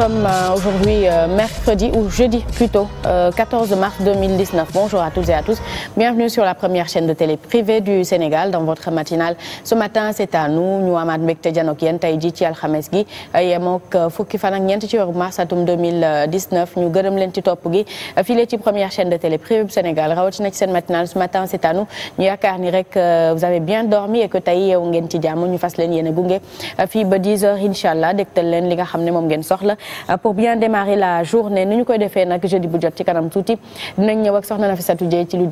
sommes euh, aujourd'hui euh, mercredi ou jeudi plutôt, 14 euh, mars 2019. Bonjour à toutes et à tous. Bienvenue sur la première chaîne de télé du Sénégal dans votre matinale ce matin c'est à nous ñu amaat mbégte janook yéen tey ji ci alxames gi yemook fukki fan ak ñeent ci weeru mars atum 2019 ñu gërëm leen ci topp gi file ci première chaîne de télé privée bu Sénégal rawatina ci seen matinale ce matin c'est à nous ñu yaakaar ni rek euh, vous avez bien dormi et que tey yeewu ngeen ci jàmm ñu fas leen yéen a gunge fii ba 10 heures incha allah dégtal leen li nga xam ne moom ngeen soxla euh, pour koy defee nag jeudi bu jot ci kanam tuuti dinañ ñëw ak soxna Nafissatou Dieye ci lu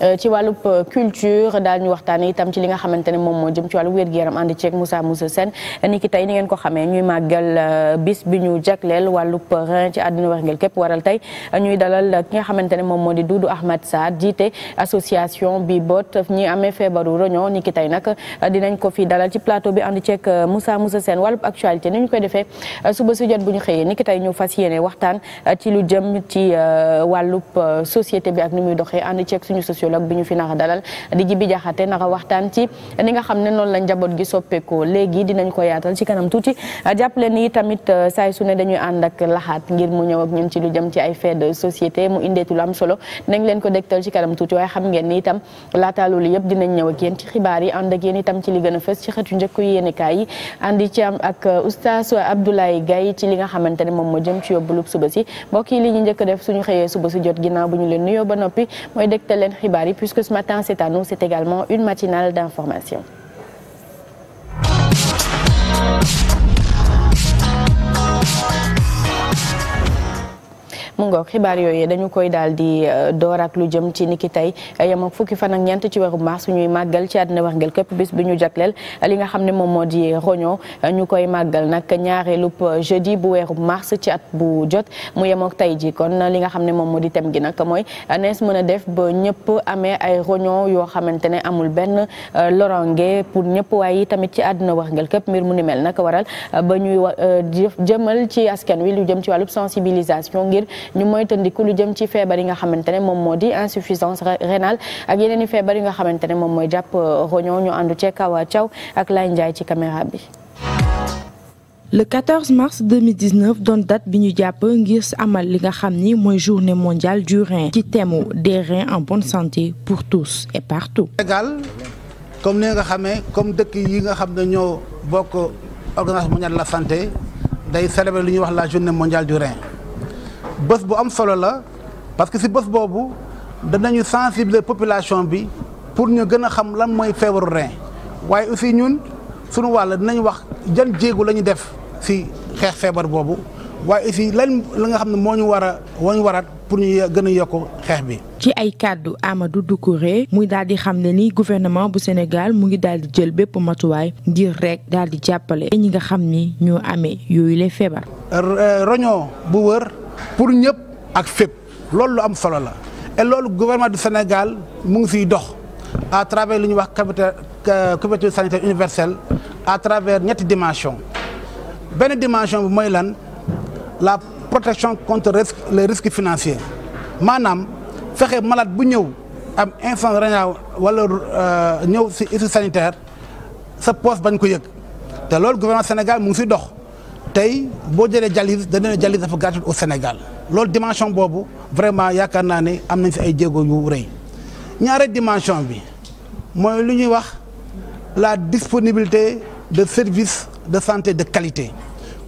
Euh, ci wàllub euh, culture daañu waxtaan itam ci li nga xamante ne moom moo jëm ci wàllu wér-gu-yaram ànd ceeg Moussa Moussa Sène ni ki tey ni ngeen ko xamee ñuy màggal euh, bis bi ñu jagleel wàllub rein ci àdduna warngel képp waral tey ñuy dalal ki nga xamante ne moom moo di Doudou Ahmad Sarr jiite association bi boot ñu amee feebaru roño ni ki tey nag dinañ ko fi dalal ci plateau bi ànd ceeg Moussa Moussa seen wàllub actualité ni ñu koy defee suba su jot bu ñu xëyee ni ki tey ñu fas yéene waxtaan ci lu jëm ci wàllub société bi ak ni muy doxee ànd suñu sociologue bi ñu fi nar a dalal di ji bi jaxate nar a waxtaan ci ni nga xam ne noonu la njaboot gi soppeekoo léegi dinañ ko yaatal ci kanam tuuti jàppale ni tamit euh, saay su dañuy ànd ak laxaat ngir mu ñëw ak ci lu jëm ci ay fait de société mu indeetu lu am solo nañ leen ko dégtal ci kanam tuuti waaye xam ngeen ni itam laataa loolu yëpp dinañ ñëw ci xibaar yi ànd ak yéen itam ci a fës euh, ci li nga xamante ne moom moo jëm ci yóbbulub suba si seen xibaar yi puisque ce matin c'est à nous c'est également une matinale d'information mu ngoog xibaar yooyu dañu koy daal di euh, door ak lu jëm ci niki tey euh, yam fukki fan ak ñeent ci weeru mars ñuy màggal ci àddina wax ngel képp bis bi ñu jagleel li nga xam ne moom moo di roño euh, ñu koy màggal nag ñaareelub jeudi bu weeru mars ci at bu jot mu yem ak tey ji kon li nga xam ne moom moo di thème gi nag mooy nees mën a def ba ñëpp amee ay roño yoo xamante ne amul benn lorange pour ñëpp waaye tamit ci àddina wax ngel képp mbir mu ni mel nag waral ba ñuy jëmal ci askan wi lu jëm ci wàllub sensibilisation ngir ñu moytandiku lu jëm ci feebar yi nga xamante ne moom moo di insuffisance rénale ak yeneen i feebar yi nga xamante ne moom mooy jàpp euh, roño ñu àndu ci Kawa Thiaw ak Lay Ndiaye ci caméra bi. le 14 mars 2019 doon date bi ñu jàpp ngir amal li nga xam ni mooy journée mondiale du rein ci thème des reins en bonne santé pour tous et partout. comme ni nga xamee comme dëkk yi nga xam ne bokk organisation mondiale de la santé day célébrer lu ñuy wax la journée mondiale du bés bu am solo la parce que si bés boobu danañu sensibiliser population bi pour ñu gën a xam lan mooy feebaru rein waaye aussi ñun suñu wàll dinañ wax jan jéegu la ñu def si xeex feebar boobu waaye aussi lan la nga xam ne moo ñu war a moo ñu waraat pour ñu gën a yokk xeex bi. ci ay kàddu amadu du Doucouré muy daal di xam ne ni gouvernement bu Sénégal mu ngi daal di jël bépp matuwaay ngir rek daal di jàppale ñi nga xam ni ñoo amee yooyu lay feebar. Euh, roño bu wër. pour ñëpp ak fépp loolu lu am solo la et loolu gouvernement du Sénégal mu ngi siy dox à travers lu ñuy wax euh, couverture sanitaire universelle à travers ñetti dimension benn dimension bu mooy lan la protection contre risque les risques financiers maanaam fexe malade bu ñëw am infection rénale wala euh, ñëw si issue sanitaire sa poste bañ ko yëg te loolu gouvernement Sénégal mu ngi siy dox. tey boo jëlee dialyse dana ne dialyse dafa gratuite au Sénégal loolu dimension boobu vraiment yaakaar naa ne am nañ fi ay jéego yu rëy ñaare dimension bi mooy lu ñuy wax la disponibilité de services de santé de qualité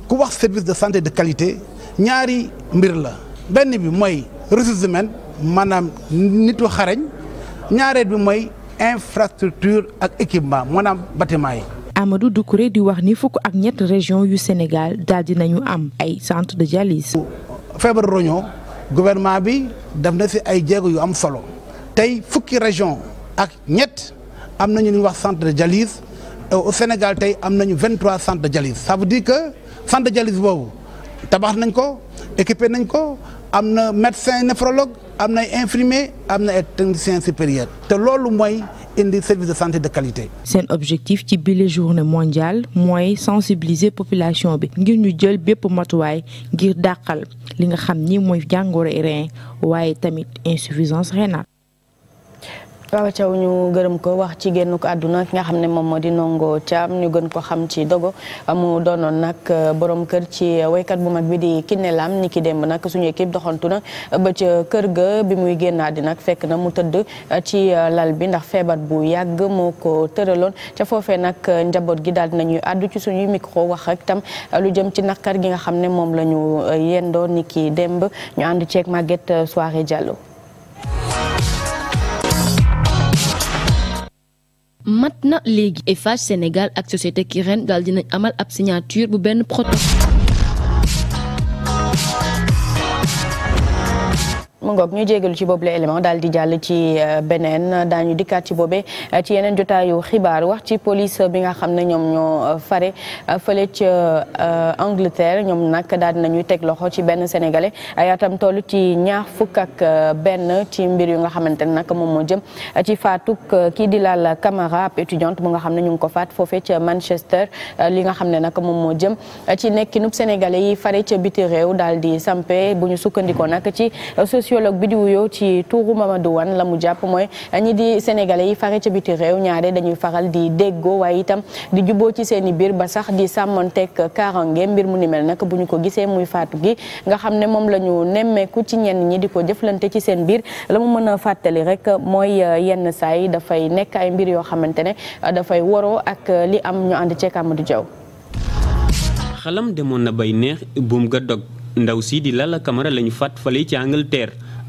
ku wax service de santé de qualité ñaari mbir la benn bi mooy ressources humaines maanaam nitu xarañ ñaareel bi mooy infrastructure ak équipement maanaam bâtiment yi Amadou Doucouré di wax ni fukk ak ñett région yu Sénégal daal di nañu am ay centre de dialyse. feebar roño gouvernement bi def na fi ay jéego yu am solo tey fukki région ak ñett am nañu lu wax centre de dialyse euh, au Sénégal tey am nañu 23 centres de jalis ça veut dire que centre de dialyse boobu tabax nañ ko équipé nañ ko am na médecin néphrologue. am na ay am na ay techniciens supérieurs te loolu mooy indi service de santé de qualité. seen objectif ci bile journée mondiale mooy sensibiliser population bi ngir ñu jël bépp matuwaay ngir dàqal li nga xam ni mooy jàngoro rein waaye tamit insuffisance rénale. Baba Thiaw ñu gërëm ko wax ci génn ko àdduna ki nga xam ne moom moo di Ndongo am ñu gën ko xam ci dogo mu doonoon nag boroom kër ci waykat bu mag bi di Kiné Lam ni ki demb nag suñu équipe doxantu na ba ca kër ga bi muy génnaa di nag fekk na mu tëdd ci lal bi ndax feebar bu yàgg moo ko tëraloon ca foofe nag njaboot gi daal nañuy àddu ci suñuy micro wax ak tam lu jëm ci naqar gi nga xam ne moom lañu ñu yendoo ni ki démb ñu ànd ceeg màgget Soirée Diallo mat na léegi Eiffage Sénégal ak société Kirène daal dinañ amal ab signature bu benn protocole mu ngoog ñu jégalu ci boobu la élément daal di jàll ci euh, beneen daañu dikkaat ci boobe euh, ci yeneen jotaayu xibaar wax ci police bi nga xam ne ñoom ñoo euh, fare fële ca Angleterre ñoom nag daal di nañuy teg loxo ci benn sénégalais yaatam toll ci ñaar fukk ak benn ci mbir yu nga xamante ne nag moom moo jëm ci faatuk kii di laal Camara ab étudiante mu nga xam ne ñu ngi ko faat foofee ca Manchester li nga xam ne nag moom moo jëm ci nekkinub sénégalais yi fare ca biti réew sampe bu ñu sukkandikoo nag ci sociologue bi di wuyoo ci tuuru Mamadou Wane la mu jàpp mooy ñi di sénégalais yi fare ca biti réew ñaare dañuy faral di déggoo waaye itam di juboo ci seen i biir ba sax di sàmmanteeg kaaraange mbir mu ni mel nag bu ñu ko gisee muy faatu gi nga xam ne moom la ñu nemmeeku ci ñenn ñi di ko jëflante ci seen biir la mën a fàttali rek mooy yenn saay dafay nekk ay mbir yoo xamante ne dafay waroo ak li am ñu ànd ceeg Amadou Diaw. xalam demoon na bay neex buum ndaw si di la ñu faat fale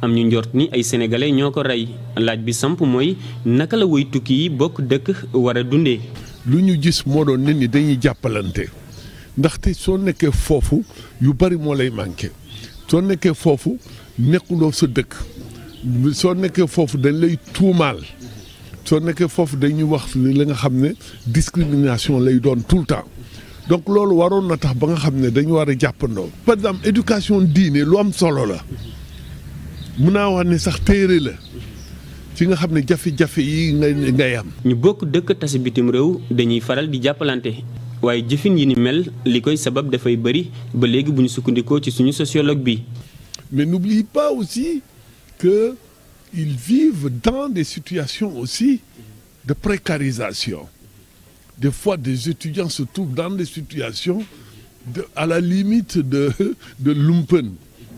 am ñu njort ni ay sénégalais ñoo ko rey laaj bi samp mooy naka la woy tukki yi bokk dëkk war a dundee. lu ñu gis moo doon nit ni dañuy jàppalante ndaxte soo nekkee foofu yu bari moo lay manqué soo nekkee foofu nekkuloo sa dëkk soo nekkee foofu dañ lay tuumaal soo nekkee foofu dañuy wax li la nga xam ne discrimination lay doon tout le temps. donc loolu waroon na tax ba nga xam ne dañu war a jàppandoo par exemple éducation diine lu am solo la mun naa wax ne sax téere la ci nga xam ne jafe-jafe yi nga ngay am. ñu bokk dëkk tasi bitim réew dañuy faral di jàppalante. waaye jëfin yi ni mel li koy sabab dafay bëri ba léegi bu ñu sukkandikoo ci suñu sociologue bi. mais n'oublie pas aussi que ils vivent dans des situations aussi de précarisation. de fois des étudiants se trouvent dans des situations de à la limite de de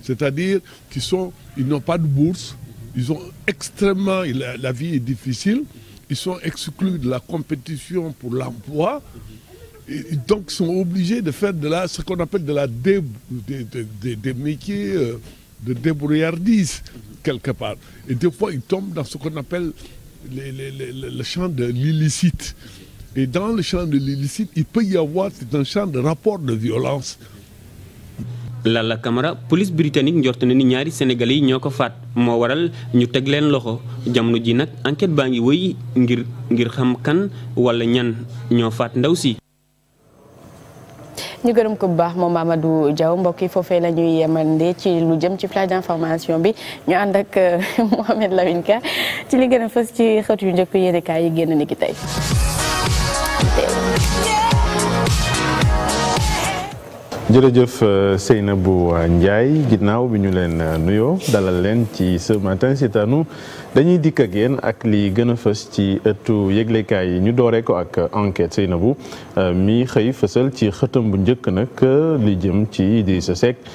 c'est-à-dire qu'ils sont, ils n'ont pas de bourse, ils ont extrêmement, la, vie est difficile, ils sont exclus de la compétition pour l'emploi, et, donc ils sont obligés de faire de la, ce qu'on de la dé, des, des, des métiers euh, de débrouillardise quelque part. Et des fois ils tombent dans ce qu'on appelle les, les, les, le champ de l'illicite. Et dans le champ de l'illicite, il peut y avoir, c'est un champ de rapport de violence Lalla Camara police britannique njort na ni ñaari sénégalais yi ñoo ko faat moo waral ñu teg leen loxo jamono ji nag enquête baa ngi wéy ngir ngir xam kan wala ñan ñoo faat ndaw si. ñu gërëm ko bu baax moom Amadou jaw mbokk yi foofee la ñuy yemande ci lu jëm ci flash d'information bi ñu ànd ak euh, Mohamed Lawine Ka ci li gën a fës ci xët yu njëkk kaa yi génn ni ki jërëjëf euh, Seynabou Ndiaye ginnaaw bi ñu leen euh, nuyoo dalal leen ci ce matin sitanu dañuy dikk a yéen ak li gën a fës ci ëttu yëglekaay yi ñu dooree ko ak seyna bu euh, mi xëy fësal ci xëtam bu njëkk nag li jëm ci Idrissa Seck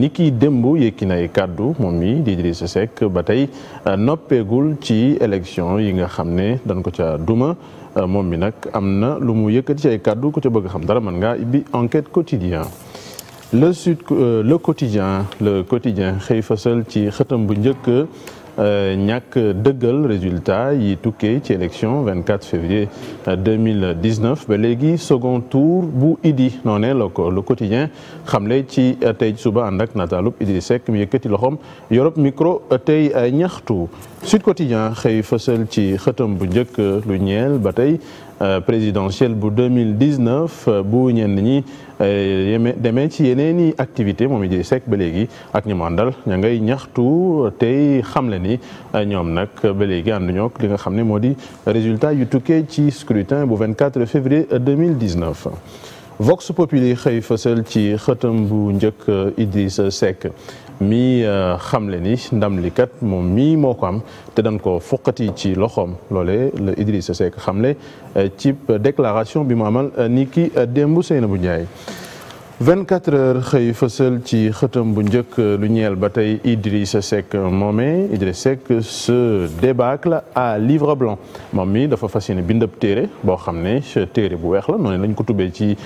ni ki démb yëkki nay kàddu moom mi di Idrissa Seck ba tey euh, noppeegul ci élection yi nga xam ne dañ ko ca duma euh, moom mi nag am na lu mu yëkkati ci ay kàddu ku ca bëgg xam dara mën nga ibbi enquête quotidien le sud euh, le quotidien le quotidien xëy fasal ci xëtam bu njëkk Euh, ñàkk dëggal résultat yi tukkee ci élection 24 février 2019 euh, ba léegi second tour bu Idi noonee la ko quotidien xamle ci euh, tey suba ànd ak nataalub Idriss Seck mu yëkkati loxoom Europe micro tey ñaxtu Sud Quotidien xëy fësal ci xëtam bu njëkk lu ñeel ba tey Euh, présidentielle bu 2019 euh, bu ñenn ñi euh, yeme demee ci yeneen i activité moom Idriss Seck ba léegi ak ñu mu ña ngay ñaxtu tey xam xamle ni ñoom nag ba léegi ànduñu ak li nga xam ne moo di résultat yu tukkee ci scrutin bu 24 février 2019 Vox Populi xëy fësal ci xëtam bu njëkk Idriss Seck mi euh, xamle ni ndam li kat moom mii moo ko am te dañ ko foqati ci loxoom loole la Idrissa Seck xamle euh, ci déclaration bi mu amal euh, ni ki démb Seynabou Ndiaye 24 heures xëy fësal ci xëtam bu njëkk lu ñeel ba tey Idrissa Seck moomee Idrissa Seck se débâcle à livre blanc moom mi dafa fas yéene bindab téere boo xam ne téere bu weex la noonu lañ ko tubee ci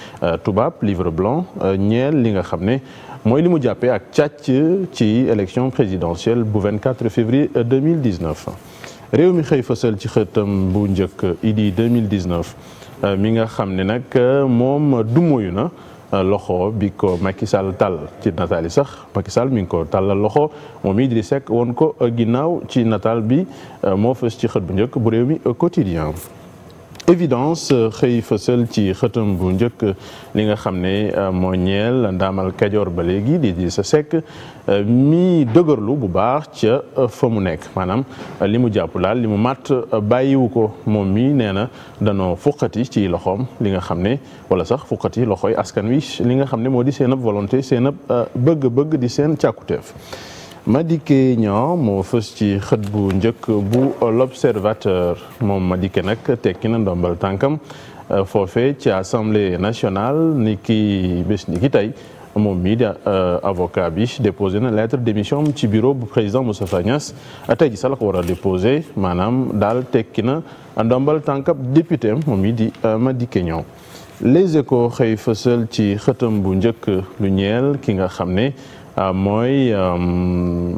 tubaab livre blanc ñeel li nga xam ne mooy li mu jàppee ak càcc ci élection présidentielle bu 24 février 2019 réew mi xëy fësal ci xëtam bu njëkk idi 2019 euh, mi nga xam ne nag euh, moom dumoyu na euh, loxo bi ko Macky Sall tàll ci nataal yi sax Macky Sall mi ngi ko tàllal loxo moom Idrissa Seck woon ko ginnaaw ci nataal bi moo fas ci xët bu njëkk bu réew mi quotidien évidence euh, xëy fësal ci xëtam bu njëkk li nga xam ne euh, moo ñeel ndaamal kajoor ba léegi di di sa sekk euh, mi dëgërlu bu baax ca fa mu nekk maanaam li mu jàpp daal li mu màtt bàyyiwu ko moom mi nee na danoo fuqati ci loxoom li nga xam ne wala sax fuqati loxoy askan wi li nga xam ne moo di seen ab volonté seen ab bëgg-bëgg di seen càkkuteef Madické Niang moo fës ci xët bu njëkk bu l'observateur moom Madické nag tekki na ndombal tànkam euh, foofe ci assemblée national ni ki bés ni tey moom mii di euh, avocat bi déposé na lettre démission ci bureau bu président Moustapha Niass tey ji sax la ko war a déposé maanaam daal tekki na ndombal tànkab député moom mii di euh, Madické Niang Les Échos xëy fësal ci xëtam bu njëkk lu ñeel ki nga xam ne Euh, mooy euh,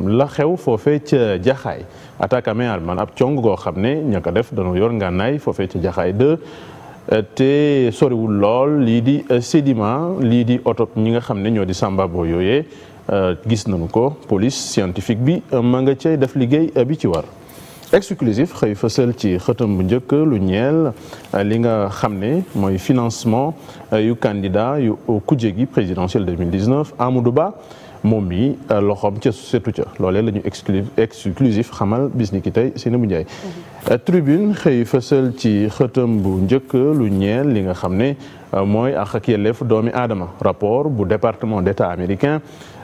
la xew foofee ca jaxaay attaque amee ab cong goo xam ne ña def dañoo yor ngànnaay foofee ca jaxaay de euh, te soriwul lool lii di sédiment lii di oto ñi nga xam ne ñoo di sambabo yooyee gis nañu ko police scientifique bi ma nga cay def liggéey bi ci war exclusif xëy fësal ci xëtam bu njëkk lu ñel li nga xam ne mooy financement yu candidat yu kujje gi présidentiel 2019 Amadou Ba moom mi euh, loxoom ca setu ca loolee la ñu exclu exclusif xamal bis ni ki tey Seyna bu Ndiaye mhm. euh, tribune xëy fasal ci xëtam bu njëkk lu ñeel li nga xam ne euh, mooy ak ak yelleef doomi aadama rapport bu département d'état américain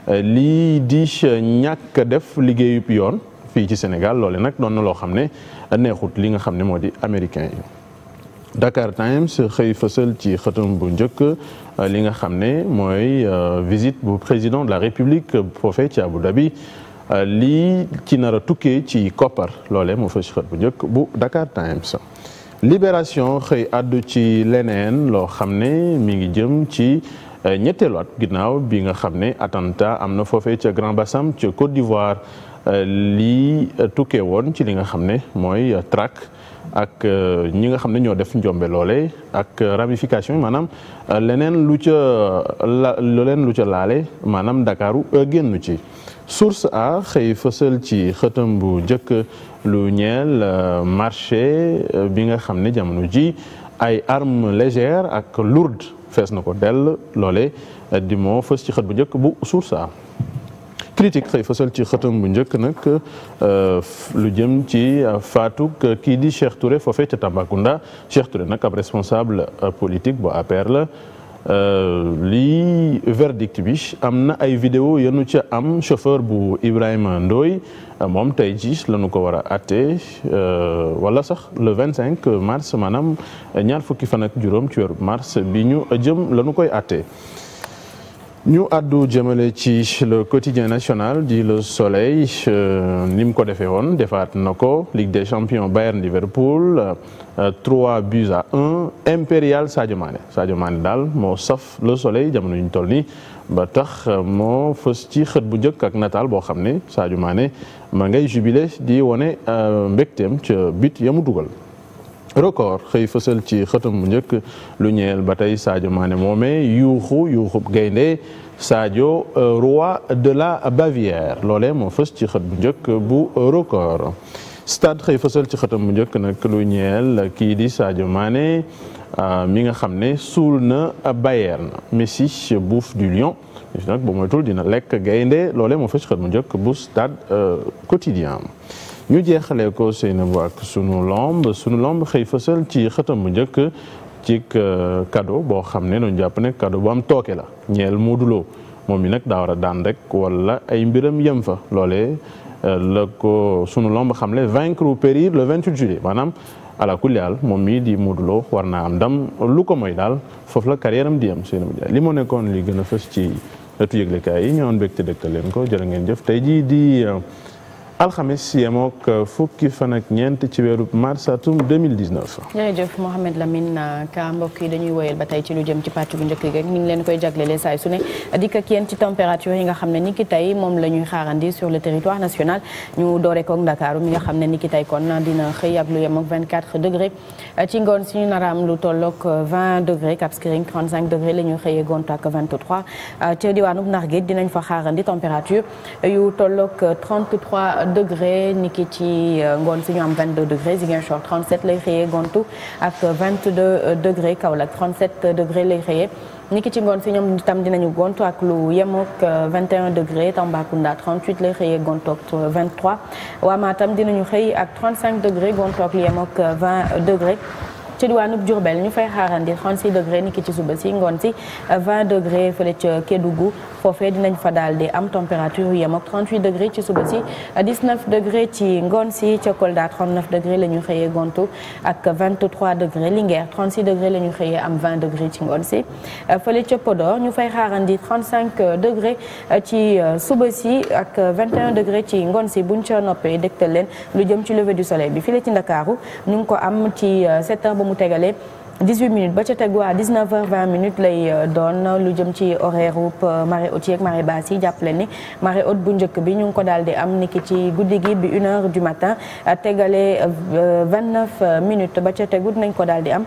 lii di ñàkk def liggéeyub yoon fii ci Sénégal loole nag doon na loo xam ne neexut li nga xam ne moo di américain yi Dakar Times xëy fësal ci xëtam bu njëkk Euh, li nga xam ne mooy euh, visite bu président de la république foofee ci Abu Dhabi euh, lii ci nar a tukkee ci koppar loole moo fa si bu njëkk bu Dakar Times. Libération xëy addu ci leneen loo xam ne mi ngi jëm ci ñetteelu at ginnaaw bi nga xam ne attentat am na foofee ca Grand Bassam ca Côte d'Ivoire lii tukkee woon ci li nga xam ne mooy traque. ak euh, ñi nga xam ne ñoo def njombe loole ak euh, ramification maanaam euh, leneen lu ca la leneen lu ca laale maanaam Ndakaaru génn ci source a xëy fësal ci xëtam bu njëkk lu ñeel marché bi nga xam ne jamono ji ay armes légères ak lourdes fees na ko dell loole di moo fës ci xët bu njëkk bu source a critique xëy fasal ci xëtam bu njëkk nag euh, lu jëm ci euh, faatu euh, kii di Cheikh Touré foofee ca Tambacounda Cheikh Touré nag ab responsable politique bu APR la lii verdict bi am na ay vidéo yenu ca am chauffeur bu Ibrahima Ndoye moom tey ji lañu ko war a àtte wala sax le 25 mars maanaam ñaar fukki fan ak juróom ci weeru mars bi ñu jëm lañu koy àtte ñu àddu jëmale ci le quotidien national di le soleil euh, ni mu ko defee woon defaat na ko Ligue de champions Bayern Liverpool euh, trois buts à un impérial Sadio Mané Sadio Mané daal moo saf le soleil jamono ñu toll nii ba tax euh, moo fës ci xët bu njëkk ak nataal boo xam ne Sadio maane ma ngay jubilé di wane mbégteem ca but ya dugal. record xëy fësal ci xëtam bu njëkk lu ñeel ba tey Sadio Mané moomee yuuxu gaynde Sadio euh, roi de la Bavière loolee moo fës ci xët bu njëkk bu record stade xëy fësal ci xëtam mu njëkk nag lu ñeel kii di Sadio Mané euh, mi nga xam ne suul na Bayern Messi bouffe du lion nag ba moytul dina lekk gaynde loolee moo fës ci xët bu njëkk bu stade euh, quotidien ñu jeexalee ko Seynabou ak sunu lamb sunu lomb xëy fësal ci xëtam mu njëkk ci euh, cadeau boo xam ne no jàpp ne cadeau bu am tooke la ñeel Modou moom yi nag daa war a daan rek wala ay mbiram yem fa loole euh, la ko sunu lamb xam ne vaincre ou périr le 28 juillet maanaam ala kulli moom mii di Modou Lo war naa am dam lu ko mooy daal foofu la carrière di am Seynabou Ndiaye li moo nekkoon li gën a fës ci ëttu yëglekaay yi ñëwoon bégte dëkkal leen ko jërë ngeen jëf tey jii di. Euh, alxames yemook fukki fan ak ñeent ci weeru mars Ka mbokk yi dañuy température yi nga xam ne ni ki tey moom la ñuy sur le territoire national ñu doore koog Ndakaaru mi nga xam ne ni kon dina xëy ak lu yem ak degré ci ngoon si ñu nar a am lu tollook degré Cap Skirring 35 degré la ñuy xëyee gont ak 23 ca diwaanub Ndar Géej dinañ fa xaarandi température yu tollook degré ni ki ci euh, ngoon si ñu am 22 degré Ziguinchor 37 lay xëyee gontu ak 22 euh, degré Kaolack 37 degré lay xëyee ni ki ci ngoon si ñoom tam dinañu gontu ak lu yemook 21 degré Tambacounda 38 lay xëyee gontu ak 23 euh, waa tam dinañu xëy ak 35 degré gontu ak lu yemook 20 degré ci diwaanub Diourbel ñu fay xaarandi 36 degré niki ci suba si ngoon si 20 degré fële ca Kédougou foofee dinañ fa daal di am température yem ak 38 degré ci suba si la ñu xëyee gontu ak 23 degré Linguère 36 degré la ñu xëyee ci ngoon si fële ca Podor ñu fay xaarandi 35 degré euh, ci euh, buñ ca noppee dégtal leen lu jëm ci lever du soleil bi fii ci Ndakaaru ñu ko am ci 7 euh, heures mu tegalee 18 minutes ba ca teguwaa 19 heures 20 minutes lay euh, doon lu jëm ci horaire ub euh, marée haute yeeg marée basse yi jàppale ni marée haute bu njëkk bi ñu ngi ko daal di am niki ci guddi gi bi une heure du matin euh, tegale 29 minutes ba ca tegu dinañ ko daal di am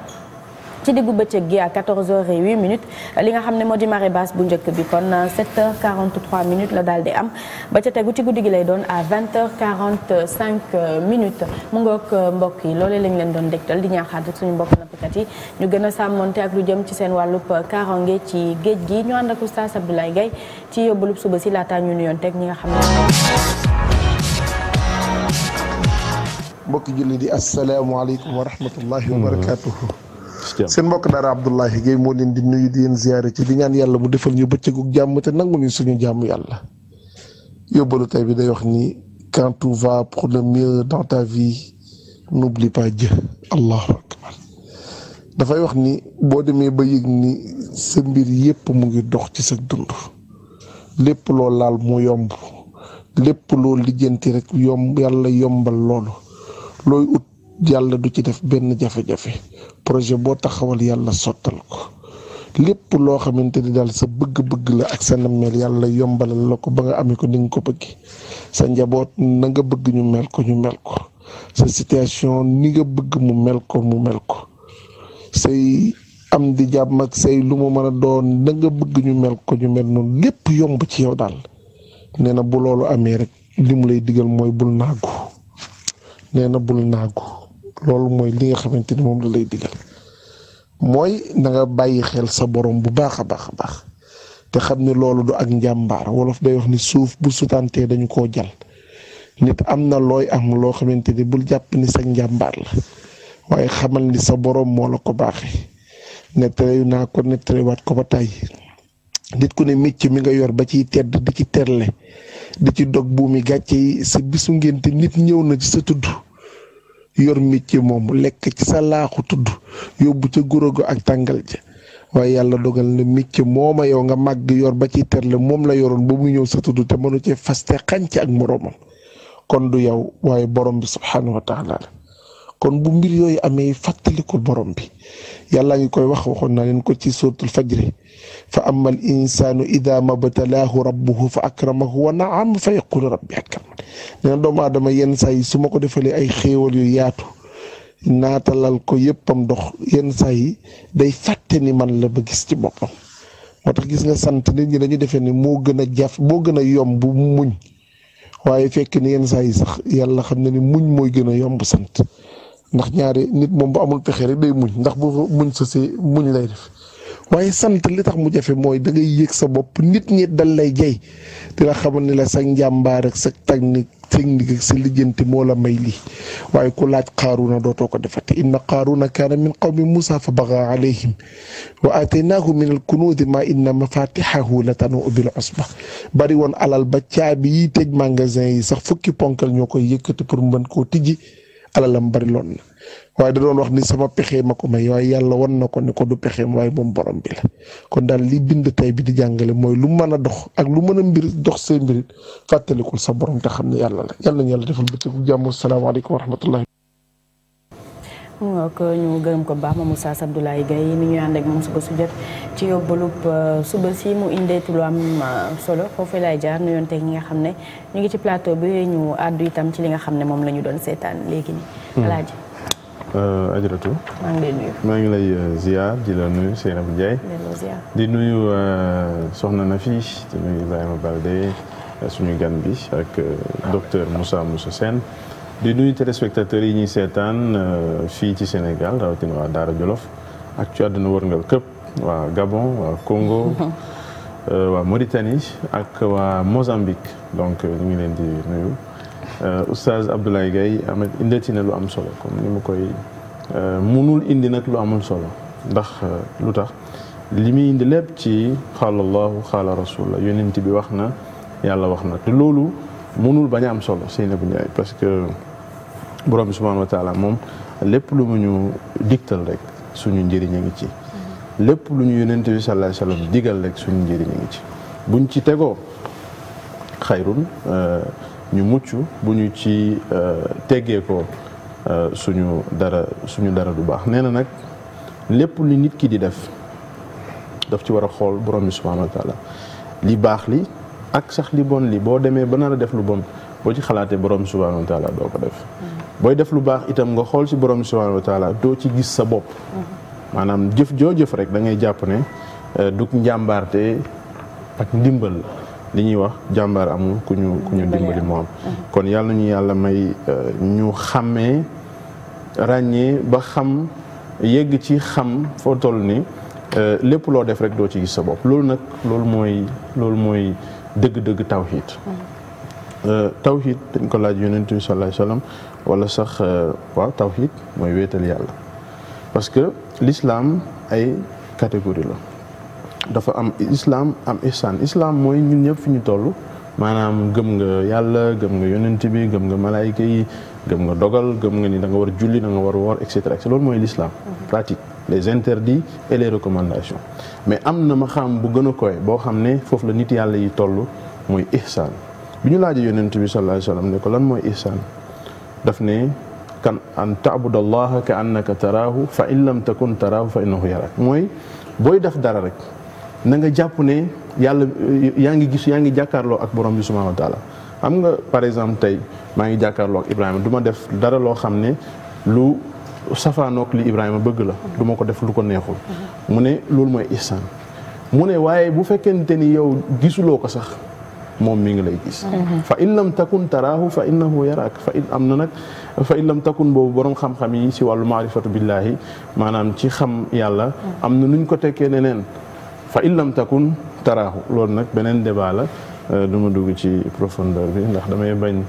ci diggu bëccëg gi à 14h et minutes li nga xam ne moo di marée basse bu njëkk bi kon 7h43 minutes la daal di am ba ca tegu ci guddi gi lay doon à 20h45 minutes mu ngoog mbokk yi loole lañ leen doon dégtal di ñaaxaat suñu mbokk nappkat yi ñu gën a sàmmonte ak lu jëm ci seen wàllu kaaraange ci géej gi ñu ànd ak oustaz Abdoulaye Gaye ci yóbbalub suba si laataa ñu nuyoon teg ñi nga xam ne. mbokki julli di assalaamu aleykum wa rahmatullahi wa barakatuhu seen mbokk daara Abdoulaye Guèye moo leen di nuyu di leen ziare ci di ñaan yàlla mu defal ñu bëccëgu jàmm te nangu ñu suñu jàmm yàlla yóbbalu tey bi day wax ni quand tout va pour le mieux dans ta vie n'oublie pas Dieu allahu akbar dafay wax ni boo demee ba yëg ni sa mbir yépp mu ngi dox ci sa dund lépp loo laal mu yomb lépp loo lijjanti rek yomb yàlla yombal loolu looy ut yàlla du ci def benn jafe-jafe projet boo taxawal yàlla sottal ko lépp loo xamante ni daal sa bëgg-bëgg la ak sa nammeel yàlla yombalal la ko ba nga amee ko ni nga ko bëgg sa njaboot na nga bëgg ñu mel ko ñu mel ko sa situation ni bëgg mu mel ko mu mel ko say am di jàmm ak say lu mu mën a doon na ñu mel ko ñu mel noonu lépp yomb ci yow daal nee na bu loolu amee rek li mu lay digal mooy bul naagu nee na bul naagu. loolu mooy li nga xamante ni moom la lay digal mooy na bàyyi xel sa borom bu baax a baax a baax te xam ne loolu du ak njàmbaar wolof day wax ni suuf bu sutantee dañu koo jal nit am na looy am loo xamante ni bul jàpp ni sa njàmbaar la xamal ni sa borom moo la ko baaxee naa ko nettalewaat ko ba ku ne micc mi nga yor ba ciy tedd di ci terle di ci dog buumi gàcce yi sa bisu ngénte nit ñëw na ci sa tudd yor métier moom lekk sa laaxu tudd yóbbu ca gorogo ak tàngal ja waaye yàlla dogal na métier mooma yow nga màgg yor ba ci terle moom la yoroon ba mu ñëw sa tudd te mënu cee faste xànc ak moroomam kon du yow waaye borom bi subxanahu wa kon bu mbir yooyu amee fàttalikul borom bi yàlla ngi koy wax waxoon naa leen ko ci suratul fajri fa amma al insaanu ida mabtalaahu rabbuhu fa akramahu wa naam fa yaqulu rabbi akraman nee na doomu aadama yenn saa su ma ko defalee ay xéewal yu yaatu naatalal ko yëppam dox yenn saa yi day fàtte ni man la ba gis ci boppam moo gis nga sant nit ñi dañu defee ni moo gën a jaf moo gën a yomb muñ waaye fekk ni yenn saa yi sax yàlla xam ne ni muñ mooy gën a yomb sant ndax ñaari nit moom bu amul pexe rek day muñ ndax boo muñ sa see muñ lay def waaye sant li tax mu jafe mooy da yëg sa bopp nit ñi dañ lay jey di la xamal ni la sa njàmbaar ak sa technique technique ak sa lijjanti moo la may lii waaye ku laaj qaaruna dootoo ko defati inna qaaruna kaana min qawmi musa fa baga alayhim wa ataynaahu min alkunuuzi ma inna mafatixahu la tanuu bil usba bari woon alal ba caabi yi tëj magasin yi sax fukki ponkal ñoo koy yëkkati pour mën koo tijji alalam bari loon na waaye da doon wax ni sama pexe ma ko may waaye yàlla wan na ko ne ko du pexeem waaye moom borom bi la kon daal lii bind tey bi di jàngale mooy lu mën a dox ak lu mën a mbir dox seen mbir fàttalikul sa borom te xam ne yàlla la yàlla ñu yàlla defal bëccëgu jàmm salaamaaleykum wa rahmatullah ko ñu gërëm ko baax moom Oustaz Abdoulaye Gaye ni ñu ànd ak moom suba su jot ci yóbbalub euh, suba si mu indeetu lu am euh, solo foofu lay jaar yoon teg ñi nga xam ne ñu ngi ci plateau bi ñu àddu ci li nga xam ne moom la doon seetaan léegi nii hmm. alaaji euh, Ajaratu maa ngi lay nuyu maa ngi lay ziar di la nuyu Seynabou Ndiaye di nuyu soxna Nafi di nuyu Ibrahima Balde suñu gan bi ak docteur Moussa Moussa Sène di nuyu téléspectateurs yi ñuy seetaan euh, fii ci Sénégal rawatina waa Daara Jolof ak ci àdduna wërngal këpp waa Gabon waa Congo. Euh, waa Mauritanie ak waa Mozambique donc euh, ñu ngi leen di nuyu. Oustaz Abdoulaye Gaye amet indati na lu am solo comme ni mu koy munul indi nag lu amul solo ndax lu tax li muy indi lépp ci xaalallahu xaala rasulullah yonent bi wax na yàlla wax na te loolu. mënul bañ am solo Seynabou Ndiaye parce que borom bi subhanahu wa moom lépp lu mu ñu digtal rek suñu njëriñ a ngi ci. lépp lu ñu yonent bi sallallahu alayhi wasallam digal suñu njëriñ a ngi ci buñ ci tegoo xayrun euh, ñu mucc bu ñu ci euh, teggee ko euh, suñu dara suñu dara du baax nee na nag lépp li nit ki di def daf ci war a xool borom bi subhanahu wa li baax li. ak sax li bon li boo demee ba nar a def lu bon boo ci xalaatee borom subhaanahu wa doo ko def booy def lu baax itam nga xool ci borom subhaanahu wa doo ci gis sa bopp maanaam jëf joo rek da ngay jàpp ne euh, dug njàmbaarte ak ndimbal li ñuy wax jàmbaar amul ku ñu dimbali moo am kon yàlla ñu yàlla may euh, ñu xàmmee ràññee ba xam yegg ci xam foo toll ni euh, lépp loo def rek doo ci gis sa bopp loolu nag loolu mooy loolu mooy dëgg-dëgg tawhid euh, tawhid dañ ko laaj yonent bi sallallahu alayhi wasallam wala sax euh, waaw tawhid mooy wéetal yàlla parce que lislaam ay catégorie la dafa am islam am ihsan islam mooy ñun ñëpp fi ñu toll maanaam gëm nga yàlla gëm nga yonent bi gëm nga malaayika yi gëm nga dogal gëm nga ni da nga war julli da nga war woor et cetera loolu mooy l'islam pratique les interdits et les recommandations mais am na ma xam bu gën a koy boo xam ne foofu la nit yàlla yi toll mooy ihsaan bi ñu laajee yonent bi sallallahu alayhi wa sallam ne ko lan mooy ihsaan daf ne kan an taabud allaha ka annaka fa in lam takun taraahu fa mooy booy def dara rek na nga jàpp ne yàlla yaa ngi gis yaa ngi jàkkaarloo ak borom bi subhanahu wa taala nga par exemple tey maa ngi jàkkaarloo ak Ibrahima du ma def dara loo xam ne lu safanook li Ibrahima bëgg la duma ko def lu ko neexul mu ne loolu mooy ihsaan mu ne waaye bu fekkente ni yow gisuloo ko sax moom mi ngi lay gis mhm. fa in lam takun taraahu fa innahu yaraak fa in am na nag fa in lam borom xam yi si wàllu maarifatu billaahi maanaam ci xam yàlla mhm. am na nuñ ko tekkee neneen fa in lam takun loolu nag beneen débat la euh, du ma dugg ci profondeur bi ndax damay bañ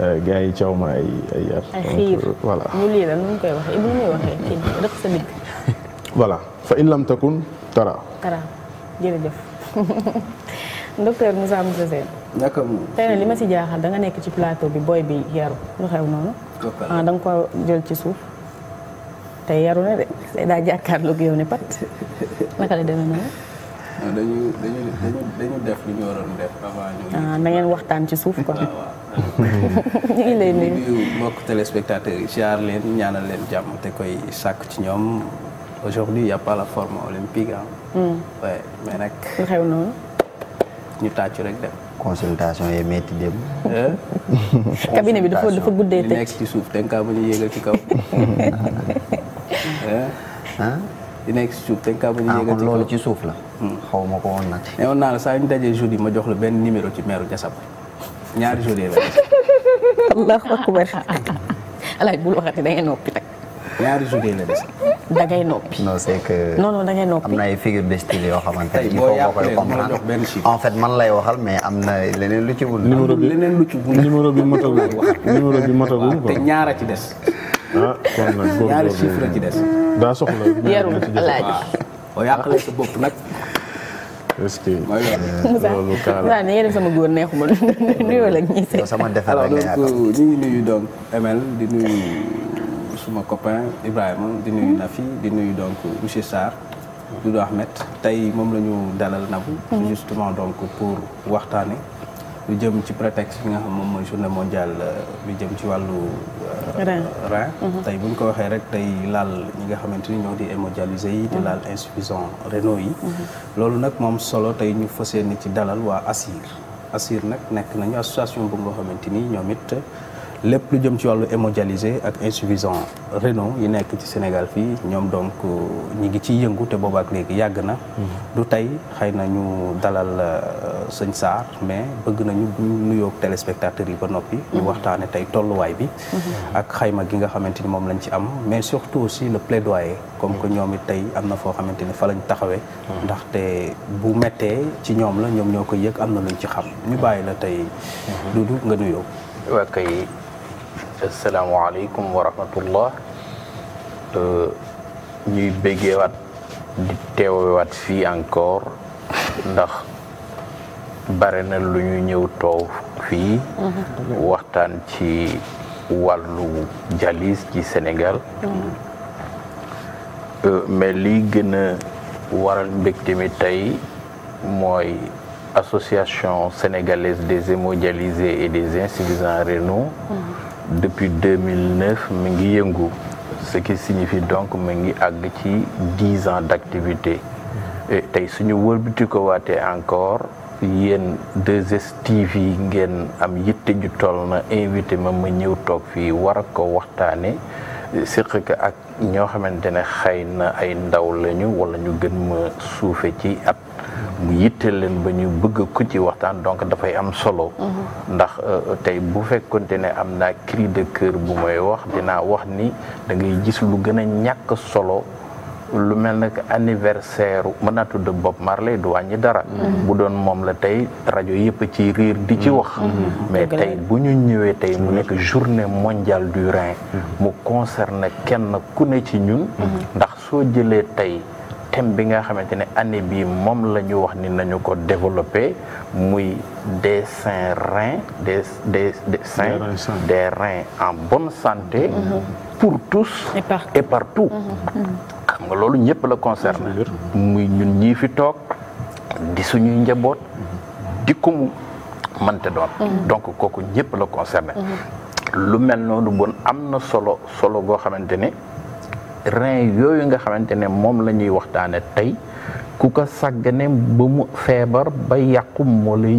Euh, gars yi caaw ay ay yar. ñu euh, lii la nu koy waxee nu muy waxee kii rëq sa digg. voilà fa in lam takun tara. tara jërëjëf docteur Moussa Moussa Sène. naka mu tey li ma si jaaxal da nga nekk ci plateau bi booy bi yaru lu xew noonu. ah ko jël ci suuf. te yaru na de day daa jàkkaarloog yow ne pat naka la demee noonu. dañu ah, waxtaan ci suuf quoi. ñu ngi lay nuyu mbokk téléspectateurs yi ziar leen ñaanal leen jàmm te koy sàkk ci ñoom aujourd'hui y a olympique hmm. ah. waaye nag. xew noonu. ñu tàccu rek dem. consultation yi métti dem. cabinet bi dafa dafa guddee tëj nekk ci suuf da nga kaa bañ a yéegal ci kaw. di nekk si suuf te nga bañ a yéegal ci ci suuf la. Hmm. xaw ma ko woon nag. ne woon naa la saa ñu dajee jour yi ma jox la benn numéro ci meeru Jasab. ñaari jours yi la. allahu akbar alaaj bul waxati da ngay noppi nag. ñaari jours yi la des. da ngay noppi. non c'est que. non non da ngay noppi. am na ay figure de style yoo xamante ne il faut nga koy comprendre en fait man lay waxal mais am na leneen lu ci wul. numéro bi leneen lu ci wul numéro bi motagul numéro bi motagul quoi. te ñaar a ci des. ah kon nag góor góor ñaari chiffre a ci des. daa soxla. yarul alaaji boo yàqalee sa bopp nag. est-ce que. loolu Kaar la ni nga def sama góor neexuma nuyoo la ñuy seet. sama defar la ngay alors donc euh, ñu nuyu donc di nuyu suma copain Ibrahima di nuyu hmm. Nafi di nuyu donc monsieur Sarr. Doudou Ahmed tey moom la ñu dalal Nabou. Hmm. justement donc pour waxtaanee. lu jëm ci prétexte bi nga xam moom mooy journée mondiale euh, lu jëm ci wàllu euh, rein mhm. tey bu ñu ko waxee rek tey laal ñi nga xamante ni ñoo di hémodialysé yi di mhm. laal insuffisant rénaux yi mhm. loolu nag moom solo tey ñu fas ni ci dalal waa ASIR ASIR nag nekk nañu association bu nga xamante ni ñoom it lépp lu jëm ci wàllu hémodialysé ak insuffisant rénaux yi nekk ci Sénégal fii ñoom donc ñi ngi ciy yëngu te boobaak léegi yàgg na. Mm-hmm. du tey xëy na ñu dalal euh, sëñ Sarr mais bëgg nañu bu ñu nuyoog téléspectateurs yi ba noppi. ñu mm-hmm. waxtaanee tey tolluwaay bi. Mm-hmm. ak xayma gi nga xamante ni moom lañ ci am mais surtout aussi le plaidoyer. comme que ñoom it tey am na foo xamante ni fa lañ taxawee. ndaxte bu mettee ci ñoom la ñoom ñoo koy yëg am na luñ ci xam ñu bàyyi la tey. nga nuyoo. asalaamualeykum wa rahmatullah euh, ñuy béggeewaat di teewewaat fii encore ndax bare na lu ñu ñëw toow fii mm-hmm. waxtaan ci wàllu jalis ci Sénégal mel mm-hmm. euh, lii gën waral mbégte mi tey mooy association sénégalaise des hémodialysés et des insuffisants rénaux mm-hmm. depuis 2009 mi ngi yëngu ce qui signifie donc mi ngi àgg ci dix ans d'activité tey suñu wëlbati ko waatee encore yéen 2STV yi ngeen am yitte ju toll na invité ma ma ñëw toog fii war a ko waxtaane séq ko ak ñoo xamante ne xëy na ay ndaw lañu wala ñu gën ma suufe ci at mu yitteel leen ba ñu bëgg ku ci waxtaan donc dafay am solo. Mm-hmm. ndax euh, euh, tey bu fekkonte ne am naa cri de cœur bu may wax dinaa wax ni da ngay gis lu gën a ñàkk solo. lu mel nag anniversaire mën naa tudd Bob Marley du wàññi dara. Mm-hmm. bu doon moom la tey rajo yëpp ci riir di ci wax. Mm-hmm. mais tey bu ñu ñëwee tey mu nekk journée mondiale du rein. mu concerné kenn ku ne ci ñun. ndax soo jëlee tey. thème bi nga xamante ne année bi moom la ñu wax ni nañu ko développe muy des sains reins des des des sains des reins en bonne santé mm-hmm. pour tous et partout mm-hmm. Mm-hmm. xam nga loolu ñëpp la concerne muy ñun ñii fi toog di suñuy njaboot di mante mu doon donc kooku ñëpp la concerné lu mel noonu bon am na solo solo goo xamante ne rein yooyu nga xamante ne moom la ñuy waxtaane tey ku ko sàggane ba mu feebar ba yàqu moo lay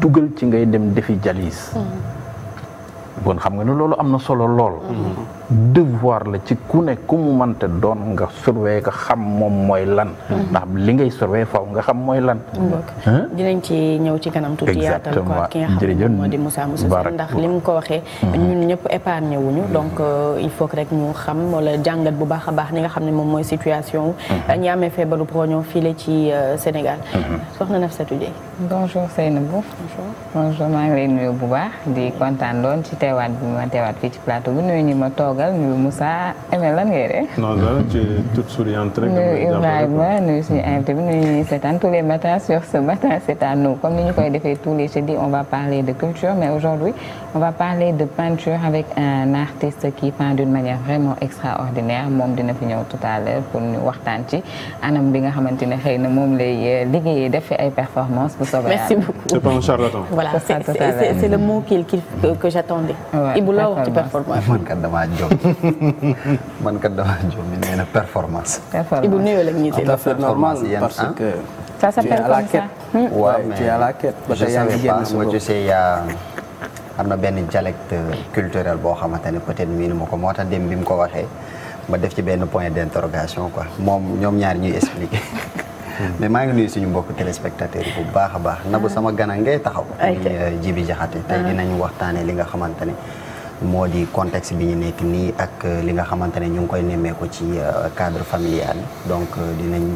dugal ci ngay dem defi jalis mm-hmm. bon xam nga ne loolu am na solo lool mm-hmm. devoir la ci ku ne ku mu mënte doon nga surveiller nga xam moom mooy lan. Mhm. ndax li ngay surveiller faw nga xam mooy lan. dinañ ci ñëw ci kanam tuuti yaatal ko ak ki nga xam ne moo di Moussa Moussa ndax li mu ko waxee. Mhm. ñun ñëpp épargné wuñu donc euh, il faut que rek ñu xam wala jàngat bu baax a baax li nga xam ne moom mooy situation wu. Mhm. ñi amee feebaru prognon fii la ci euh, Sénégal. soxna Nafissatou Dieye. bonjour Seynabou. bonjour maa ngi lay nuyu bu baax di kontaan lool ci teewaat bi ma teewaat fii ci plateau bi nuyu ñi ma toog toogal nuyu sa Emel lan ngay e def. non dara ci toute souriante rek. nuyu Ibrahima nuyu suñu invité bi tous les matins sur ce matin c'est à nous comme ni ñu koy tous les jeudis on va parler de culture mais aujourd'hui on va parler de peinture avec un artiste qui peint d'une manière vraiment extraordinaire moom dina fi ñëw tout à l'heure pour ñu waxtaan ci anam bi nga xamante ne xëy na moom lay euh, liggéeyee def fi ay performances bu soobee merci beaucoup c'est pas un charlatan voilà c'est le mot qu'il que j'attendais Ibou la wax ci performance man kat damaa jom man kat damaa jom mi nee na performance Ibou nuyoo la ñuy def performance parce ah? que ça s'appelle comme ça waaw hmm. mais je savais pas moi tu sais il y a am na benn dialecte culturel boo xamante ne peut-être miinu ma ko moo tax dem bi mu ko waxee ma def ci benn point d'interrogation ko moom ñoom ñaar ñuy expliquer mais maa ngi nuyu suñu mbokk téléspectateurs bu baax a baax ah. nabu sama gan a ngay taxaw di euh, Djiby Diakhaté ah. tey dinañu waxtaanee li nga xamante ne moo di contexte bi ñu nekk nii ak euh, li nga xamante ne ñu ngi koy nemmeeku ci euh, cadre familial donc dinañ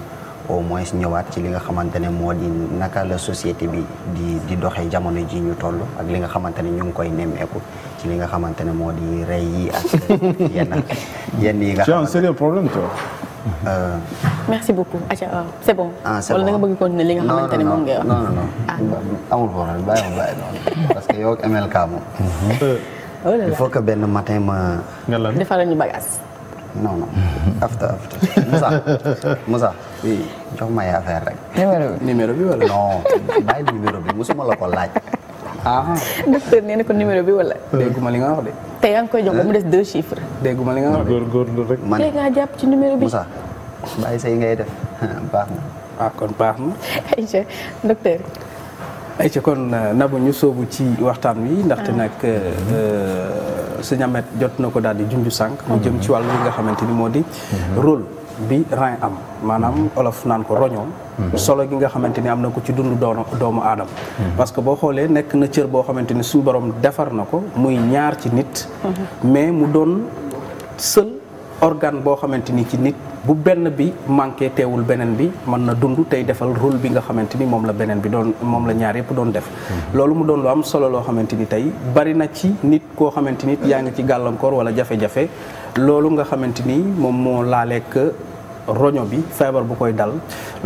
au moins ñëwaat ci li nga xamante ne moo di naka la société bi di di doxee jamono ji ñu toll ak li nga xamante ne ñu ngi koy nemmeeku ci li nga xamante ne moo di rey yi ak yenn yenn yi nga. tu as un sérieux problème toi. Euh... moom ngay ah. amul problème bàyyi ma bàyyi noonu parce que yow ak MLK moom. Mm-hmm. Oh il faut que benn matin ma. nga lan defal ñu bagage. non non. after after Moussa Moussa. oui jox ay affaire rek. numéro bi numéro bi wala. non bàyyi numéro bi musuma la ko laaj. ah. docteur ne ko numéro bi wala. dégguma li nga wax de. te yaa koy jox ba mu des deux chiffres. dégguma li nga wax de góorgóorlu rek. man tey ngaa jàpp ci numéro bi Moussa. bàyyi say ngay def baax na. ah kon baax na. ayca docteur. ay ci kon euh, nabu ñu soobu ci waxtaan wi ndaxte ah. nag euh, euh, sëñ Amet jot na ko daal di junju sànq mu jëm ci wàllu li nga xamante ni moo di mm-hmm. rôle bi rein am maanaam mm-hmm. olof naan ko roñoom mm-hmm. solo gi nga xamante ni am na ko ci dund doomu aadama parce que boo xoolee nekk na cër boo xamante ni suñu borom defar na ko muy ñaar ci nit mais mu doon seul organe boo xamante ni ci nit bu benn bi manqué teewul beneen bi mën na dund tey defal rôle bi nga xamante ni moom la beneen bi doon moom la ñaar yëpp doon def. Mhm. loolu mu doon lu am solo loo xamante ni tey bari na ci nit koo xamante ni yaa ngi ci gàllankoor wala jafe-jafe loolu nga xamante ni moom moo laaleek roño bi feebar bu koy dal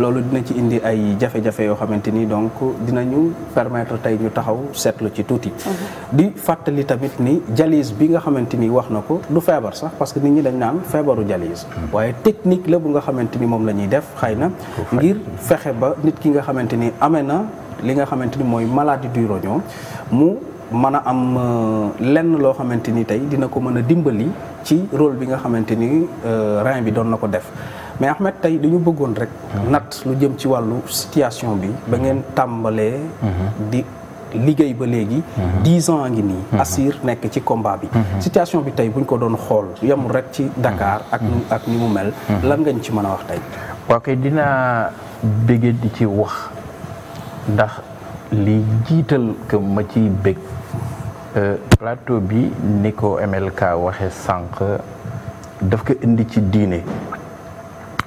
loolu dina ci indi ay jafe-jafe yoo xamante ni donc dinañu permettre tey ñu taxaw seetlu ci tuuti. Mhm. di fàttali tamit ni jalis bi nga xamante ni wax na ko du feebar sax parce que nit ñi dañ naan feebaru jalis mhm. waaye technique la bu nga xamante ni moom la ñuy def xëy na ngir fexe ba nit ki nga xamante ni amee na li nga xamante ni mooy maladie du rognon mu mën a am euh, lenn loo xamante ni tey dina ko mën a dimbali ci rôle bi nga xamante ni euh, rein bi doon na ko def mais Ahmed tey dañu bëggoon rek. Hmm. natt lu jëm ci wàllu situation bi. ba ngeen hmm. tàmbalee. Hmm. di liggéey ba léegi. dix ans a ngi nii. Assir nekk ci combat bi. situation bi tey buñ ko doon xool yemul rek ci Dakar. ak ni mu mel. lan ngañ ci mën a wax tey. waaw kay dinaa bëggee di ci wax ndax li jiital que ma ciy bëgg. Euh, plateau bi ni ko ka waxe sànq daf ko indi ci diine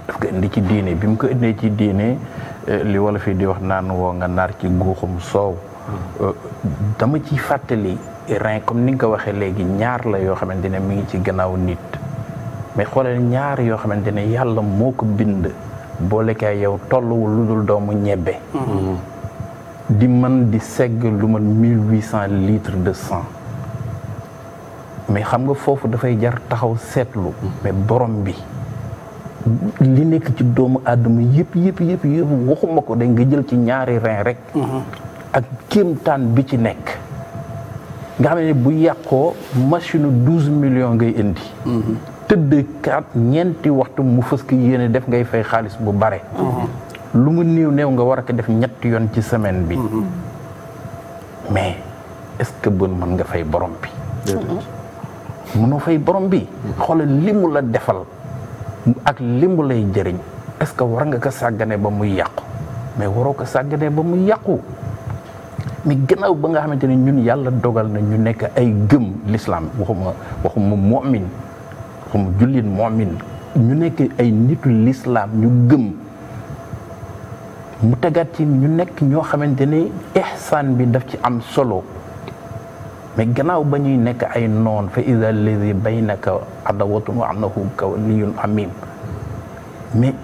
daf ko indi ci diine bi mu ko indee ci diine eh, li wala fii di wax naan woo nga naar ci guuxum soow hmm. eh, dama ci fàttali rein comme ni nga ko waxee léegi ñaar la yoo xamante ne mi ngi ci gannaaw nit mais xoolal ñaar yoo xamante ne yàlla moo ko bind boolekaay yow tolluwul lu dul doomu ñebbe hmm. di mën di segg lu man mille huit cent litres de sang mais xam nga foofu dafay jar taxaw seetlu hmm. mais borom bi li nekk ci doomu aadama yëpp yëpp yëpp yëpp waxuma ko dañ nga jël ci ñaari rein rek. Mm-hmm. ak kéemtaan bi ci nekk. nga xam ne bu yàqoo machine douze million ngay indi. Mm-hmm. tëdd kat ñeenti waxtu mu fës ki yéene def ngay fay xaalis bu bare. Mm-hmm. lu mu néew néew nga war a ko def ñetti yoon ci semaine bi. mais est-ce que bën mën nga fay borom bi. mënoo fay borom bi. xoolal li mu la defal. ak limbu lay jëriñ est-ce que war nga ko sàggane ba muy yàqu mais waroo ko sàggane ba muy yàqu mais gannaaw ba nga xamante ne ñun yàlla dogal na ñu nekk ay gëm l'islam waxuma waxuma mu'min waxuma jullit mu'min ñu nekk ay nitu lislaam ñu gëm mu tegaat ci ñu nekk ñoo xamante ne ihsaan bi daf ci am solo mais gannaaw ba ñuy nekk ay noon fa ida alladi baynaka adawatun wa annahu kawliyun amin mais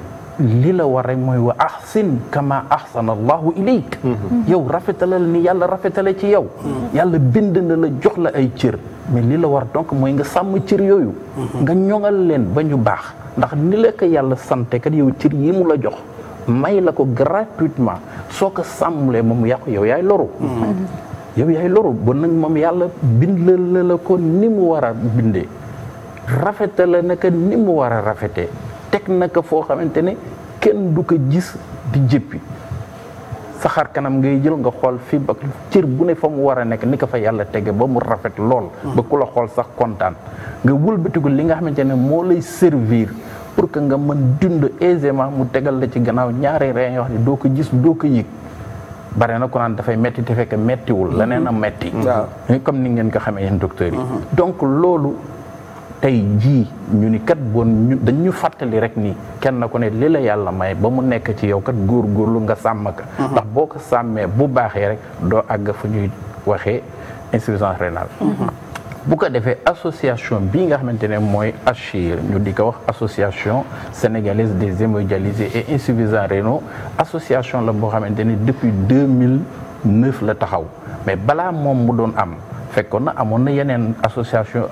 li la war rek mooy wa ahsin kama ahsana allahu ilayk mhm. yow rafetalal ni yàlla rafetale ci yow mhm. yàlla bind na la jox la ay cër mais li la war donc mooy nga sàmm cër yooyu mhm. nga ñoŋal leen ba ñu baax ndax ni la ko yàlla sante kat yow cër yi mu la jox may la ko gratuitement soo ko sàmmulee mu yàqu yow yaay loru yow yaay loru ba nag moom yàlla bind la la ko ni mu war a bindee rafeta la naka ni mu war a rafetee teg naka foo xamante ne kenn du ko gis di jëppi saxaar kanam ngay jël nga xool fii ba cër bu ne fa mu war a nekk ni ko fa yàlla tege ba mu rafet lool ba ku la xool sax kontaan nga wëlbatiku li nga xamante ne moo lay servir pour que nga mën dund aisément mu tegal la ci gannaaw ñaari reen yoo xam doo ko gis doo ko yëg bare na kon naan dafay metti te fekk mettiwul mhm. leneen a metti mhm. comme ni ngeen ko xamee yéen docteurs yi mhm. donc loolu tey jii ñu ni kat bon dañ ñu fàttali rek ni kenn ku ne li la yàlla may ba mu nekk ci yow kat góor góorlu nga sàmma ka ndax boo ko sàmmee bu baaxee rek doo àgg fu ñuy waxee insuffisance rénale bu ko defee association bii nga xamante ne mooy ACHIR ñu di ko wax association sénégalaise des hémodialysés et insuffisants rénaux association la boo xamante ne depuis 2009 la taxaw mais balaa moom mu doon am fekkoon na amoon na yeneen association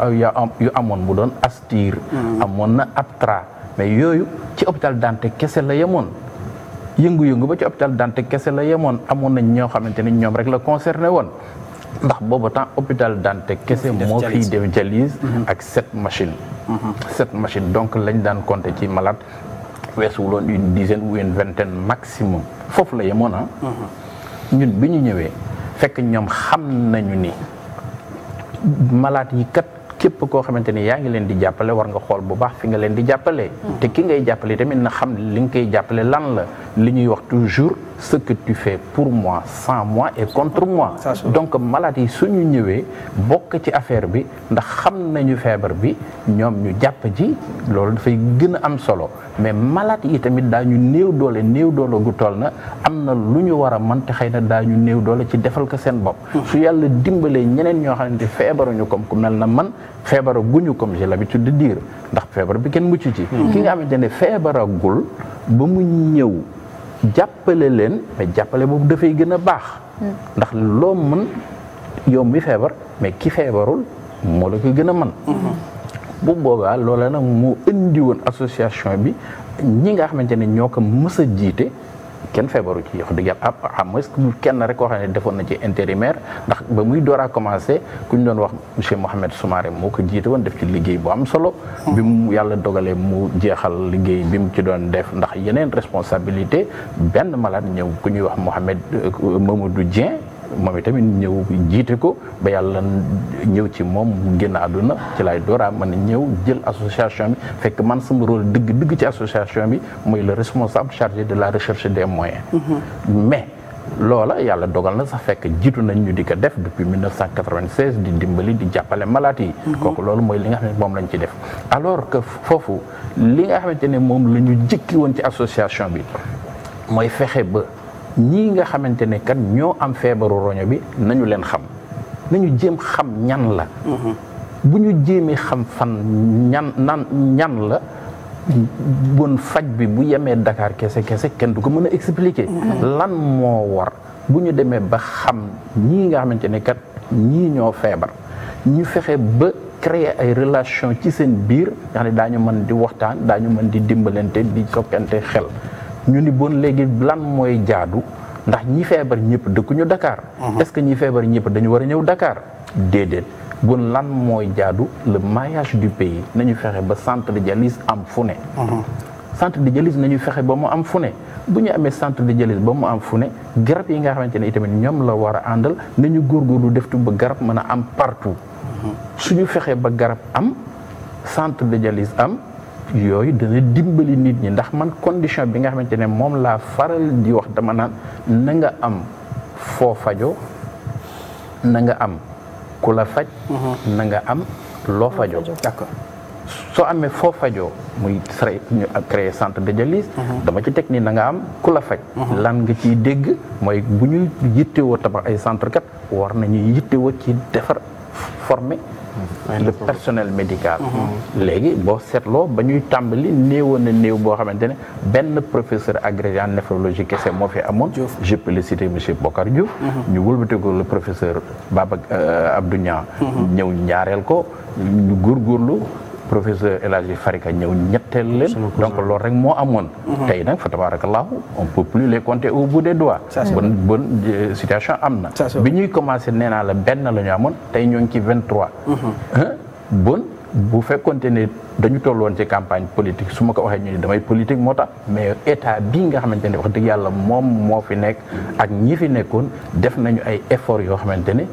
yu amoon mu doon ASTIR mm. amoon na APTRA mais yooyu ci hôpital Dantec kese la yemoon yëngu-yëngu ba ci hôpital Dantec kese la yemoon amoon nañ ñoo xamante ni ñoom rek la concerné woon ndax booba temps hôpital Dantec kese moo fiy def dialyse mhm. Mhm. ak set machine mhm. set machines donc lañ daan compter ci malade weesuwuloon une dizaine ou une vingtaine maximum foofu la yemoon ah ñun bi ñu ñëwee fekk ñoom xam nañu ni malaat yi kat képp koo xamante ni yaa ngi leen di jàppale war nga xool bu baax fi nga leen di jàppale te ki ngay jàppale tamit na xam li nga koy jàppale lan la li ñuy wax toujours ce que tu fais pour mois sans mois et contre moi donc malade yi suñu ñëwee bokk ci affaire bi ndax xam nañu feebar bi ñoom ñu jàpp ji loolu dafay gën a am solo mais malade yi tamit daañu néew doole néew doole gu toll na am na lu ñu war a mën te xëy na daañu néew doole ci defal ko seen bopp hmm. su yàlla dimbalee ñeneen ñoo xamante feebaruñu comme ku mel na man feebara guñu comme j'ai l'habitude de dire ndax feebar bi kenn mucc ci hmm. ki nga xamante ne feebaragul ba mu ñëw jàppale leen mais jàppale boobu dafay gën a baax. Hmm. ndax loo mën yow mi feebar mais ki feebarul moo la ko gën a man hmm. bu boobaa loola nag moo indi woon association bi ñi nga xamante ne ñoo ko mës a jiite. kenn feebaru ci wax dëgg yàlla ah xam nga kenn rek koo xam defoon na ci intérimaire ndax ba muy door a commencé ku ñu doon wax monsieur Mohamed Soumaré moo ko jiite woon def ci liggéey bu am solo. bi mu yàlla dogalee mu jeexal liggéey bi mu ci doon def ndax yeneen responsabilité benn malade ñëw ku ñuy wax Mohamed euh, du Dieng. moom itamit ñëw jiite ko ba yàlla ñëw ci moom mu génn àdduna ci laay dooraa man ñëw jël association bi fekk man sama rôle dëgg dëgg ci association bi mooy le responsable chargé de la recherche des moyens mm-hmm. mais loola yàlla dogal na sax fekk jiitu nañ ñu di ko def depuis 1996 di dimbali di jàppale malaat yi mm-hmm. kooku loolu mooy li nga xam ne moom lañ ci def alors que foofu li nga xamante ne moom la ñu jëkki woon ci association bi mooy fexe ba ñii nga xamante ne kat ñoo am feebaru roño bi nañu leen xam nañu jëm xam ñan la. Mm-hmm. bu ñu jéemee xam fan ñan nan ñan la. bon faj bi bu yemee Dakar kese kese kenn du ko mën a expliquer. Mm-hmm. lan moo war bu ñu demee ba xam ñii nga xamante ne kat ñii ñoo feebar ñu fexe ba créer ay relation ci seen biir nga xam ne daañu mën di waxtaan daañu mën di dimbalante di kokkante xel. ñu ni bon léegi lan mooy jaadu ndax ñi feebar ñëpp dëkkuñu dakaar uh-huh. est-ce que ñi feebar ñëpp dañu war a ñëw dakaar déedéet. bon lan mooy jaadu la maillage du pays nañu fexe ba centre de dialyse am fu ne. Uh-huh. centre de dialyse nañu fexe ba mu am fu ne bu ñu amee centre de dialyse ba mu am fu ne garab yi nga xamante ne itamit ñoom la war a àndal nañu góorgóorlu def tu ba garab mën a am partout. Uh-huh. suñu fexe ba garab am centre de dialyse am. yooyu dana dimbali nit ñi ndax man condition bi nga xamante ne moom laa faral di wax dama naan na nga am foo fajo na nga am ku la faj mhm. na nga am loo fajo d'accord soo amee foo fajoo muy ñu créé centre de dialyse mhm. dama ci teg ni na nga am ku la faj mhm. lan nga ciy dégg mooy bu ñu yittewoo tabax ay centre kat war nañu yittewoo ci defar former le personnel médical. Mhm. léegi boo seetloo ba ñuy tàmbali néewoon na néew boo xamante ne benn professeur agrégé en néphrologie kese moo fi amoon. je peux le citer monsieur Bokar Diouf. Mhm. ñu wëlbatiku le professeur Baba euh, Abdou mhm. ñëw ñaareel ko ñu góorgóorlu. professeur El Hadji Farika ñëw ñetteel leen donc loolu rek moo amoon mhm. tey nag fa tabarakallahu on peut plus les compter au bout des doigts bon bon euh, situation am na bi ñuy commencé nee naa la benn la ñu amoon tey ñoo ngi ci vingt trois mhm. bon bu fekkonte ne dañu tolloon ci campagne politique su ma ko waxee ñu ni damay politique moo tax mais état bii nga xamante ne wax dëgg yàlla moom moo fi nekk ak ñi fi nekkoon def nañu ay efforts yoo xamante ne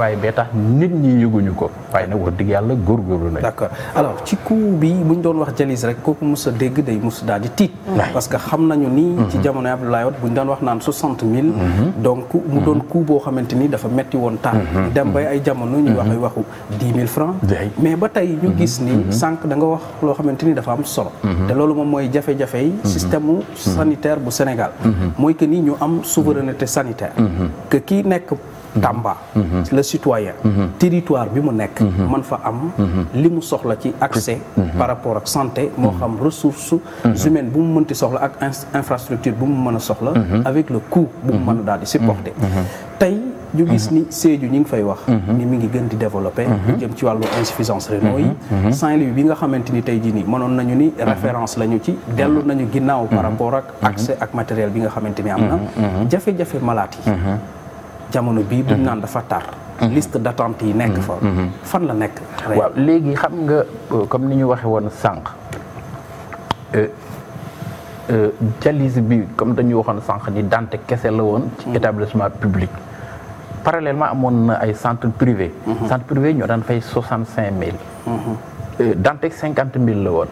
waaye bee tax nit ñi yëguñu ko waaye nag wax dëgg yàlla góorgóorlu nañ. d'accord alors ci coup bi buñ doon wax jalis rek kooku mos a dégg day mos daal di tiit. parce que xam nañu ni. Mhm. ci jamonoy Abdoulaye Wade buñ daan wax naan soixante mille. Mhm. donc mu doon mhm. coup boo xamante ni dafa metti woon taal. dem bay ay jamono ñu wax ay waxu dix mille francs. mais ba tey ñu gis ni sànq da nga wax loo xamante ni dafa am solo. te loolu moom mooy jafe-jafe yi. système sanitaire bu Sénégal. mooy que ni ñu am souveraineté sanitaire. nekk Tamba. la citoyen. territoire bi mu nekk. man fa am. li mu soxla ci accès. par rapport ak santé moo xam ressources. humaines bu mu mënti soxla ak infrastructure bu mu mën a soxla. avec le coût bu mu mën a daal di supporter. tey ñu gis ni Sédhiou ñu ngi fay wax. ni mi ngi gën di développer. lu jëm ci wàllu insuffisance rénaux yi. Saint-Louis bi nga xamante ni tey jii nii mënoon nañu ni référence lañu ci dellu nañu ginnaaw. par rapport ak accès ak matériel bi nga xamante ni am na. jafe malaat jamono bii buñ mhm. naan dafa tar mhm. liste d'attente yi nekk fa mhm. fan la nekk waaw léegi xam nga euh, comme ni ñu waxe woon sànq euh, euh, dialyse bi comme dañu waxoon sànq ni dante kese la woon ci établissement public parallèlement amoon na ay centre privé centre privé ñoo daan fay soixante cinq mille Dantec cinquante mille la woon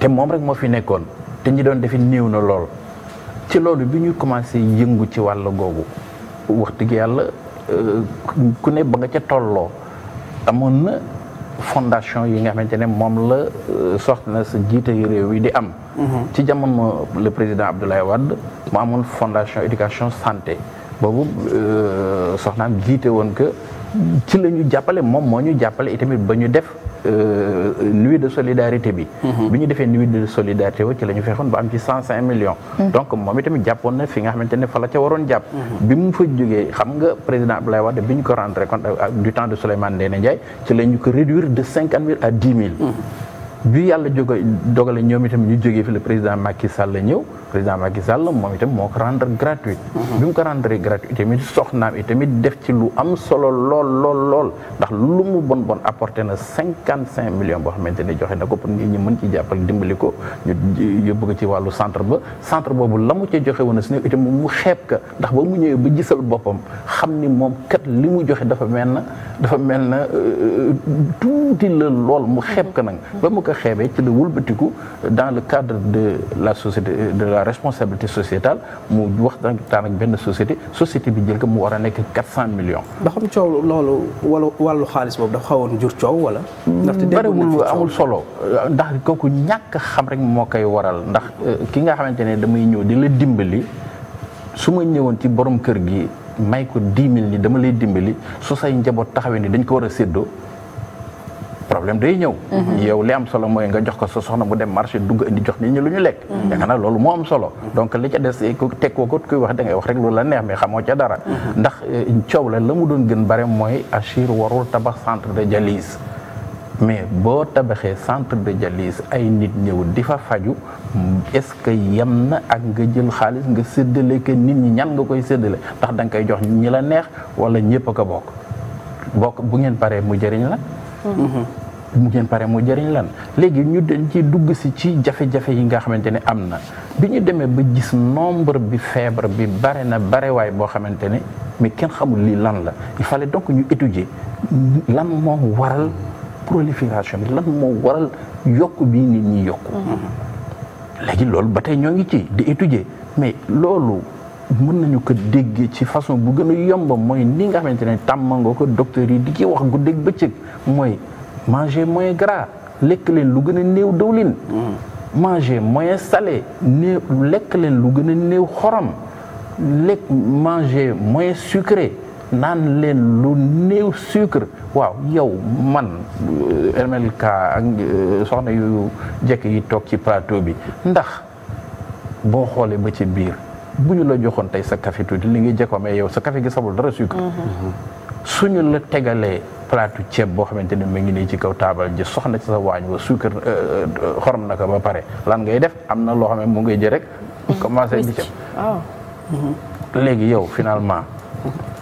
te moom rek moo fi nekkoon te ñu doon defi néew na lool ci loolu bi ñu commencé yëngu ci wàll googu wax dëgg yàlla euh, ku ne ba nga ca tolloo amoon na fondation yi nga xamante ne moom la euh, soxna sa jiite yu réew yi di am mhm. ci jamono le président Abdoulaye Wade mu amoon fondation éducation santé boobu euh, soxnaam jiite woon que ci la jàppale moom moo ñu jàppale itamit ba ñu def Euh, nuit de solidarité bi. Mhm. bi ñu defee nuit de solidarité ba ci la ñu fexoon ba am ci cent cinq millions. Mhm. donc moom itamit jàppoon na fi nga ne fa la ca waroon jàpp. Mhm. bi mu fa jógee xam nga président Abdoulaye Wade bi ñu ko rendre compte du temps de Souleymane Ndéné Ndiaye ci la ko réduire de cinquante mille à dix mille. bi yàlla jóge dogale ñoom itam ñu jógee fi la président Macky Sall ñëw. président Macky Sall moom itam moo ko rendre gratuite. Mhm. bi mu ko rendre gratuite tamit soxnaam itamit def ci lu am solo lool lool lool ndax lu mu bon bon apporté na cinquante cinq millions boo xamante ne joxe na ko pour nit ñi mën ci jàppale dimbali ko ñu yóbbu ko wàllu centre ba centre boobu la mu ca joxe woon si ne itam mu xeeb ka ndax ba mu ñëwee ba gisal boppam xam ni moom kat li mu joxe dafa mel na dafa mel na euh, euh, tuuti la lool mu xeeb ka nag. Mhm. ba mu ko xeebee ci la wëlbatiku dans le cadre de la société la responsabilité sociétale mu waxtaan ak benn société société bi jël ko mu war a nekk quatre cent millions. ba xam coow loolu wala wàllu xaalis boobu dafa xawoon jur coow wala. ndaxte bariwul amul solo. ndax kooku ñàkk xam rek moo koy waral ndax euh, ki nga xamante ne damay ñëw di la dimbali su ma ñëwoon ci borom kër gi may ko dix mille ni dama lay dimbali soo say njaboot taxawee ni dañ ko war a séddoo. problème day ñëw. Mhm. yow li am solo mooy nga jox ko sa soxna mu dem marché dugg indi jox ni ñi lu ñu lekk. Mhm. yaakaar naa loolu moo am solo. Mhm. donc li ca des ku teg ko kuy wax da ngay wax rek loolu la neex mais xamoo ca dara. ndax eh, coow la la mu doon gën bare mooy Achir warul tabax centre de dialyse. mais boo tabaxee centre de dialyse ay nit ñëw di fa faju est-ce que yem na ak nga jël xaalis nga séddale que nit ñi ñan nga koy séddale ndax danga koy jox ñi la neex wala ñëpp a ko bokk bokk bu ngeen paree mu jëriñ la. mungeen pare mu jëriñ lan léegi ñu dañ ci dugg si ci jafe-jafe yi nga xamante ne am na bi ñu demee ba gis nombre bi feebar bi bare na barewaay boo xamante ne mais kenn xamul lii lan la il fallait donc ñu étudier lan moo waral prolifération bi lan moo waral yokk bi nit ñi yokk mm-hmm. léegi loolu ba tey ñoo ngi ci di étudier mais loolu mën nañu ko déggee ci façon bu gën a yomb mooy ni nga xamante ne tàmm nga ko docteur yi di ci wax gu guddeeg bëccëg mooy manger moins gras lekk leen lu gën a néew dawlin. manger moins salé lekk leen lu gën a néew xorom lekk manger moins sucré naan leen lu néew sucre waaw yow man euh, MLK ak euh, soxna yu jekk yi toog ci plateau bi ndax boo xoolee ba ci biir. bu ñu la joxoon tey sa café tuuti li nga jëkkoon mais yow sa café gi sabul dara sucre suñu la tegalee plaatu ceeb boo xamante ne mu ngi nii ci kaw taabal ji soxna ci sa waañ wa sucre euh, euh, xorom naka ba pare lan ngay def am na loo xam ne mu ngay jë rek commencé di ceeb léegi yow finalement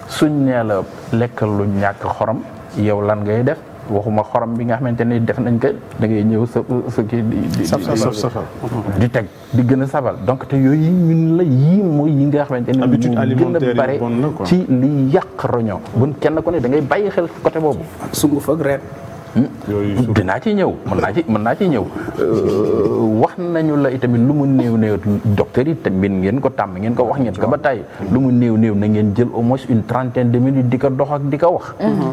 suñ nee la lekkal lu ñàkk xorom yow lan ngay def waxuma xorom bi nga xamante ne def nañ ko da ngay ñëw sa sa kii di di mm-hmm. teg di gën a sabal donc te yooyu ñun la yii mooy yi nga xamante ne mu gën a bare ci li yàq roño bun kenn ku ne da ngay bàyyi xel côté boobu sunguf ak reen hmm? dinaa ci ñëw mën naa ci mën naa ci ñëw euh, wax nañu la itamit lu mu néew néew docteur yi tamit ngeen ko tàmm ngeen ko wax ngeen ko ba tey hmm. lu mu néew néew na ngeen jël au moins une trentaine de minutes di ko dox ak di ko wax hmm.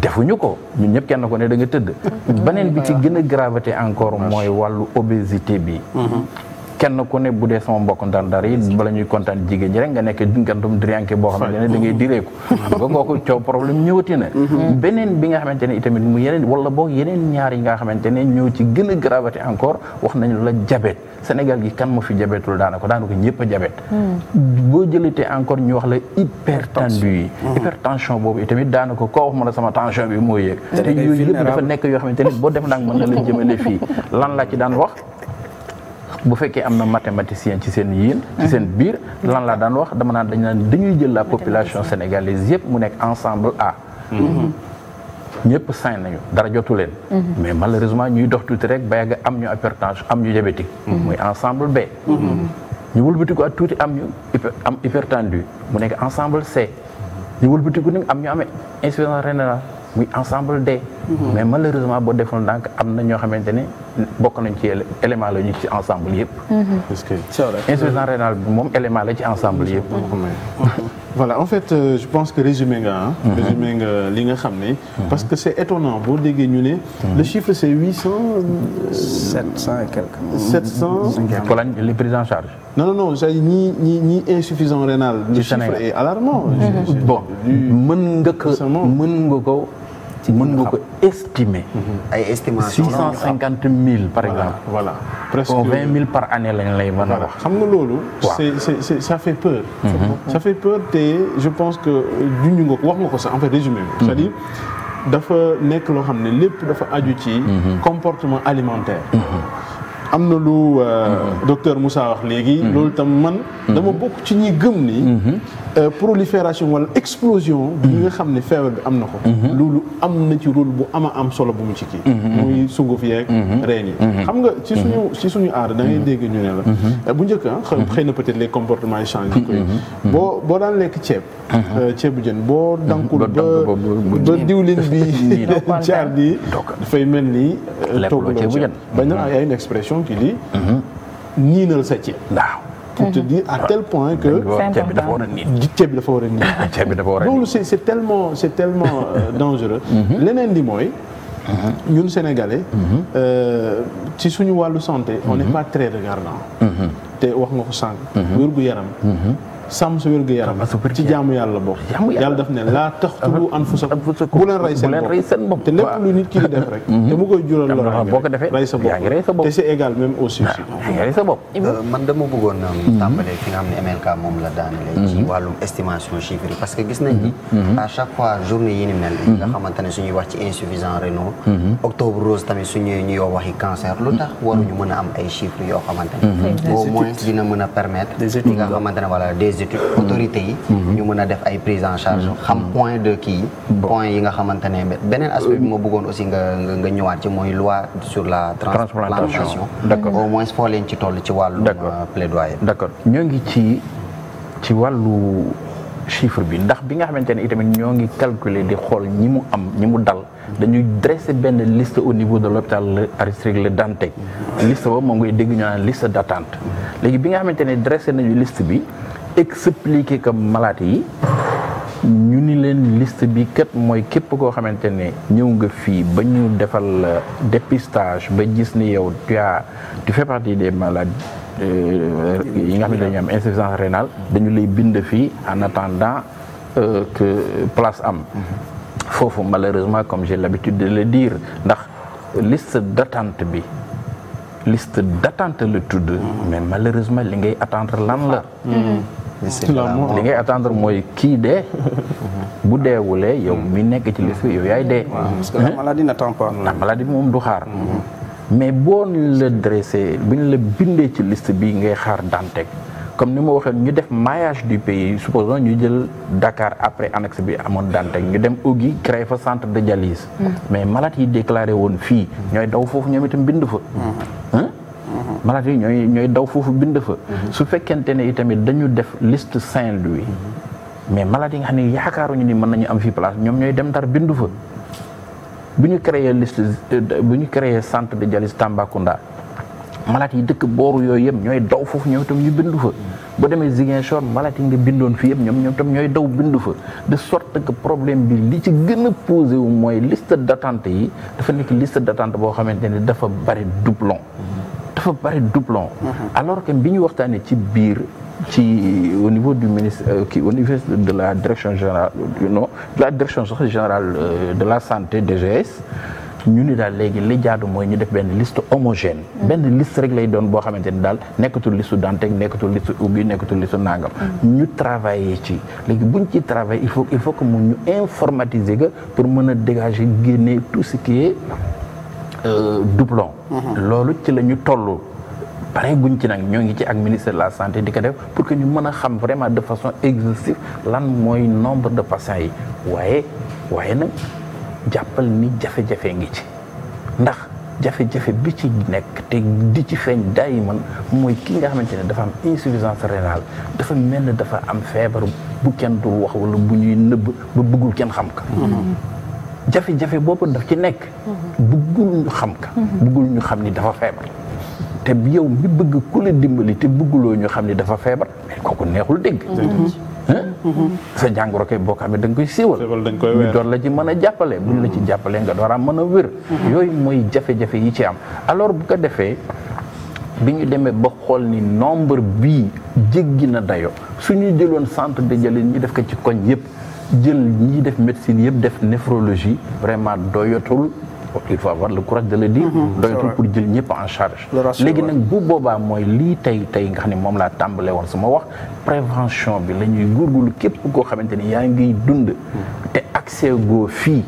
defuñu ko ñun ñëpp kenn ko ne da nga tëdd. Mm-hmm. beneen bi ci gën a gravité encore mooy wàllu obésité bi. Mm-hmm. kenn ku ne bu dee sama mbokk ndar ndar yi bala ñuy kontaan jigéen ñi rek nga nekk ngantum diriyanke boo xamante ne da ngay direeku ba kooku coow problème ñëwati na mhm. beneen bi nga xamante ne itamit mu yeneen wala boog yeneen ñaar yi nga xamante ne ñoo ci a gravité encore wax nañu la jabet Sénégal gi kan moo fi jabetul daanaka daanaka ñëpp a hmm. la hmm. hypertension boobu itamit daanaka koo wax ma la sama tension bi moo yëpp dafa nekk yoo xamante ne boo def nag mën na jëmale fii lan la daan wax bu fekkee am na mathématicien ci seen yéen. ci seen biir lan laa daan wax dama naan dañ naan dañuy jël la population sénégalise yëpp mu nekk ensemble A. Mhm. ñëpp sañ nañu dara jotu leen. Mhm. mais malheureusement ñuy dox tuuti rek ba yàgg am ñu hypertension am ñu diabétique. Mhm. muy ensemble B. ñu wëlbatiku ak tuuti am ñu am hypertendu mu nekk ensemble C. ñu wulbutiku ni am ñu amee insuffisance rénale. muy ensemble D. Mhm. mais malheureusement boo defoon donc am na ñoo xamante ni bokk nañ ci élément la ñu ci ensemble yëpp. Mhm. est-ce que insuffisance rénale bi moom élément la ensemble yëpp. Mhm. voilà en fait euh, je pense que résumé nga résumé nga li nga xam ne. parce que c'est étonnant boo déggee ñu ne. le chiffre c'est huit cent. Euh, sept cent et quelques. sept cent. voilà c'est-à-dire ñii insuffisant rénal. le chiffre est alarmant. bon mën nga ko. ci mën nga ko estimer. Mhm. ay estimation six cent cinquante mille par exemple. voilà presque vingt mille par année lañ lay mën a xam nga loolu. c'est c'est ça fait peur. Mhm. ça fait peur te je pense que junj nga ko wax nga ko sax en fait résumé bi. Mhm. c'est-à-dire dafa nekk loo xam ne lépp dafa aju ci. comportement alimentaire. am na lu euh, mm-hmm. docteur Moussa wax léegi. Mm-hmm. loolu tam man. Mm-hmm. dama bokk ci ñi gëm ni. Euh, prolifération wala explosion. bi nga xam ne feebar bi am na ko. loolu am na ci rôle bu ama am solo bu mu ci kii. muy sunguf yeeg. reen yi xam nga ci suñu ci suñu aada da ngay dégg ñu ne la. Euh, bu njëkk ah xëy na peut-être les comportements yi changé. boo boo daan lekk ceeb. bu jën boo dankul ba ba diwlin bi jaar nii dafay mel ni. togg ceebu jën bañ na ay une tuuti niinal sa ceeb. waaw pour te dire à tel point que. ceeb bi dafa war a nii ceeb bi dafa war a nii. ceeb bi dafa war a nii loolu c' est tellement euh, dangereux. Mhm. leneen li mooy. Mhm. ñun sénégalais. Mhm. Euh, ci suñu wàllu santé. on n' est pas très regardant. te wax nga ko sànq. wér gu yaram. sàmm sa wérgu yaram ci jaamu yàlla bokk yàlla daf ne laa taqtulu anfusakum bu leen rey seen bopp te lépp lu nit ki def rek mhm. te mu koy jural loraange boo ko defee te c'est égal même au suicide rey sa bopp euh, man dama euh, mhm. fi nga xam ne moom la daanale mhm. ci wàllum estimation chiffre parce que gis nañ ni à chaque fois journée yi ni mel wax ci insuffisant rénal octobre rose tamit suñuy ñuy wax yi cancer lu tax waruñu mën a am ay chiffres yoo xamante ne au des études mm-hmm. autorité yi mm-hmm. ñu mën a def ay prise en charge mm-hmm. xam point de kii point yi nga xamante ne beneen aspect bi ma bëggoon aussi nga nga ñëwaat ci mooy loi sur la transplantation d'accord au moins foo leen ci toll ci wàllu euh, plaidoyer d'accord ñoo ngi ci ci wàllu chiffre bi ndax bi nga xamante ne itamit ñoo ngi calculer di xool ñi mu am ñi mu dal dañuy dressé benn liste au niveau de l'hôpital Aristide Le Dantec liste boobu moom ngay dégg ñu naan liste d'attente léegi bi nga xamante ne dressé nañu liste bi expliquer que malaat yi ñu ni leen liste bi kat mooy képp koo xamante ne ñëw nga fii ba ñu defal dépistage ba gis ni yow tu as tu fais partie des malades euh, yi nga xam ne dañu am insuffisance dañu lay bind fii en attendant euh, que place am foofu malheureusement comme j'ai l'habitude de le dire ndax liste d'attente bi liste d'attente la tudd mais malheureusement li ngay attendre lan la mm-hmm. li ngay attendre mooy kii dee mhm. bu deewulee yow mi nekk ci liste bi yow yaay dee parce la mhm. maladie n'attend pas la moom du xaar mhm. mais boo la bu ñu la bindee ci liste bi ngay xaar Dantec comme ni ma waxee ñu def maillage du pays supposons ñu jël Dakar après annexe bi amoon Dantec ñu dem Ogi créé fa centre de dialyse mais malades yi woon fii ñooy daw foofu ñoom itam bind malade yi ñooy ñooy daw foofu bind fa. Mhm. su fekkente ne itamit dañu def liste Saint-Louis. mais malade nga xam ne yaakaaruñu ni mën nañu am fii place ñoom ñooy dem ndar bindu fa. bu ñu créer list bu ñu créé centre de dialyse Tambacounda malade yi dëkk booru yooyu yëpp ñooy daw foofu ñoom itam ñu bindu fa. boo demee Ziguinchor malade yi nga bindoon fii yëpp ñoom ñoom itam ñooy daw bindu fa de sorte que problème bi li ci gën a wu mooy list d' yi dafa nekk liste d' attente boo xamante ni dafa bari doublon. Mhm. dafa bari doublon uh-huh. alors que bi ñu waxtaanee ci biir ci au niveau du ministre kii euh, au niveau de la direction générale euh, non de la direction sax générale euh, de la santé DGS ñu ni daal léegi li jaadu mooy ñu def benn liste homogène uh-huh. benn liste rek lay doon boo xamante ni daal nekkatul listu Dantec nekkatul listu ubbi nekkatul listu nangam uh-huh. ñu travailler ci léegi buñ ci travailler il faut il faut que mu ñu informatiser que pour mën a dégager génne tout ce qui est Euh, doublon. loolu ci la ñu toll. pare guñ ci nag ñoo ngi ci ak ministre de la santé di ko def pour que ñu mën a xam vraiment de façon exhaustive lan mooy nombre de patients yi waaye waaye nag jàppal ni jafe-jafe ngi ci ndax jafe-jafe bi ci nekk te di ci feeñ daay man mooy ki nga xamante ne dafa am insuffisance rénale dafa mel ne dafa am feebar bu kenn dul wax wala bu ñuy nëbb ba bëggul kenn xam ka mm-hmm. jafe-jafe boobu daf ci nekk mm-hmm. bëggul ñu xam ka bëggul ñu xam ni dafa feebar te yow mi bëgg ku la dimbali te bëgguloo ñu xam ni dafa feebar mais kooku neexul dégg sa jàngoro kay boo ko amee da nga koy siiwal ñu door la ci mën a jàppale buñ la ci jàppalee nga door a a wér mm-hmm. yooyu mooy jafe-jafe yi ci am alors bu ko defee bi ñu demee ba xool ni nombre bii jéggi na dayo suñu jëloon centre de dialyse ñu def ko ci koñ yëpp jël ñi def médecine yëpp def néphrologie vraiment doyatul il faut avoir le courage de le dire. Mhm. pour jël ñëpp en charge. léegi nag bu boobaa mooy lii tey tey nga xam ne moom laa tàmbalee woon sama wax prévention bi la ñuy góorgóorlu képp goo xamante ni yaa ngi dund. Mhm. te accès goo fii.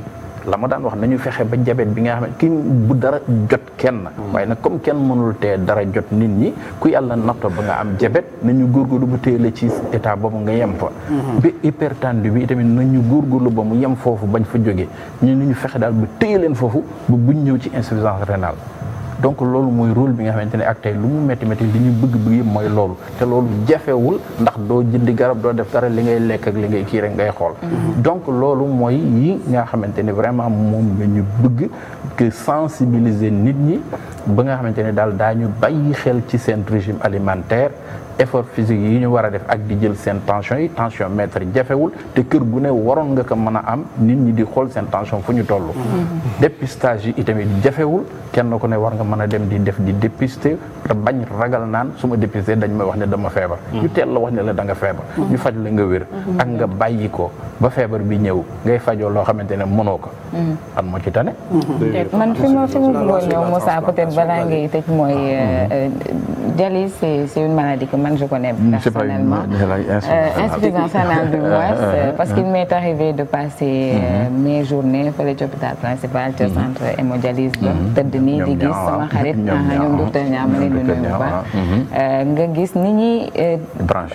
la ma daan wax nañu fexe ba jabet bi nga xam ne ki bu dara jot kenn waaye nag comme kenn mënul te dara jot nit ñi ku yàlla natto ba nga am jabet nañu góorgóorlu bu téye la ci état boobu nga yem fa mhm. ba hypertendu bi itamit nañu góorgóorlu ba mu yem foofu bañ fa jóge ñu ñu fexe daal bu téye leen foofu bu buñ ñëw ci insuffisance rénale donc loolu mooy rôle bi nga xamante ne ak lu mu métti métti li ñu bëgg-bëgg yëpp mooy loolu te loolu jafewul ndax doo jëndi garab doo def dara li ngay lekk ak li ngay kii rek ngay xool mhm. donc loolu mooy yi nga xamante ne vraiment moom la ñu bëgg que sensibiliser nit ñi ba nga xamante ne daal daañu bàyyi xel ci seen régime alimentaire effort physique yi ñu war a def ak di jël seen tension yi tension mètre jafewul te kër gu waroon nga ko mën a am nit ñi di xool seen tension fu ñu toll. Mm-hmm. Mm-hmm. dépistage yi itamit jafewul kenn ku ne war nga mën a dem di def di dépister te bañ ragal naan su ma dépister dañ may wax ne dama feebar. Mm-hmm. ñu teel la wax ne la da nga feebar. ñu faj la nga wér. ak nga bàyyi ko ba feebar bi ñëw ngay fajoo loo xamante ne mënoo man fi ma fi ma bëggoon ñëw Moussa peut-être balaa ngay tëj mooy dialyse euh, euh, man je connais mm, personnellement. insuffisance euh, de passer euh, mm-hmm. mes journées fële ci hôpital mm-hmm. mm-hmm. di gis sama xarit ñoom docteur ñaam leen di nuyu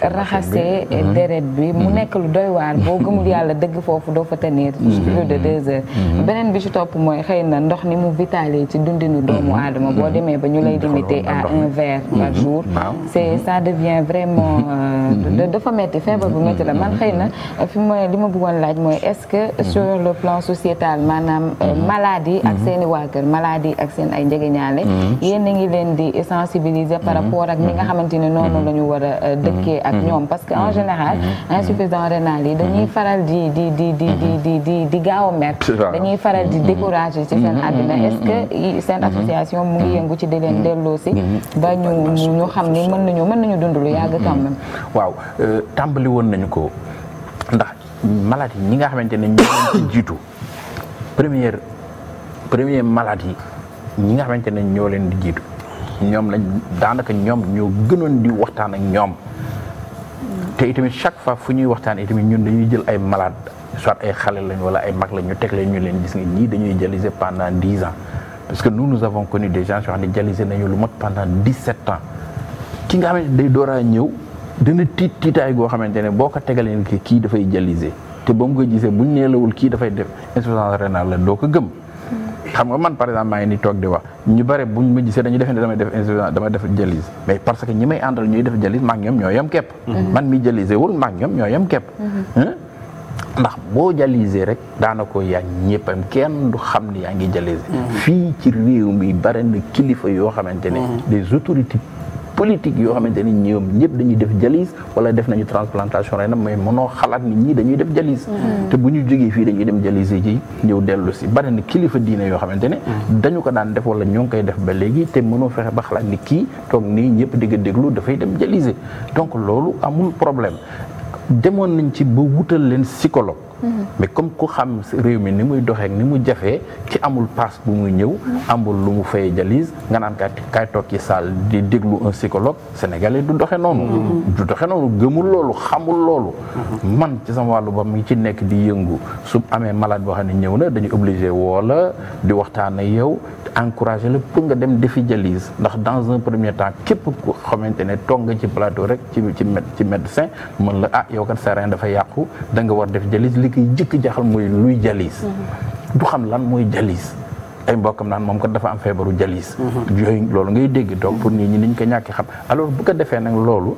euh, ni bi mu nekk lu doy waar boo gëmul yàlla dëgg foofu doo fa tenir plus de deux heures beneen bi ci topp mooy xëy na ndox ni mu vitale ci dundinu doomu aadama boo demee ba ñu lay limité à un verre par jour c'est ça bien vraiment. Euh, dafa metti feebar bu metti la man xëy na euh, fi mu ne li ma bëggoon laaj mooy est-ce que mhm. sur le plan sociétal maanaam euh, mhm. maladie ak mhm. seen i waa kër maladie ak seen ay njegeñaale yéen a ngi leen di sensibiliser par rapport ak ni nga xamante ne noonu la ñu war a dëkkee ak ñoom parce que en général insuffisant rénal yi dañuy faral di di di di di di di di gaaw a mer dañuy faral di décourager ci seen addina est-ce que seen association mu ngi yëngu ci di leen delloo ba ñu ñu xam ni dund lu yàgg quand mm-hmm. waaw euh, tàmbali woon nañu ko ndax maladi ñi nga xamante ne ñoo leen ci jiitu première première maladie ñi nga xamante ne ñoo leen di jiitu ñoom lañ daanaka ñoom ñoo gënoon di waxtaan ak ñoom. te itamit chaque fois fu ñuy waxtaan itamit ñun dañuy jël ay malade soit ay xale lañ wala ay mag lañ ñu teg leen ñu leen gis nga ñii dañuy dialysé pendant dix ans parce que nous avons connu des gens yoo xam ne dialysé nañu lu mot pendant dix sept ans. ki nga xamante day dooraa ñëw dana tiit tiitaay goo xamante ne boo ko tegalee ni kii dafay dialysé te ba mu ko gisee buñ neelawul kii dafay def insuffisance rénale la doo ko gëm. xam nga man par exemple maa ngi nii toog di wax ñu bare buñ ma gisee dañuy defee ne damay def insuffisance dama def dialyse mais parce que ñi may àndal ñuy def dialyse maa ngi ñoom ñoo yem képp. Mhm. man mi dialysé wul maa ñoo yem képp. Mhm. ndax boo dialysé rek daanako yaa ngi ñëppam kenn du xam ni yaa ngi dialysé. Mhm. fii ci réew mi bare na kilifa yoo xamante ne. des autorités politique yoo xamante ni ñoom ñëpp dañuy def dialyse wala def nañu transplantation rénale mais mënoo xalaat ni ñii dañuy def dialyse mm-hmm. te bu ñu jógee fii dañuy dem dialyse ji ñëw dellu si bari na kilifa diine yoo xamante ne mm-hmm. dañu ko daan def wala ñoo ngi koy def ba léegi te mënoo fexe ba xalaat ni kii toog nii ñëpp di nga déglu dafay dem dialyse donc loolu amul problème demoon nañ ci ba wutal leen psychologue mais comme ku xam réew mi ni muy doxeek ni mu jafee ci amul passe bu mu ñëw ambul lu mu fay dialyse nga naan kaay kaay toog ci salle di déglu un psychologue sénégalais du doxe noonu doxe noonu gëmul loolu xamul loolu man ci sama wàllu ba mi ci nekk di yëngu su amee malade boo xam ne ñëw na dañu obligé woo la di waxtaan ak yow encouragé la pour nga dem defi dialyse ndax dans un premier temps képp ku xamante ne toog nga ci plateau rek ci ci ci médecin mën la ah yow kat sa rein dafa yàqu koy jëkk jaaxal mooy luy jalis mhm. du xam lan mooy jalis ay mbokkam naan moom ko dafa am feebaru jalis mhm. yooyu loolu ngay dégg donc pour nit ñi niñ ko ñàkki xam alors bu ko defee nag loolu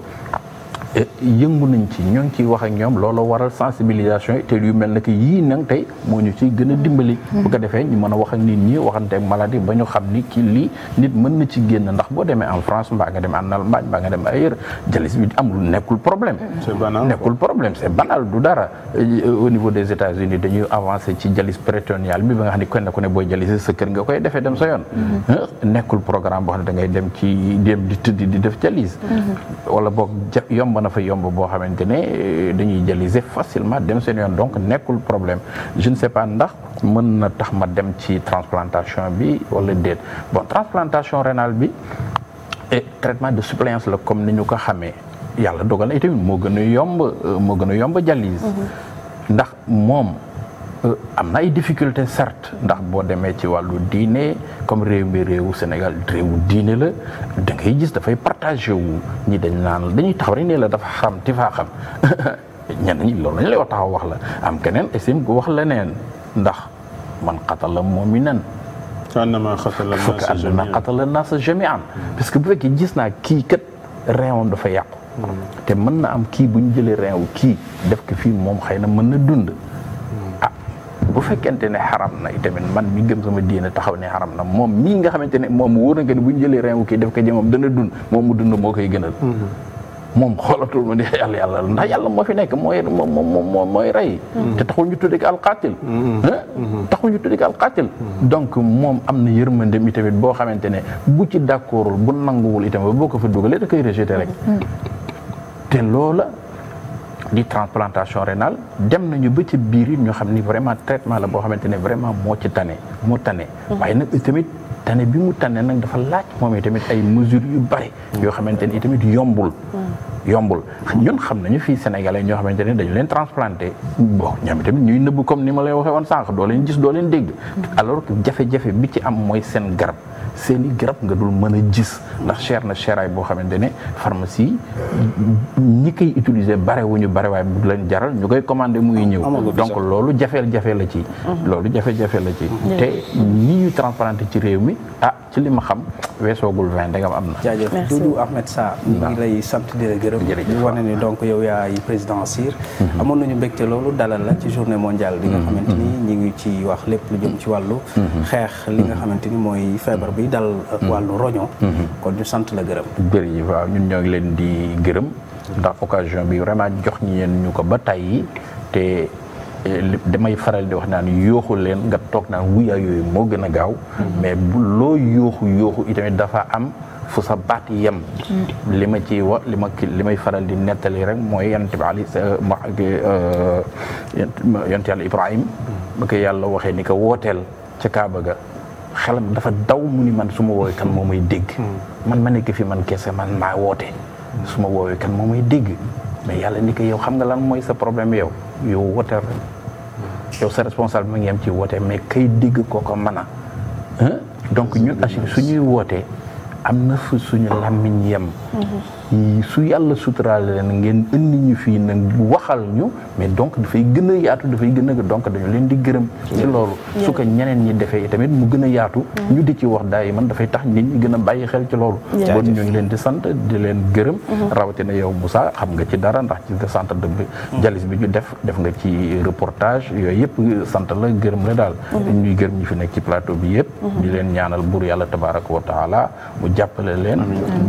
yëngu nañ ci ñoo ngi ciy wax ak ñoom looloo waral sensibilisation yi te yu mel ne que yii nag tey moo ñu ciy gën a dimbali. bu ko defee ñu mën a wax ak nit ñi waxante ak maladie ba ñu xam ni kii lii nit mën na ci génn ndax boo demee en France mbaa nga dem en Allemagne mbaa nga dem ailleurs jalis bi amul nekkul problème. c'est banal nekkul problème c'est banal du dara. au niveau des États-Unis dañuy avancer ci jalis péritonéal bi ba nga xam ne kenn boo ne booy jalis sa kër nga koy defee dem sa yoon. Mm-hmm. Ah, nekkul programme boo xam ne da ngay dem ci dem di tëdd di def jalis. Mm-hmm. wala na fa yomb boo xamante ne euh, dañuy dialyser facilement dem seen yoon donc nekkul problème je ne sais pas ndax mën na tax ma dem ci transplantation bi wala déet bon transplantation renal bi et traitement de suppléance la comme ni ñu ko xamee yàlla dogal na itamit moo gën a yomb euh, moo gën a yomb dialyse mm-hmm. ndax moom Euh, am na ay difficultés certes ndax boo demee ci wàllu diine comme réew bi réewu Sénégal réewu diine la da ngay gis dafay partagé wu ñi dañ naan dañuy taxaw rek ne la dafa xaram ti faa xam ñenn ñi loolu lañ lay wax taxaw wax la am keneen isim ko wax leneen ndax man xatala mu'minan fekk annama xatala naasa jami'an parce que bu fekkee gis naa kii kat réewam dafa yàqu hmm. te mën na am kii bu ñu jëlee réew kii def ko fii moom xëy na mën na dund bu fekkente ne xaram na itamit man mi gëm sama diina taxaw ne xaram na moom mii nga xamante ne moom wóor na que bu ñu jëlee reewu kii def ko jëmam dana dund moom mu dund moo koy gënal. Mm-hmm. moom xoolatul ma ne yàlla yàlla ndax yàlla moo fi nekk mooy moom mooy rey. Mm-hmm. te taxul ñu al alqaatil. Mm-hmm. taxul ñu tuddee alqaatil. donc moom am na yërmandeem itamit boo xamante ne bu ci d'accordul bu nanguwul itamit boo ko fa dugalee da koy rejeté rek. te loola. di transplantation rénal dem nañu ba ci biir it ñu xam ni vraiment traitement la boo xamante ne vraiment moo ci tane moo tane. Mm-hmm. waaye nag tamit tane bi mu tane nag dafa laaj moom tamit ay mesures yu bari. yoo xamante ni tamit yombul. Mm-hmm. yombul ñun xam nañu fii sénégalais ñoo xamante ne dañu leen transplanté bon ñoom tamit ñuy nëbbu comme ni ma lay waxee woon sànq doo leen gis doo leen dégg. Mm-hmm. alors que jafe-jafe bi ci am mooy seen garab. seen i garab nga dul mën a jis ndax cher na cheraay boo xamante ne pharmacie ñi koy utiliser bare wu ñu bare waaye bu leen jaral ñu koy commandé muy ñëw donc loolu jafeel jafe la ci loolu jafe-jafe la ci mhm. mhm. te ni ñu ci réew mi ah ci li ma xam weesoogul vingt dangam am na. jaajëf Doudou Ahmed sa ñu ngi lay sant di la gërëm. ñu wane ni donc yow yaay président a mhm. amoon nañu mbégte loolu dalal la ci journée mondial bi nga mhm. xamante mhm. ñu ngi ci wax lépp lu jëm ci wàllu. xeex li nga xamante ni mooy feebar bi dal. wàllu roño. kon ñu sant la gërëm. jërëjëf waaw ñun ñoo leen di gërëm. ndax occasion bi vraiment jox ñi yéen ñu ko ba tey te. Eh, damay faral di wax naan yooxu leen nga toog naan wuyaa yooyu moo gën a gaaw mm-hmm. mais bu loo yooxu yooxu itamit dafa am fu sa baat yem mm-hmm. li ma ci wa li ma li may faral di nettali rek mooy yonent bi ali euh, ma yonent yàlla ibrahim mm-hmm. ba ko yàlla waxee ni ko wooteel ca kaaba ga xelam dafa daw mu ni man su ma woowee kan moom may dégg man ma nekk fi man kese man maa woote su woowee kan moo may dégg mais yàlla ni ko yow xam nga lan mooy sa problème yow yow wooteel yow sa responsable mu ngi am ci woote mais kay dégg koo ko mën donc ñun ACHIM suñuy wootee am na fu suñu làmmiñ yem mm-hmm. su yàlla suturaale leen ngeen indi ñu fii nag waxal ñu mais donc dafay gën a yaatu dafay gën a donc dañu leen di gërëm ci su ko ñeneen ñi defee tamit mu gën a yaatu ñu di ci wax daay man dafay tax nit ñi gën a bàyyi xel ci loolu bon ñu ngi leen di sant di leen gërëm mm-hmm. rawatina yow Moussa xam nga ci dara ndax ci nga sant de mm-hmm. jalis bi ñu def def nga ci reportage yooyu yëpp sant la gërëm la daal mm-hmm. ñuy gërëm ñi fi nekk ci plateau bi yëpp di leen ñaanal buur yàlla tabaraka wa taala mu jàppale leen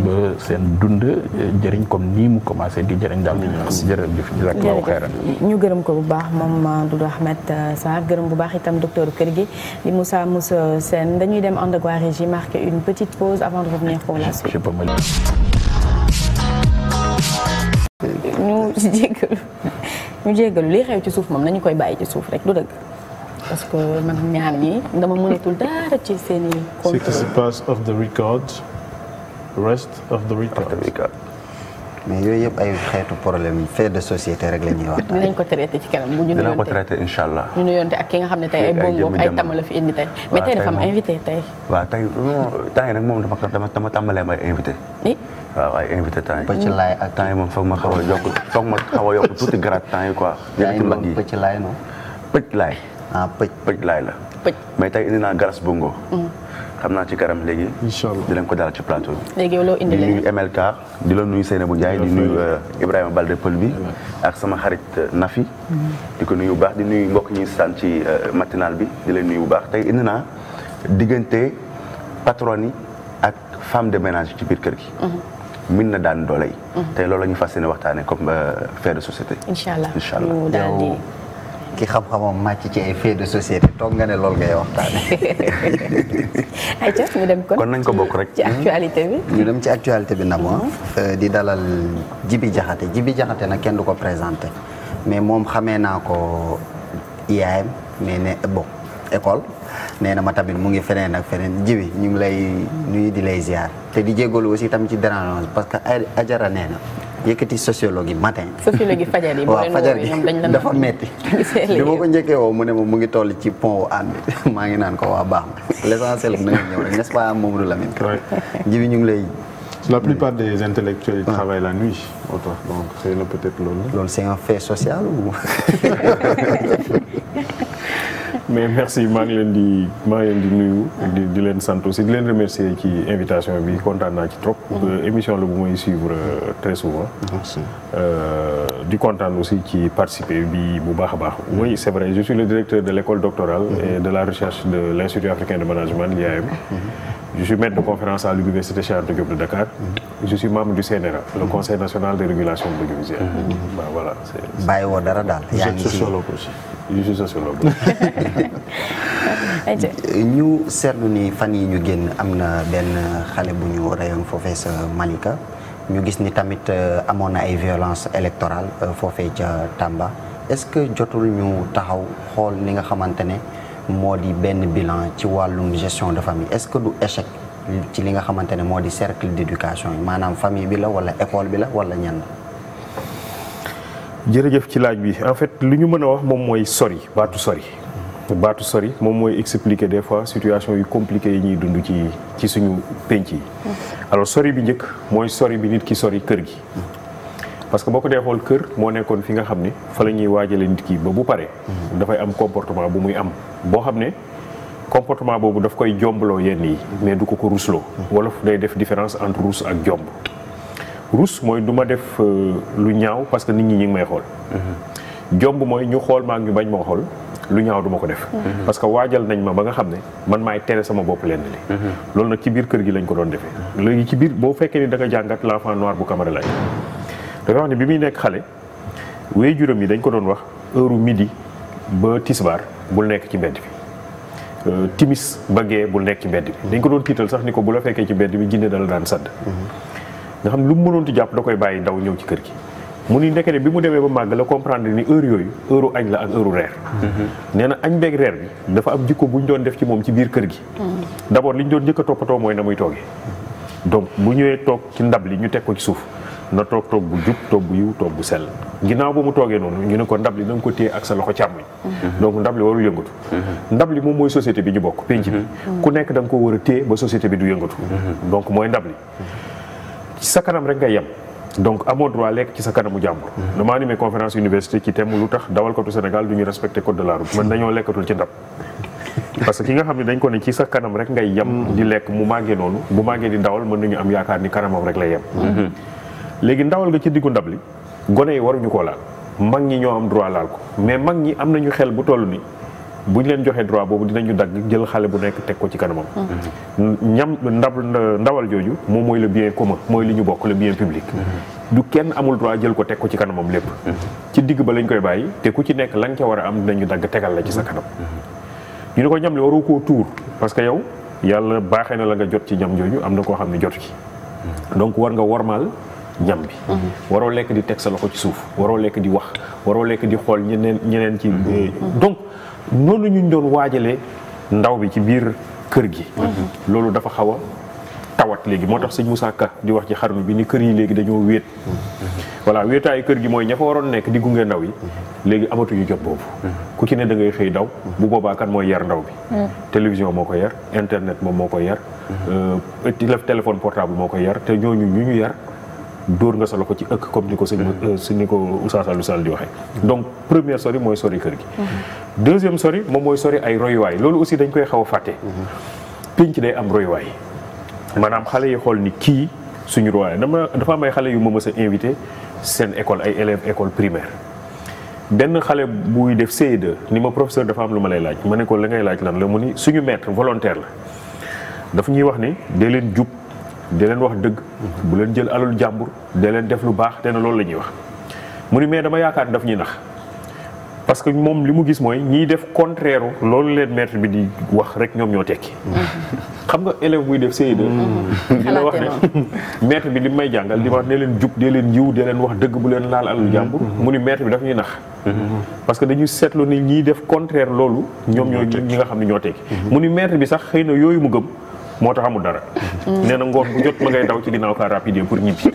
ba seen dund jëriñ comme nii mu commencé di jëriñ daal mm-hmm. jërëjëf jazakallahu xeyran ñu gërëm ko bu baax moom Doudou Ahmed Sarr gërëm bu baax itam docteur kër gi di Moussa Moussa Sène dañuy dem ànd ak waa régie marqué une petite pause avant de revenir pour la suite ñu jéggalu ñu jéggalu li xew ci suuf moom nañu koy bàyyi ci suuf rek du dëgg parce que man ñaar ñi dama mënatul dara ci seen i. ce qui se passe off the record. rest of the yëpp ay xeetu problème fait de société rek la ñuy wax. dinañ ko traité ci kanam bu ñu. dinañ ko traité ak ki nga xam ne tey ay bongo ay tama la fi indi tey. mais tey dafa am invité waaw tey non temps yi nag moom dama dama dama tàmbalee ay invité. waaw ay invité temps yi. pëcc laay ak temps yi moom ma xaw a yokk foog ma xaw a yokk tuuti grade temps yi quoi. yëkkati mbagg yi temps yi moom pëcc laay noonu. pëcc laay. ah pëcc pëcc laay la. pëcc mais tey indi naa garas bongo. Mm. xam naa ci karam léegi. incha allah dinañ ko daal ci plateau bi. léegi yow loo nuyu MLK di la nuyu Seynabou Ndiaye di nuyu euh, Ibrahima Balde Pël bi ak sama xarit euh, Nafi. Mm-hmm. di ko nuyu bu baax di nuyu mbokk ñi sant ci euh, matinal bi di leen bu baax tey indi naa diggante patron ak femme de ménage ci biir kër gi. mën mm-hmm. na daan doole yi. Mm-hmm. tey loolu la ñu fas yéene waxtaanee comme fait de société. incha allah incha ki xam-xamam màcc ci ay faits de société toog nga ne loolu ngay waxtaane ay dem kon nañ ko bokk rek. ci actualité bi. ñu dem ci actualité bi na mo mhm. euh, di dalal Jibi Jaxate Jibi Jaxate nag kenn du ko présenté mais moom xamee naa ko IAM mais ne bokk école nee na ma tamit mu ngi feneen ak feneen jibi ñu ngi lay nuyu di lay ziar te di jégalu aussi tam ci dérangement parce que Ajara nee na. yëkkati sociologie matin. sociologie fajar yi. waaw fajar yi dafa metti bi ma ko njëkkee woo mu ne ma mu ngi toll ci pont ànd maa ngi naan ko waa baax na l'essentiel na nga ñëw rek nest la pas Mamadou Lamine. ñu ngi lay. la plupart des intellectuels ils ah. travaillent la nuit autant donc xëy na peut-être loolu. loolu c'est un social ou. mais merci maa ngi leen di maa di nuyu di di leen sant aussi di leen remercier ci invitation bi kontaan naa ci trop. Mhm. Euh, émission la bu may suivre euh, très souvent. merci euh, di kontaan aussi ci participer bi bu baax a baax. oui c'est vrai je suis le directeur de l'école doctorale. Mhm. et de la recherche de l'Institut africain de management l'IAM. Mhm. Je suis maître de conférence à l'université Cheikh Anta Diop de Dakar. Je suis membre du CNRA, le Conseil national de régulation de l'audiovisuel. voilà c'est. bàyyiwoo dara aussi. je ñu seetlu ni fan yi ñu génn am na benn xale bu ñu reyoon foofee sa Malika ñu gis ni tamit euh, amoon na ay violence électorale euh, foofee ca Tamba est-ce que jotul ñu taxaw xool li nga xamante ne moo di benn bilan ci wàllum gestion de famille est-ce que du échec ci li nga xamante ne moo di cercle d'éducation yi maanaam famille bi la walla école bi la walla ñan jërëjëf ci laaj bi en fait lu ñu mën a wax moom mooy sori baatu sori baatu sori moom mooy expliquer des fois situation yu compliquer yi ñuy dund ci ci suñu penc yi alors sori bi njëkk mooy sori bi nit ki sori kër gi parce que boo ko dee xool kër moo nekkoon fi nga xam ne fa la ñuy waajale nit ki ba bu paree mhm. dafay am comportement bu muy am boo xam ne comportement boobu daf koy jombloo yenn yi mais du ko ko rusloo mhm. wolof day def différence entre ak jomb rus mooy du ma def euh, lu ñaaw parce que nit ñi ñi may xool. Mm-hmm. jomb mooy ñu xool maa ngi bañ ma xool lu ñaaw duma ko def. Mm-hmm. parce que waajal nañ ma ba nga xam ne man maay tere sama bopp lenn li. Mm-hmm. loolu nag ci biir kër gi lañ ko doon defee. léegi ci biir boo fekkee ni da nga jàngat l'enfant noir bu Camara Laye da nga wax ne bi muy nekk xale we waajuram yi dañ ko doon wax heure midi ba tisbaar bul nekk ci mbedd bi. Euh, timis ba gee bul nekk ci mbedd bi dañ ko doon tiital sax ni ko bu la fekkee ci mbedd bi jinne sadd nga xam ne lu mu mënoon ci jàpp da koy bàyyi ndaw ñëw ci kër gi mu ni ndekete bi mu demee ba màgg la comprendre ni heure yooyu heure añ la ak heure reer mm-hmm. nee na añ beeg reer bi dafa am jikko bu ñu doon def ci moom ci biir kër gi mm-hmm. d'abord li ñu doon jëkka toppatoo mooy na muy toogee mm-hmm. donc bu ñëwee toog ci ndab li ñu teg ko ci suuf na toog toog bu jub toog bu toog bu sell ginnaaw ba mu toogee noonu ñu ne ko ndab li na nga ko téye ak sa loxo càmmoñ donc ndab li warul yëngatu ndab li moom mooy société bi ñu bokk penc bi ku nekk da ko war a téye ba société bi du yëngatu donc mooy ndab li sa kanam rek nga yem donc amoo droit lekk ci sa kanamu jàmbur. Mm-hmm. damaa animé conférence université ci thème lu tax dawalkatu Sénégal du ñu respecté code de la mën man dañoo lekkatul ci ndab parce que ki nga xam ne dañ ko ne ci sa kanam rek ngay yem. Mm-hmm. di lekk mu màggee noonu bu màggee di dawal mën nañu am yaakaar ni kanamam rek lay yem. Mm-hmm. léegi ndawal nga ci diggu ndab li gone yi waruñu koo laal mag ñi ñoo am droit laal ko mais mag ñi am nañu xel bu toll ni bu ñu leen joxee droit boobu dinañu dagg jël xale bu nekk teg ko ci kanamam. ñam ndab ndawal jooju moom mooy le bien commun mooy li ñu bokk le bien publique du kenn amul droit jël ko teg ko ci kanamam lépp. ci digg ba lañ koy bàyyi te ku ci nekk la nga ca war a am ñu dagg tegal la ci sa kanam. ñu ne ko ñam li waroo koo tuur parce que yow yàlla baaxee na la nga jot ci ñam jooju am na koo xam ne jot ci. donc war nga wormaal ñam bi. waroo lekk di teg sa loxo ci suuf waroo lekk di wax waroo lekk di xool ñeneen ñeneen ci. Mm-hmm. donc. noonu ñu doon waajalee ndaw bi ci biir kër gi. Mhm. loolu dafa xaw a tawat léegi moo tax sëñ mu Ka di wax ci xarnu bi ni kër yi léegi dañoo wéet. Mhm. voilà wéetaayu kër gi mooy ña fa waroon nekk di gunge ndaw yi mhm. léegi amatuñu jot boobu. ku ci ne da ngay xëy daw bu boobaa kan mooy yar ndaw bi. télévision moo ko yar internet moom moo ko yar. Euh, téléphone portable moo ko yar te ñooñu ñu ñu yar. dóor nga sa loxo ci ëkk comme ni ko sëñ euh, su ni ko Oustaz Alioune Sall di waxee donc première sori mooy sori kër gi deuxième sori moom mooy sori ay royuwaay loolu aussi dañ koy xaw a fàtte pinc day am royuwaay maanaam xale yi xool ni kii suñu royuwaay dama dafa am ay xale yu ma mës invité seen école ay élèves école primaire benn xale buy def ce ni ma professeur dafa am lu ma lay laaj ma ne ko la ngay laaj lan la mu ni suñu maître volontaire la daf ñuy wax ni dee leen jub di leen wax dëgg bu leen jël alalu jàmbur de leen def lu baax te ne loolu la ñuy wax mu ni mais dama yaakaar daf ñuy nax parce que moom li mu gis mooy ñiy def contraire loolu leen maître bi di wax rek ñoom ñoo tekki xam nga élève buy def CE2 mm-hmm. wax ne maître bi li may jàngal di wax ne leen jub dee leen yiw dee leen wax dëgg bu leen laal alal jàmbur mm-hmm. mu ni bi daf ñuy nax mm-hmm. parce que dañu seetlu ni ñiy def contraire loolu ñoom ñoo ñi nga xam ne ñoo tekki mu ni maître bi sax xëy na yooyu mu gëm moo tax amul dara. nee na ngoon bu jot ma ngay daw ci ginnaaw car rapide pour ñibbi.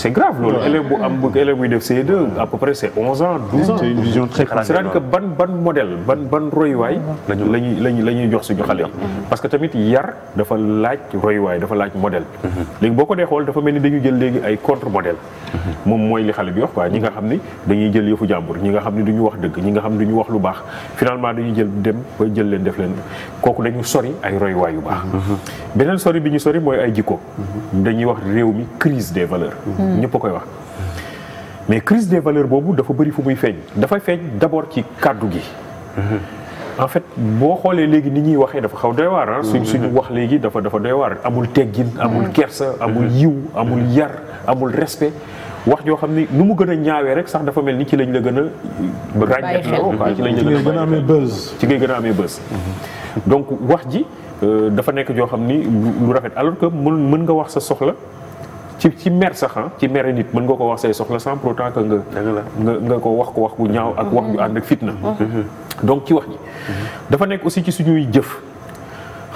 c' est grave loolu élève bu am bu élève buy def CE2 à peu près c' est 11 ans 12 ans. c' est ban ban modèle ban ban royuwaay. la ñuy la ñuy la ñuy jox suñu xale yi. parce que tamit yar dafa laaj royuwaay dafa laaj model léegi boo ko dee xool dafa mel ni dañu jël léegi ay contre modèle. moom mooy li xale bi wax quoi ñi nga xam ni dañuy jël yëfu jàmbur ñi nga xam ni duñu wax dëgg ñi nga xam ni duñu wax lu baax finalement dañuy jël dem ba jël leen def leen kooku dañu sori ay royuwaay yu baax. beneen sori bi ñu sori mooy ay jikko. dañuy wax réew mi crise des valeur hmm. ñëpp a koy wax. mais crise des valeurs boobu dafa bëri fu muy feeñ. dafa feeñ d'abord ci kàddu gi. Hmm. en fait boo xoolee léegi ni ñuy waxee dafa xaw doy waar ah. suñ hmm. suñu wax léegi dafa dafa doy waar amul teggin amul kersa amul yiw amul yar amul respect. wax joo xam ni nu mu gën a ñaawee rek sax dafa mel ni ci lañ la gën a. ràññeeku ci lañ la amee buzz. ci ngay gën a amee buzz. donc wax ji. Euh, dafa nekk joo xam ni lu rafet alors que mën mën nga wax sa soxla ci ci mer sax ah, ci mere nit mën nga ko wax say soxla sans pour autant que nga nga nga ko wax ko wax bu ñaaw ak wax ju mhm. ànd ak fitna mhm. donc ci wax ji mhm. dafa nekk aussi ci suñuy jëf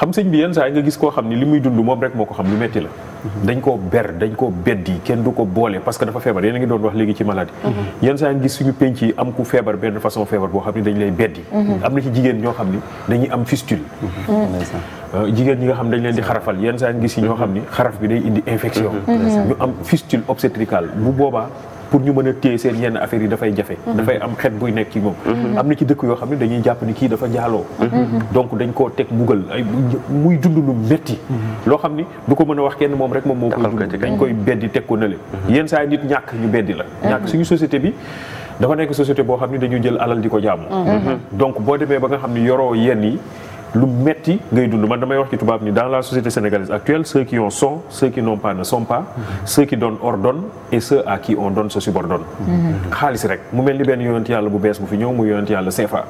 xam sëñ bi yenn saa yi nga gis koo xam ni li muy dund moom rek moo ko xam lu metti la mhm. dañ koo ber dañ koo beddi kenn du ko boole parce que dafa feebar yéen a ngi doon wax léegi ci maladie mhm. yenn saa yi nga gis suñu penc yi am ku feebar benn façon feebar boo xam ni dañ lay beddi mhm. am na ci jigéen ñoo xam ni dañuy am fistule euh, jigéen ñi nga xam dañ leen di xarafal yenn saa yi nga gis yi ñoo xam ni xaraf bi day indi infection ñu am fistule obstétricale bu boobaa pour ñu mën a téye seen yenn affaires yi dafay jafe. Mhm. dafay am xet buy nekk ci moom. Mhm. am na ci dëkk yoo xam ne dañuy jàpp ni kii dafa jaaloo. Mhm. donc dañ koo teg mbugal ay muy dund lu métti. loo xam ni du ko mën a wax kenn moom rek moom moo koy dund dañ koy beddi teg ko nële. yenn saa nit ñàkk ñu beddi la. ñàkk suñu société bi. dafa nekk société boo xam ne dañu jël alal di ko jaamu. donc boo demee ba nga xam ne yoroo yenn yi. lu metti ngay dund man damay wax ci tubaab ni dans la société sénégalaise actuelle ceux qui ont sont ceux qui sompa pas ne sont pas ceux qui donnent ordonnent et ceux à on donne se subordonne xaalis rek mu mel ni benn yonent yàlla bu bees bu fi ñëw mu yonent yàlla CFA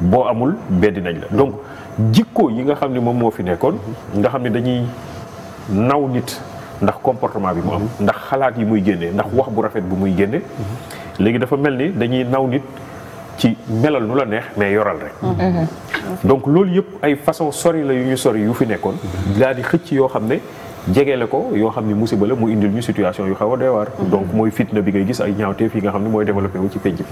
boo amul beddi nañ la donc jikko yi nga xam ne moom moo fi nekkoon nga xam ni dañuy naw nit ndax comportement bi mu am ndax xalaat yi muy génnee ndax wax bu rafet bu muy génne léegi dafa mel ni dañuy naw nit ci melal nu la neex mais yoral rek. Mm-hmm. Mm-hmm. donc loolu yëpp ay façon sori la yu ñu sori yu fi nekkoon. daal di xëcc yoo xam ne. jegele ko yoo xam ni musiba la mu indil ñu situation yu xaw a doy waar. Mm-hmm. donc mooy fitna bi nga gis ay ñaawteef yi nga xam ne mooy développé wu ci penc bi.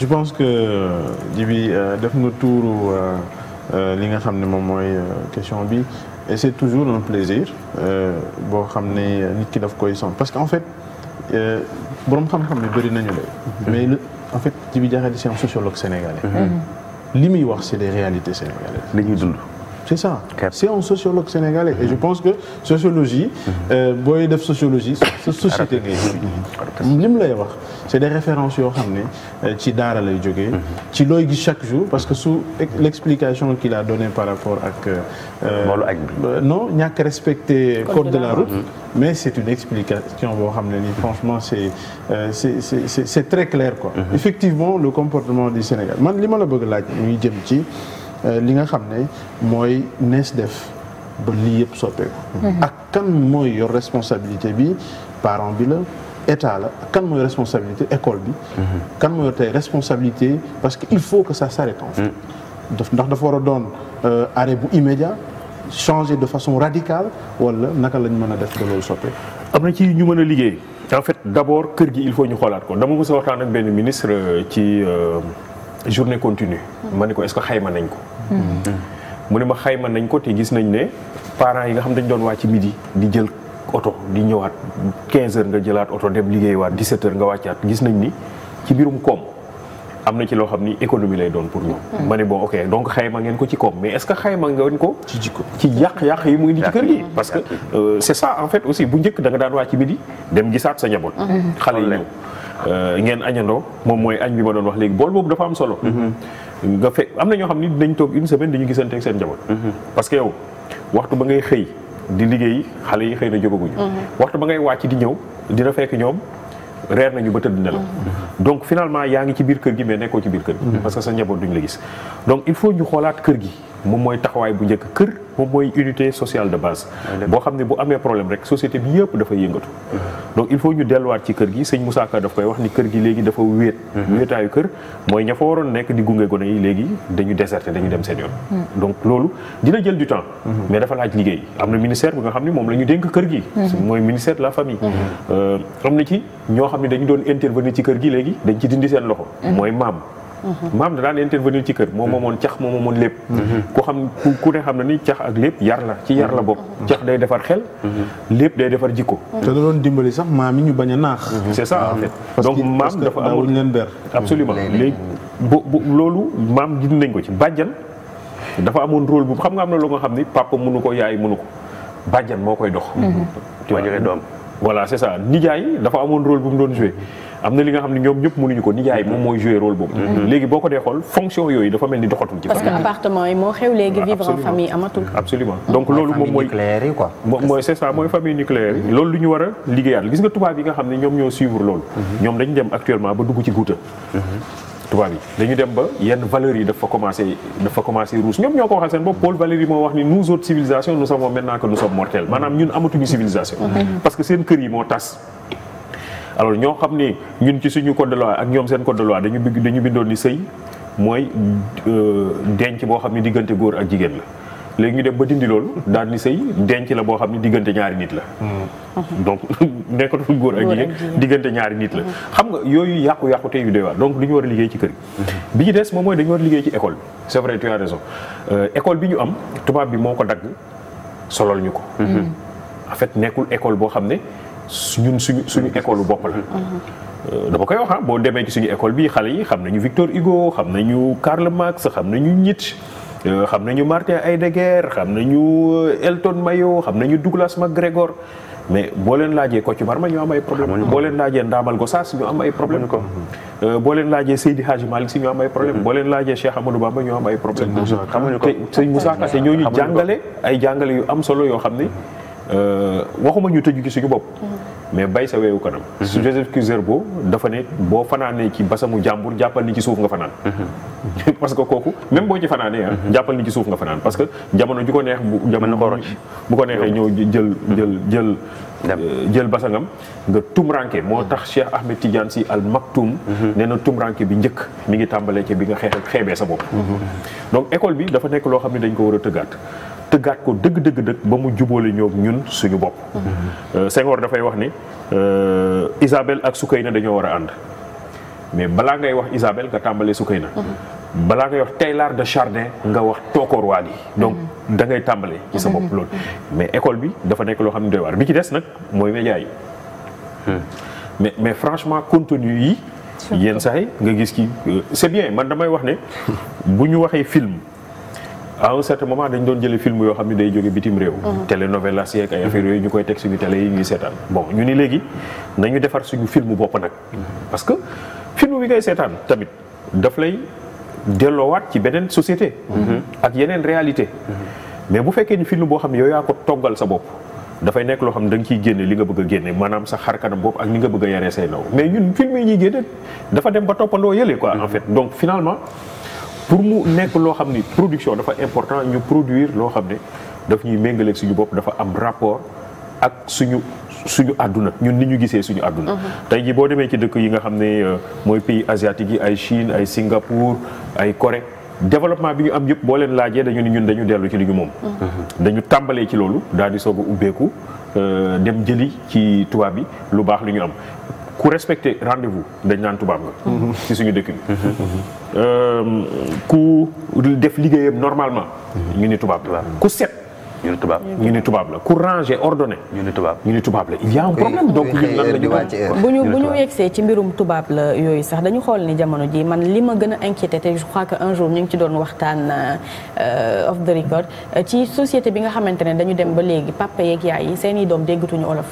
je pense que euh, Djiby euh, def nga tuuru euh, li nga xam ne moom mooy question bi et c'est toujours un plaisir boo xam ne nit ki daf koy son parce que en fait borom xam-xam ne bëri nañu la en fait Djiby Diakhaté c'est un sociologue sénégalais. Mm-hmm. li muy wax c'est des réalités sénégalaises. li ñuy dund. c'est ça c'est un sociologue sénégalais et je pense que sociologie mhm. euh, booy def sociologie sa société ngay jógee li mu lay wax c'est des références yoo xam ne euh, ci daara lay jógee mhm. ci looy gis chaque jour parce que sous l'explication qu'il a donnée par rapport ak euh, non ñàkk respecter code de la route mhm. mais c'est une explication boo xam ne nii franchement c'est c'est c'est très clair quoi effectivement le comportement du Sénégal man li ma la bëgg laaj muy jëm ci Euh, li nga xam ne mooy nees def ba lii yëpp soppeeku. Mhm. ak kan mooy yor responsabilité bi parent bi la état la kan mooy responsabilité école bi. Mhm. kan mooy te responsabilité parce que il faut que ça s'arrête en mhm. ndax dafa war a doon euh, arrêt bu immédiat changer de façon radicale wala naka lañ mën a def ba loolu soppeeku. am na ci ñu mën a liggéey. en fait d'abord kër gi il faut ñu xoolaat ko dama mës a waxtaan ak benn ministre euh, ci journée continue. ma ne ko est xayma nañ ko. mu ne ma xayma nañ ko te gis nañ ne parents yi nga xam dañ doon wàcc midi di jël oto di ñëwaat 15 heures nga jëlaat oto dem liggéeyuwaat 17 heures nga wàccaat gis nañ ni ci biirum koom am na ci loo xam ni économie lay doon pour ñoom. Mm. ma ne bon ok donc xayma ngeen ko ci koom mais est-ce que xayma ngeen ko. ci jikko ci yàq-yàq yi mu indi ci kër gi. parce que euh, c'est ça en fait bu njëkk da nga daan wàcc midi dem gisaat sa njaboot. Mm-hmm. xale yi ñëw euh, ngeen añandoo moom mooy añ bi ma nga fe am na ñoo xam ni dañ toog une semaine dañu gisante ak seen njaboot. Mhm. parce que yow waxtu ba ngay xëy di liggéey xale yi xëy na jógaguñu. Mhm. waxtu ba ngay wàcc di ñëw dina fekk ñoom reer nañu ba tëdd nelaw. Mhm. donc finalement yaa ngi ci biir kër gi mais nekkoo ci biir kër gi. parce que sa njaboot duñ la gis donc il faut ñu xoolaat kër gi. moom mooy taxawaay bu njëkk kër moom mooy unité sociale de base boo xam ne bu amee problème rek société bi yëpp dafay yëngatu mmh. donc il faut ñu delluwaat ci kër gi sëñ Moussa Ka daf koy wax ni kër gi léegi dafa wéet mmh. wéetaayu kër mooy ña fa waroon nekk di gunge gone yi léegi dañu déserté dañu dem seen yoon mmh. donc loolu dina jël du temps mais dafa laaj liggéey am na ministère bi nga xam ne moom la ñu dénk kër gi mooy ministère la famille euh, am na ci ñoo xam ne dañu doon intervenir ci kër gi léegi dañ ci dindi seen loxo mooy maam maam da daan intervenir ci kër moo moom moomoon cax moom moomoon lépp ku xam ku ne xam na ni cax ak lépp yar la ci yar la bo cax day defar xel lépp day defar jikko te na doon dimbali sax maam yi ñu bañ a naax c'est ça en fait donc maam dafa amul leen ber absolument léegi bu loolu maam gis nañ ko ci bàjjan dafa amoon rôle bu xam nga am na loo nga xam ni papa mënu ko yaay mënu ko bàjjan moo koy dox. ci wàllu doom. voilà c'est ça nijaay dafa amoon rôle bu mu doon joué. am na li nga xam ne ñoom ñëpp mënuñu ko mm-hmm. nijaay moom mooy jouer rôle boobu mm-hmm. léegi boo ko dee xool fonction yooyu dafa mel ni doxatul ci parce que appartement yi moo xew en famille amatul absolument mooy famille nucléaire yi loolu ñu war a liggéeyaat gis nga tubaab yi nga xam ne ñoom ñoo suivre loolu mm-hmm. ñoom dañu dem actuellement ba dugg ci guuta tubaab yi dañu dem ba yenn valeurs yi dafa commencé dafa ñoom ñoo ko waxal seen bopp Paul Valéry moo wax ni nous autres civilisation parce que seen kër yi alors ñoo xam ni ñun ci suñu code de ak ñoom seen code de loi dañu bi dañu bindoon ni sëy mooy euh, denc boo xam ni diggante góor ak jigéen la léegi ñu dem ba dindi loolu daal ni sëy denc la boo xam ni diggante ñaari nit la. Mm. donc nekkatul góor ak jigéen diggante ñaari nit la. Mm-hmm. xam nga yooyu yàqu-yàqu te yu doy waar donc du ñu war a liggéey ci kër mm-hmm. bi ñu des moom mooy dañu war a liggéey ci école bi c'est vrai raison euh, école bi ñu am tubaab bi moo ko dagg solol ñu ko. Mm-hmm. en nekkul école boo xam ne. suñu suñu suñu école bopp la. Euh, dama koy wax ah boo demee ci suñu école bi xale yi xam nañu Victor Hugo xam na ñu Karl Marx xam na nañu Nietzsche euh, xam nañu Martin Heidegger xam nañu euh, Elton Mayo xam nañu Douglas MacGregor mais boo leen laajee Kocc Barma ñu am ay problème boo leen laajee Ndamal Gossas ñu am ay problème ko boo leen laajee Seydi Hadji Malick si ñu am ay problème mm-hmm. boo leen laajee a Amadou Bamba ñu am ay problème xamuñu ko sëñ Moussa Kassé ñooñu jàngale ay jàngale yu am solo yoo xam ne waxuma ñu tëju ci suñu bopp mais bay sa weewu kanam. Mhm. su Joseph bo dafa ne boo fanaanee ci basamu jàmbur jàppal ni ci suuf nga fanaan. Mhm. parce que kooku même boo ci fanaanee ah. Mhm. jàppal ni ci suuf nga fanaan parce que jamono ju ko neex bu jamono ko bu ko neexee ñëw jël jël jël. Euh, jël basangam nga tumranke moo tax Cheikh Ahmed Tidiane si al Maktoum. nee na tumranke bi njëkk mi ngi tàmbalee ci bi nga xeex xeebee sa bopp. donc école bi dafa nekk loo xam ne dañ ko war a tëggaat. tëggaat ko dëgg dëgg dëgg ba mu jubóole ñoog ñun suñu bopp. Euh, Senghor dafay wax ni euh, Isabelle ak Soukeyna dañoo war a ànd mais balaa ngay wax Isabelle nga tàmbalee Soukeyna. balaa ngay wax Taylor de Chardin nga wax Tokor Wali donc da ngay tàmbalee ci sa bopp loolu. mais école bi dafa nekk loo xam ne doy waar bi ci des nag mooy média mais mais franchement contenu yi. yenn saa yi nga gis ci euh, c'est bien man damay wax ne bu ñu waxee film. à un certain moment dañ doon jële film yoo xam ne day jóge bitim réew mhm. télénovela yeeg ay affaire yooyu ñu koy teg suñu télé yi ñuy seetaan bon ñu ni léegi nañu defar suñu film bopp nag parce que film bi ngay seetaan tamit daf lay waat ci beneen société mhm. ak yeneen réalité mhm. mais bu fekkee ni film boo xam ne ko toggal sa bopp dafay nekk loo xam ne da nga ciy li nga bëgg a génne maanaam sa xar kanam boobu ak ni nga bëgg a yaree say mais ñun film yi ñuy génne dafa toppandoo yële quoi en fait donc finalement pour mu nekk loo xam ni production dafa important ñu produire loo xam ne daf ñuy méngaleeg suñu bopp dafa am rapport ak suñu suñu àdduna ñun ni ñu gisee suñu àdduna mhm. tey jii boo demee ci dëkk yi nga xam ne euh, mooy pays asiatique yi ay Chine ay Singapour ay Corée développement bi ñu am yëpp boo leen laajee dañu ni ñun dañu dellu ci li ñu moom mhm. Mhm. dañu tàmbalee ci loolu daal di soog a ubbeeku euh, dem jëli ci tubaab yi lu baax lu ñu am ku respecté rendez-vous dañ naan tubaab nga. Mhm. ci suñu dëkk bi. Euh, ku def liggéeyam normalement. Mhm. ñu ni tubaab la ku set. ñu ni tubaab ñu ni tubaab la ku rangé ordonné. ñu ni tubaab ñu ni tubaab la il y a problème donc ñu. bu ñu bu ñu ci mbirum tubaab la yooyu sax dañu xool ni jamono ji man li ma gën a inquiété te je crois que un jour ñu ngi ci doon waxtaan euh, off the record ci société bi nga xamante ne dañu dem ba léegi papa yeeg yaay yi seen i doom déggatuñu olof.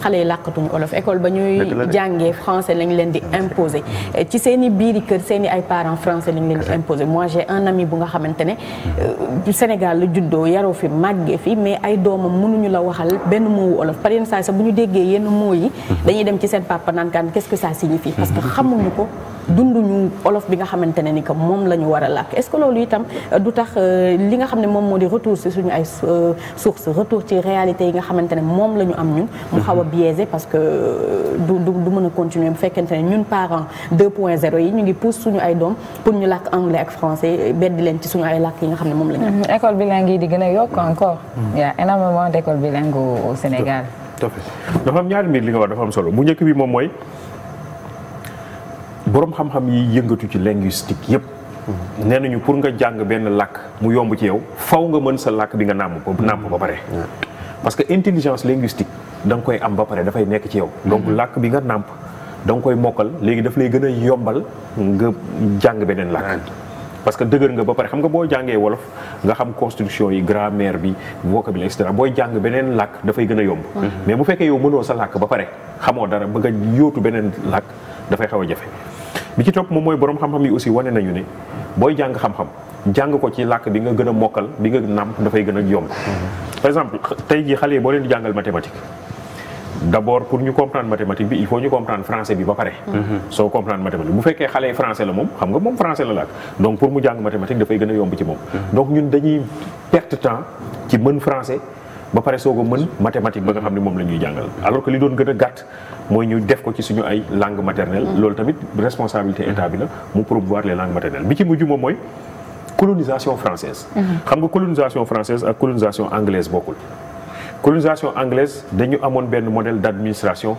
xale yi làqatuñ olof école ba ñuy jàngee français lañ leen di imposer ci seen i biiri kër seen ay parents français lañ leen di imposer moi j'ai un ami bu nga xamante ne euh, Sénégal la juddoo yaroo fi màggee fi mais ay doomam mënuñu la waxal benn moowu olof par yenn saa sax bu ñu déggee yenn moo yi mhm. dañuy dem ci seen papa naan kaan qu'est-ce que ça signifie parce que mhm. xamuñu ko dunduñu olof bi nga xamante ne ni que moom la ñu war a làkk est-ce que loolu itam euh, du tax euh, li nga xam ne moom moo di retour ci suñu ay euh, source retour ci réalité yi nga xamante ne moom la ñu am ñun mu xaw a biaisé parce que du du du mën a continuer bu fekkente ne ñun parent parents 2.0 yi ñu ngi pousse suñu ay doom pour ñu làkk anglais ak français beddi leen ci suñu ay làkk yi nga xam ne moom la ñu am mm-hmm. école bilingue yi di gën a yokk encore mm-hmm. il y école énormément d'écoles bilingues au Sénégal dafa am ñaari mbir li nga wax solo bu njëkk bi moom mooy boroom xam-xam yi yëngatu ci linguistique yépp nee nañu pour nga jàng benn làkk mu yomb ci yow faw nga mën sa làkk bi nga nàmm ko nàmm ba pare parce que intelligence linguistique danga koy am ba pare dafay nekk ci yow donc mhm. làkk bi nga nàmp da koy mokkal léegi daf lay gën a yombal nga jàng beneen làkk parce que dëgër nga ba pare xam nga boo jàngee wolof nga xam construction yi grammaire bi vocabulaire et cetera booy jàng beneen làkk dafay gën a yomb mais bu fekkee yow mënoo sa làkk ba pare xamoo dara bëgg a beneen làkk dafay xaw a jafe bi ci topp moom mooy borom xam-xam yi aussi wane nañu ne booy jàng xam-xam jàng ko ci làkk bi nga gën a mokkal bi nga nàmp dafay gën a yomb. par exemple tey jii xale yi boo leen di jàngal mathématique. d'abord pour ñu comprendre mathématique bi il faut ñu comprendre français bi ba pare. Mm-hmm. soo comprendre mathématique bu fekkee xale yi français la moom xam nga moom français la làkk donc pour mu jàng mathématique dafay gën a yomb ci moom. Mm-hmm. donc ñun dañuy perte temps ci ba pare soog a mën mathématique ba nga xam ne moom la ñuy jàngal alors que li doon gën a gàtt mooy ñu def ko ci suñu ay langue maternelle mm. loolu tamit responsabilité état bi la mu promouvoir les langues maternelles bi ci mujj moom mooy colonisation française mm-hmm. xam nga colonisation française ak colonisation anglaise bokkul colonisation anglaise dañu amoon benn modèle d'administration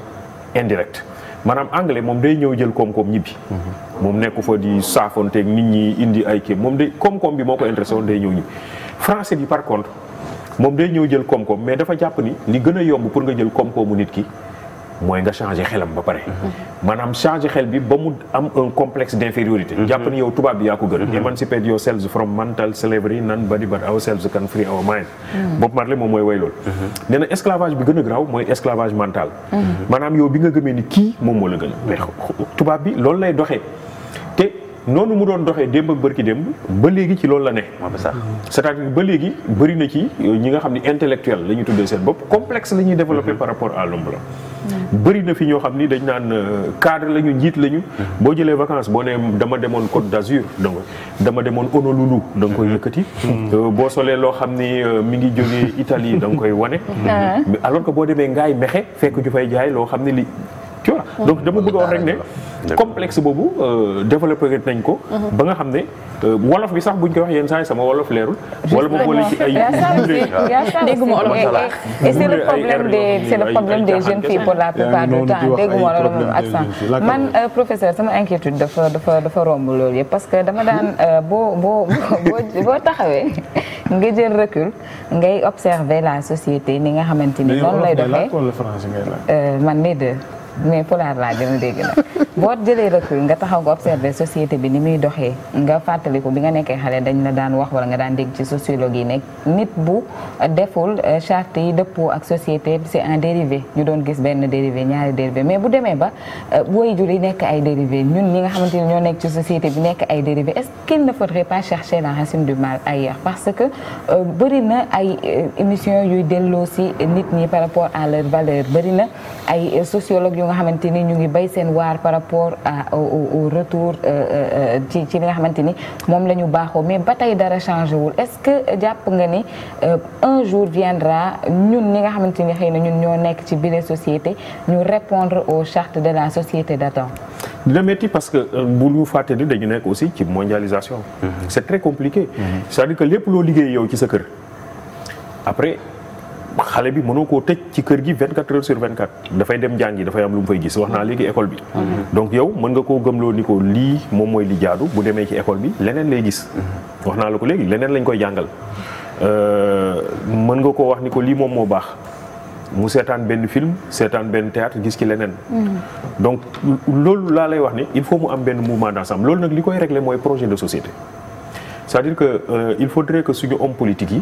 indirecte maanaam anglais moom day ñëw jël koom-koom ñibbi mm-hmm. moom nekku fa di saafonteeg nit ñi indi ay kii moom day koom bi moo ko intéressé woon day ñëw ñibbi français bi par moom day ñëw jël koom-koom mais dafa jàpp ni li gën a yomb pour nga jël koom-koomu nit ki mooy nga changer xelam ba pare. Mhm. maanaam changer xel bi ba mu am un complexe d'infériorité. Mhm. jàpp ni yow tubaab bi yaa ko gën. emancipate mhm. yourselves from mental slavery none body but ourselves can free our mind. Bob Marley moom mooy way loolu. nee esclavage bi gën a garaaw mooy esclavage mental. maanaam yow bi nga gëmee ni kii moom moo la gën. tubaab bi loolu lay doxee noonu mu doon doxee démb ak bërki démb ba léegi ci loolu la ne moom sax c'est-à-dire ba léegi bëri na ci ñi nga xam ne intellectuel la ñuy tuddee seen bopp complexe la ñuy développé mm-hmm. par rapport à l'homme la mm-hmm. bëri na fi ñoo xam ni dañ naan euh, cadre la ñu njiit la ñu mm-hmm. boo jëlee vacance boo ne dama demoon Côte d'Azur donc dama demoon Honolulu da nga koy yëkkati euh, boo solee loo xam ni euh, mi ngi jógee Italie da nga koy wane ah. alors que boo demee Ngaay Mexe fekk ju fay jaay loo xam ne li donc dama bëgg a wax rek ne complexe boobu euh, développé nañ ko ba nga xam ne euh, wolof bi sax buñ ko wax yenn saa sama wolof leerul wala ma boole ci ay dégguma wolof et c'est la plupart du temps dégguma wolof accent man euh, professeur sama inquiétude dafa dafa dafa romb loolu yëpp parce que dama daan boo boo boo taxawee nga jël recul ngay observer la société ni nga xamante ni noonu lay doxee man les deux mais pulaar laa gën a dégg nag boo jëlee recul nga taxaw nga observer société bi ni muy doxee nga fàttaliku bi nga nekkee xale dañ na daan wax wala nga daan dégg ci sociologue yi nekk nit bu deful euh, charte yi dëppoo ak société c'est un dérivé ñu doon gis benn dérivé ñaari dérivé mais bu demee ba booy euh, jur yi nekk ay dérivé ñu ñi nga xamante ni ñoo nekk ci société bi nekk ay dérivé est-ce qu'il ne faudrait pas chercher la racine du mal ailleurs parce que euh, bëri na ay émission yuy delloo si nit ñi par rapport à leur valeur bëri na ay sociologue yu nga xamante ni ñu ngi bay seen waar par rapport au retour euh, euh, euh, ci ci li nga xamante ni moom la ñu baaxoo mais ba tey dara changé wul est-ce que jàpp nga ni un jour viendra ñun ni nga xamante ni xëy na ñun ñoo nekk ci biir société ñu répondre au chartes de la société d'antan dina métti parce que bu ñu fàtte ni dañu nekk aussi ci mondialisation mm-hmm. c'est très compliqué mm-hmm. c'est-à-dire que lépp loo liggéey yow ci sa kër après xale bi mënoo koo tëj ci kër gi 24 heures sur 24 dafay dem jàngi dafay am lu mu fay gis wax naa léegi école bi. Mm-hmm. donc yow mën nga koo gëmloo ni ko lii moom mooy li jaadu bu demee ci école bi leneen lay gis. Mm-hmm. wax naa la ko léegi leneen lañ koy jàngal euh, mën nga koo wax ni ko lii moom moo baax. mu seetaan benn film seetaan benn théâtre gis ci leneen. Mm-hmm. donc loolu laa lay wax ni il faut mu am benn mouvement d'ensemble loolu nag li koy réglé mooy projet de société cest à que euh, il faudrait que suñu homme politique yi.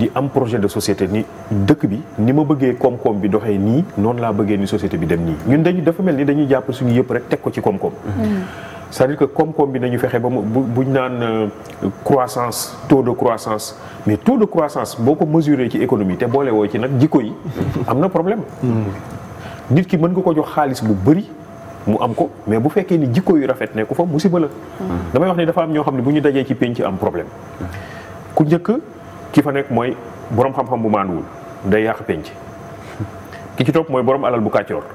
di am projet de société ni dëkk bi ni ma bëggee koom-koom bi doxee nii noonu laa bëggee ni société bi dem nii ñun dañu dafa mel ni dañuy jàpp suñu yëpp rek teg ko ci koom-koom mm. c'est-à-dire que koom-koom bi nañu fexe ba mu buñ naan euh, croissance taux de croissance mais taux de croissance boo ko mesurer ci économie te boole woo ci nag jikko yi am na problème mm. nit ki mën nga ko jox xaalis bu bëri mu am ko mais bu fekkee ni jikko yu rafet ne ko fa musiba la mm. damay wax ni dafa am ñoo xam ne bu ñu dajee ci penc am problème ku njëkk ki fa nekk mooy borom xam-xam bu maanduwul day yàq penc ki ci topp mooy borom alal bu kàccoor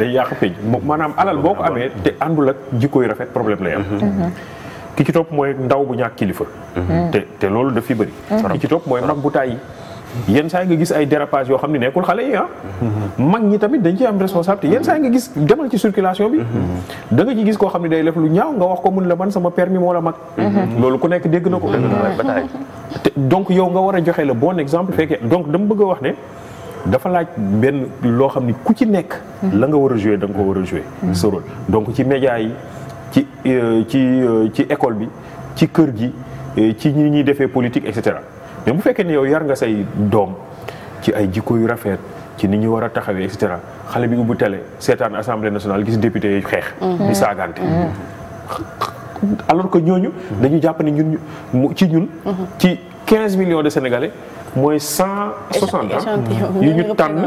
day yàq penc maanaam alal boo ko amee te àndul ak jikko yu rafet problème lay am. Mm-hmm. Mm-hmm. ki ci topp mooy ndaw bu ñàkk kilifa. Mm-hmm. te loolu daf fi bëri. ki mooy mag bu tàyyi yenn saa nga gis ay dérapage yoo xam ne nekkul xale yi ah. mag ñi tamit dañ ci am responsabilité yenn saa yi nga gis demal ci circulation bi. danga nga ci gis koo xam ne day def lu ñaaw nga wax ko mën la man sama permis moo la mag. loolu ku nekk dégg na ko. donc yow nga war a joxe le bon exemple fekkee donc dama bëgg wax ne. dafa laaj benn loo xam ni ku ci nekk. la nga war a joué da nga ko war a joué. sa rôle donc ci média yi ci euh, ci euh, ci école bi ci kër gi euh, ci ñi ñuy defee politique et cetera. mais bu fekkee ni yow yar nga say doom ci ay jikko yu rafet ci ni ñu war a taxawee et xale bi ubbi télé seetaan assemblée nationale gis député yu xeex. Mhm. di saagante. alors que ñooñu. dañu jàpp ne ñun ci ñun. Mhm. ci quinze millions de sénégalais. mooy cent soixante ah. ans yu ñu tànn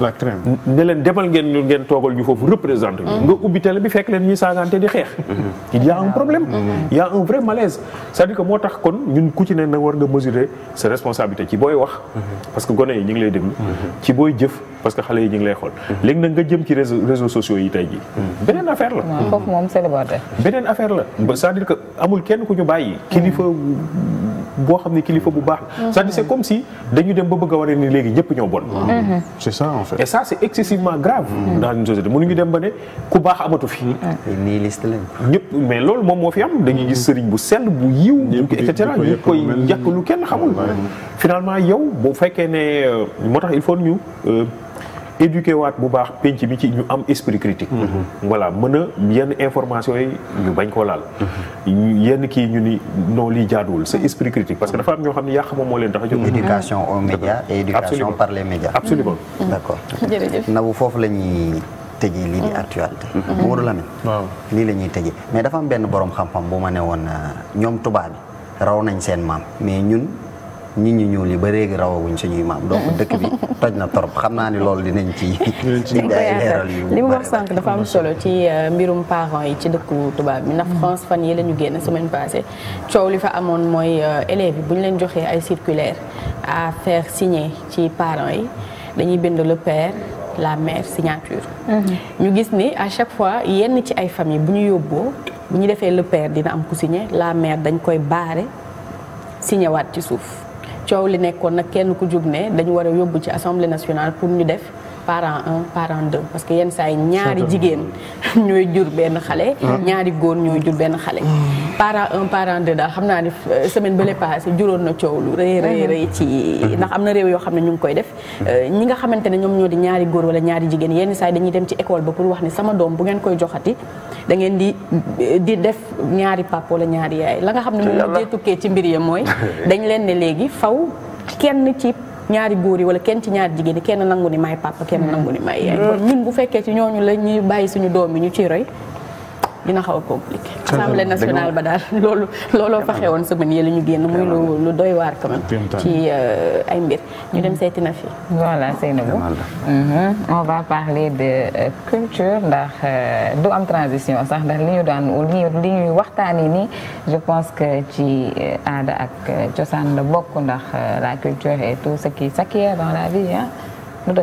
la demal ngeen toogal ñu foofu représenté nga ubbi télé bi fekk leen ñuy saagante di xeex mhm. il y problème mhm. Mhm. il y vrai malaise cest dire que moo tax kon ñu ku ci ne na war nga mesurer sa responsabilité ci booy wax parce que gone yi ñu ngi lay dem ci booy jëf parce que xale yi ñu ngi lay xool léegi nag nga jëm ci réseau réseaux sociaux yi tey jii beneen affaire la foofu moom célibataire beneen affaire la sa à dire que amul kenn ku ñu bàyyi kilifa boo xam ne kilifa bu baax aussi dañu dem ba bëgg a wane ni léegi ñëpp ñoo bon. Mhm. c'est ça en fait. et ça c'est excessivement grave. Mhm. dans une société mënuñu dem ba ne ku baax amatu fi. Mhm. nii mais loolu moom moo fi am dañuy sëriñ bu sell bu yiw. et cetera koy yàq lu kenn xamul. finalement yow bu fekkee ne euh, moo tax il faut ñu. Euh, éduqué waat bu baax penc bi ci ñu am mhm. yi bañ koo laal mhm. yenn kii ñu ni non lii jaaduwul c'est esprit parce que dafa am ñoo xam ne yàq moom moo leen tax a jóg mhm. éducation aux médias et éducation par les médias absolument d'accord jërëjëf Nabou foofu la ñuy tëjee lii di actualité Modou la waaw lii la ñuy tëjee mais dafa am benn borom xam-xam bu ma ne woon euh, ñoom tubaab bi raw nañ seen maam mais ñun nit ñi ñuul yi ba léegi si suñuy maam donc dëkk bi toj na torop xam naa ni loolu dinañ ci indi li mu wax sànq dafa am solo ci euh, mbirum parents yi ci dëkku tubaab bi ndax mm-hmm. France fan yi lañu génn semaine passée coow li fa amoon mooy euh, élèves yi bu ñu leen joxee ay circulaire à faire signe ci parent yi dañuy bind le la mère signature mm-hmm. ñu gis ni à chaque fois yenn ci ay famille bu ñu yóbboo bu ñu defee le dina am ku la mère dañ koy baare signer ci suuf coow li nekkoon nag kenn ku jub ne dañu war a yóbbu ci assemblée nationale pour ñu def parent un parent deux parce que yenn saa yi ñaari jigéen ñooy jur benn xale. Ah. ñaari góor ñooy jur benn xale. Ah. parent un parent deux daal xam naa ne euh, semaine bële passé juróon na coow lu rëy rëy ah. ci ndax am na réew yoo xam ne ñu ngi koy def euh, ñi nga xamante ne ñoom ñoo di ñaari góor wala ñaari jigéen yenn saay dañuy dem ci école ba pour wax ni sama doom bu ngeen koy joxati da ngeen di euh, di def ñaari pap wala ñaari yaay la nga xam ne moom mujjee tukkee ci mbir ya mooy dañ leen ne léegi faw ñaari góor yi wala kenn ci ñaari jigéen yi kenn nangu ni maay papa kenn nangu ni maay yaay kon mm. bu fekkee ci ñooñu la ñuy bàyyi suñu doom yi ñu ciy roy dina xaw a compliqué. assemblée nationale ba daal loolu looloo fa xewoon semaine yële ñu génn muy lu lu doy waar quand même ci euh, ay mbir ñu dem seeti na fi. voilà Seynabou mm-hmm. on va parler de euh, culture ndax euh, du am transition sax ndax li ñu daan li ñuy waxtaanee nii je pense que ci aada ak cosaan la bokk ndax la culture et tout ce qui s'acquiert dans la vie ah lu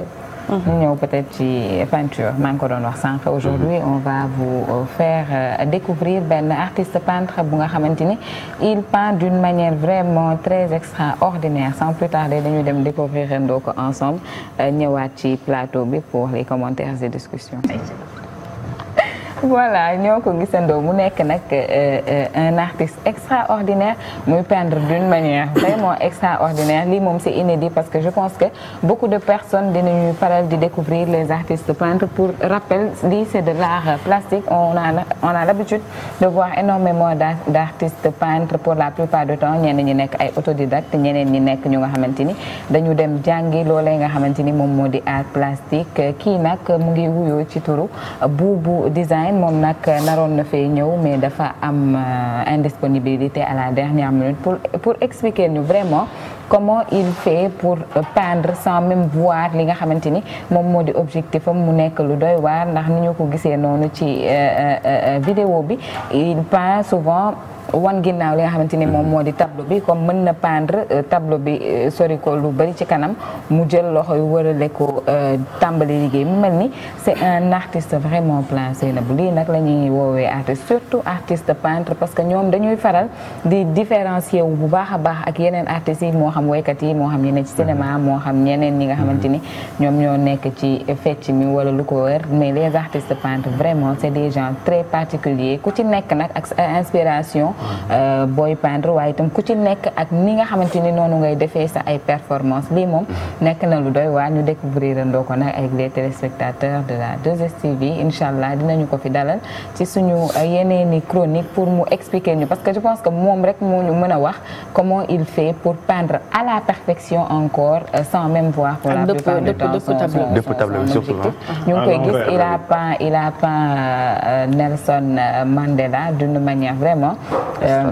ñu ñëw peut-être ci peinture maa ngi ko doon wax sànq aujourd'hui mhm. on va vous euh, faire euh, découvrir benn artiste peintre bu nga xamante ni il peint d'une manière vraiment très extraordinaire sans plus tarder dañu dem découvrir rendoo ko ensemble euh, ñëwaat ci plateau bi pour les commentaires et discussions voilà ñoo ko gisandoo mu nekk nag euh, euh, un artiste extraordinaire muy peindre d'une manière vraiment extraordinaire lii moom c'est inédit parce que je pense que beaucoup de personnes dinañuy faral di découvrir les artistes peintres pour rappel lii c'est de l'art plastique on a on a l'habitude de voir énormément d'artistes peintres pour la plupart du temps ñeneen ñi nekk ay autodidactes ñeneen ñi nekk ñu nga xamante ni dañu dem jàngi loolee nga xamante ni moom moo di art plastique kii nag mu ngi wuyoo ci turu moom nag naroon na fee ñëw mais dafa am euh, indisponibilité à la dernière minute pour pour expliquer ñu vraiment comment il fait pour peindre sant même voir li nga xamante ni moom moo di objectif am mu nekk lu doy waar ndax ni ñu ko gisee noonu ci euh, euh, vidéo bi il peint souvent wan ginnaaw li nga xamante ni moom mm-hmm. moo di tableau bi comme mën na peindre euh, tableau bi euh, sori ko lu bari ci kanam mu jël loxo yu wërale ko euh, tàmbali liggéey mu mel ni c'est un artiste vraiment na bu lii nag la ñuy woowee artiste surtout artiste peintre parce que ñoom dañuy faral di différencier wu bu baax a baax ak yeneen artistes yi moo xam waykat yi moo xam ñeneen ci cinéma mm-hmm. moo xam ñeneen ñi nga mm-hmm. xamante ni ñoom ñoo nekk ci fecc mi wala lu ko wër mais les artistes peintres vraiment c'est des gens très particuliers ku ci nekk nag ak inspiration Euh, booy peindre waaye itam ku ci nekk ak ni nga xamante ni noonu ngay defee sa ay performance lii moom nekk na lu doy waa ñu découvrir ndoo ko nag ak les téléspectateurs de la 2STV incha allah dinañu ko fi dalal ci suñu euh, yeneen i chronique pour mu expliquer ñu parce que je pense que moom rek moo ñu mën a wax comment il fait pour pendre à la perfection encore euh, sans même voir pour la plupart du temps dëpp tableau bi surtout ñu ngi ah, koy gis il a peint Nelson Mandela d'une manière vraiment Euh,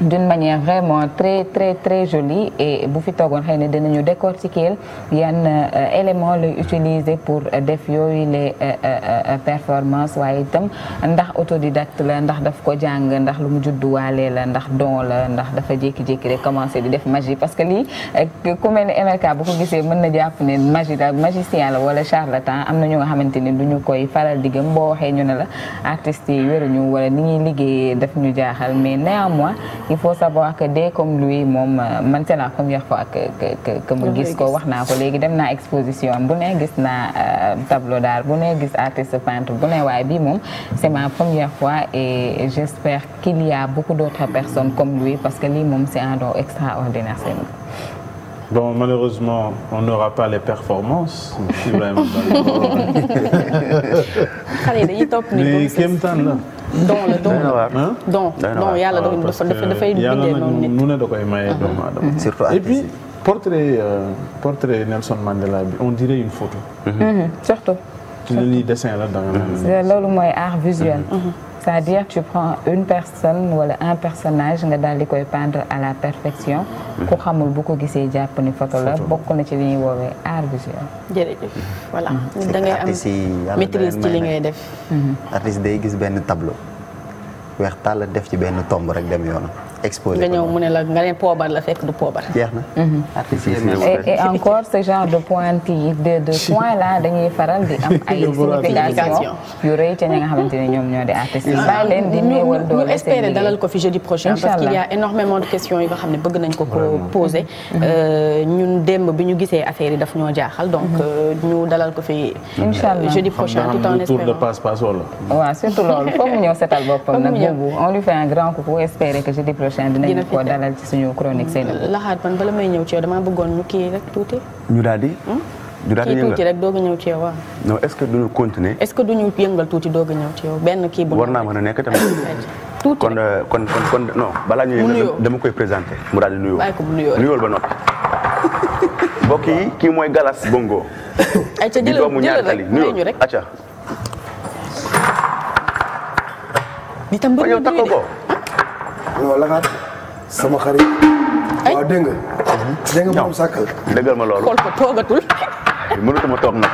d'une manière vraiment très très très jolie et bu fi toogoon xëy na dinañu décortiquer yan euh, élément lay utiliser pour def yooyu les euh, performances waaye itam ndax autodidacte la ndax daf ko jàng ndax lu mu judduwaalee la ndax don la ndax dafa jékki-jékki rek commencé di def magie parce que lii ku mel ni MRK bu ko gisee mën na jàpp ne magie la magicien la wala charlatan am na ñu nga xamante ni du ñu koy faral di gëm ñu ne la artistes yi wéruñu wala ni ñuy mais néanmoins il faut savoir que dès comme lui moom euh, man c'est la première fois que ma gis ko wax naa ko léegi dem naa exposition bu ne gis naa euh, tableau d'art bu na gis artiste peintre bu ne waaye bi moom c'est ma première fois et j'espère qu'il y a beaucoup d'autres personnes comme lui parce que lii moom c'est un don extraordinaire seen Bon, malheureusement, on n'aura pas les performances. Ibrahima Bal. Xale yi dañuy topp ni mais kéemtaan la. don la don don don yàlla dafa ah, dafay nu ne da koy maye ah. doomu aadama mm-hmm. surtout et puis portrait euh, portrait Nelson Mandela bi on dirait une photo mm-hmm. surtout ci li dessin la da nga mm-hmm. loolu mooy art visuel ca à dire tu prends une personne wala un personnage nga daal di koy peindre à la perfection. Mhm. ku xamul bu ko gisee jàpp ni photo la bokk na ci li ñuy woowee art visuel. jërëjëf mhm. da ngay am maîtrise ci li ngay def. Mhm. artiste day gis benn tableau weex tàll def ci benn tomb rek dem yoonam. exposé nga ñëw mu ne la nga ne poobar la fekk du poobar. jeex na. Mhm. et encore ce genre de pointe yi de de point nga ñoom de questions nga xam ne bëgg nañ ko ko poser. Mhm. Euh, ñun démb bi ñu gisee affaire yi daf ñoo jaaxal donc mhm. euh, ñu dalal ko fi. Euh, incha allah jeudi prochain tout en espérant de passe passe wala. waaw surtout loolu foofu boppam nag boobu on un grand coucou espérer que jeudi prochain. prochain dinañ ko dalal ci suñu chronique Seynabou mm, laxaat man bala may ñëw ci yow bëggoon ñu kii rek tuuti ñu daal di hmm? ñu daal di yëngal kii tuuti rek doog a ñëw ci yow waaw est ce que duñu continuer est ce que duñu yëngal tuuti doog a ñëw ci benn kii bu a nekk tamit kon kon kon kon non balaa ñu yëngal koy présenté mu daal di nuyoo bàyyi ko bu nuyoo nuyool ba noppi mbokk yi kii mooy Galas Bongo ay ca jëlal doomu ñaari tali nuyoo acca di tam bëri non laxaat sama xarit. ay waaw dégg nga. Mhm. dégg nga moom sàkkal. dëggal ma loolu xool ko toogatul. mënatuma toog nag.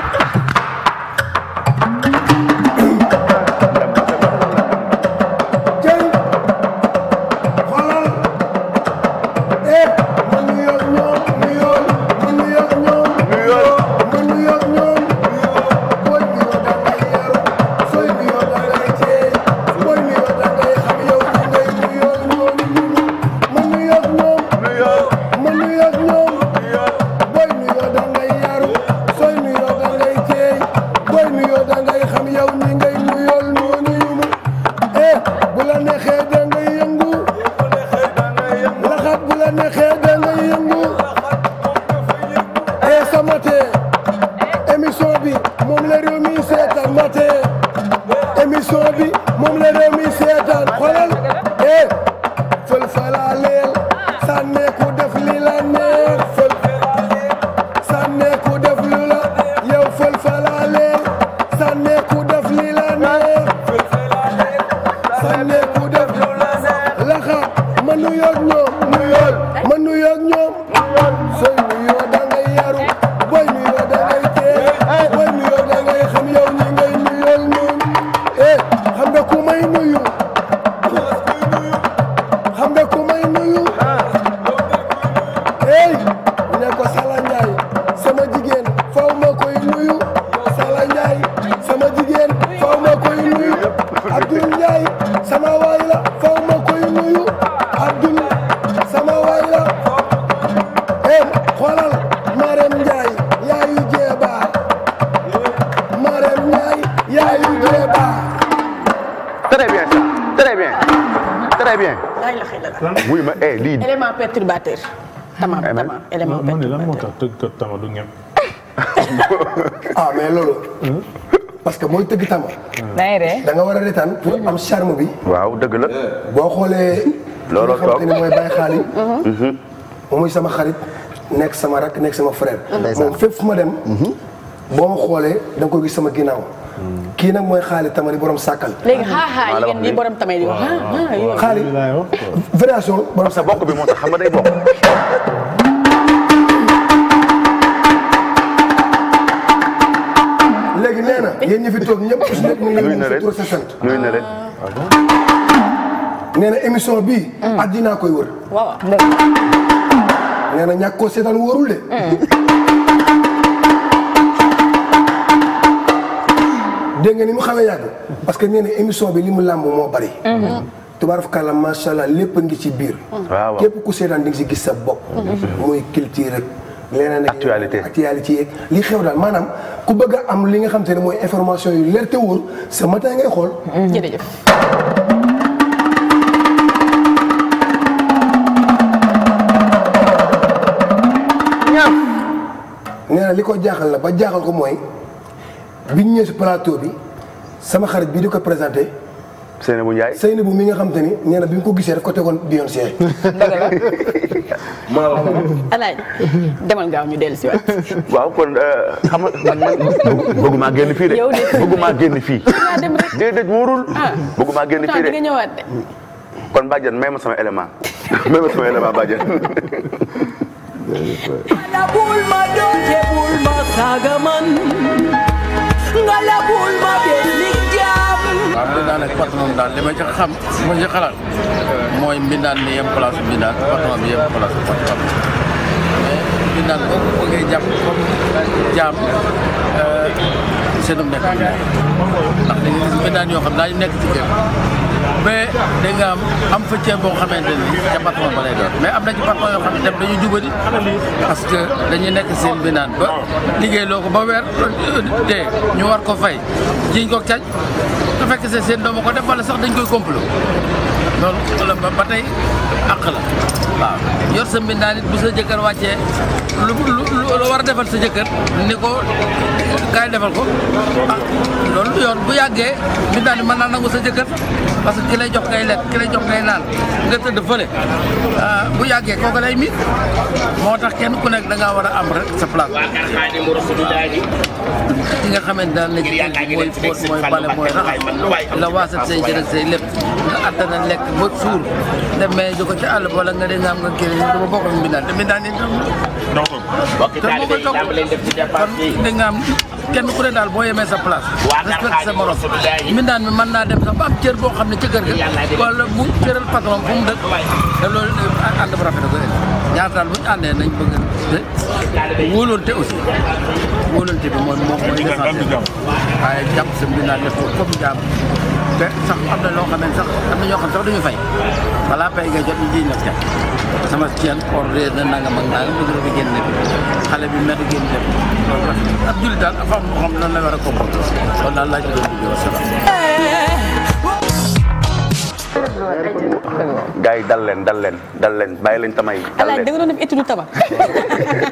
perturbateur. tamaam eh, tamaam élément tama du ah, mais loolu. Hmm? parce que mooy tëgg tama. Hmm. da nga war a retaan pour am charme bi. waaw dëgg la. boo xoolee. looloo toog li nga mm-hmm. sama xarit nekk sama rak nekk sama frère. moom fépp fu ma dem. Mm-hmm. boo ma xoolee da nga koy gis sama ginnaaw. kii nag mooy xaali tamani borom sàkkal. léegi xaaxaa yi borom tamay wax xaali variation borom sa bokk bi moo tax xam nga day nee na yéen ñi fi toog ñëpp su nekk mu sa sant. nuyu na leen ah nee na émission bii. addinaa mm. koy wër. nee na ñàkk koo seetaan wóorul dégg nga ni mu xawee yàgg parce que nee na émission bi li mu làmb moo bari tubaarkalla macha allah lépp a ngi ci biir képp ku seetaan di nga si gis sa bopp muy culture rek leneen ak actualité actualité yeeg li xew daal maanaam ku bëgg am li nga xam te ne mooy information yu leer te wóor ce matin ngay xool jërëjëf nee na li ko jaaxal la ba jaaxal ko mooy bi ñu ñëwee plateau bi sama xarit bii di ko présenté. Seynabou Ndiaye Seynabou mi nga xam te ni nee na bi ko gisee rek ko tegoon Beyoncé. dëgg la. maa gaaw ñu dell si waat. waaw kon euh, xam nga man bëgguma génn fii de. yow de bëgguma génn fii. naa dem rek déedéet wóorul. Ah. bëgguma génn fii de nga ñëwaat de. kon Badiane may ma sama élément may ma sama élément Badiane. nga labul ma benn jàmm. waaw mbindaan ak patron daal li ma ci xam li ma ci xalaat mooy mbindaan mi yem place bi mbindaan patron bi yem place bi patron mais mbindaan euh, yoo xam daañu nekk ci ba da am fa ceeb boo xamante ni ca patron ba lay doon mais am na ci patron yoo xam ne tam dañu jubadi parce que dañuy nekk seen bi naan ba liggéey loo ko ba weer dee ñu war ko fay jiñ ko caj te fekk se seen dooma ko def wala sax dañ koy complot loolu la ba tey àq la waaw yor sa mbindaan it bu sa jëkkër wàccee lu war a defal sa jëkkër ni ko kaay defal ko ah loolu yoon bu yàggee mbindaan bi man naa nangu sa jëkkër parce que ki lay jox ngay lekk ki lay jox ngay naan nga tëdd fële ah, bu yàggee kooku lay miin moo tax kenn ku nekk da ngaa war a am rek sa place. ki nga xamante daal ne ci mooy fóot mooy bale mooy raxas la waasat say jërëg say lépp nga attanan lekk ba suur dem mais ko ca àll wala nga de nga am nga kii la dama bokk ak mbindaan te mbindaan yi tam. donc mbokk taalibe yi dama leen def kenn ku ne daal boo yemee sa place. respecté sa morom mbindaan mi man naa dem sax ba am cër boo xam ne ci kër ga. wala mu cëral patron fu mu dëkk. te loolu ànd bu rafet la ko def ñaar daal bu ñu àndee nañ bëgg te wóolonte aussi wóolonte bi moom moom mooy. waaye jàpp sa mbindaan def ko comme te sax am na loo xam ne sax am na ñoo xam sax duñu fay balaa pay nga jot ñu ciy nekk sama seen ordre na nangam ak nangam bu dul génn xale bi mel génn dem loolu la ab julli daal dafa am loo xam ne la war a comporté loolu daal laa ci doon dugg wasalaam. gars yi dal leen dal leen dal leen bàyyi leen tama yi. dal leen alaaj da nga doon def étude tama.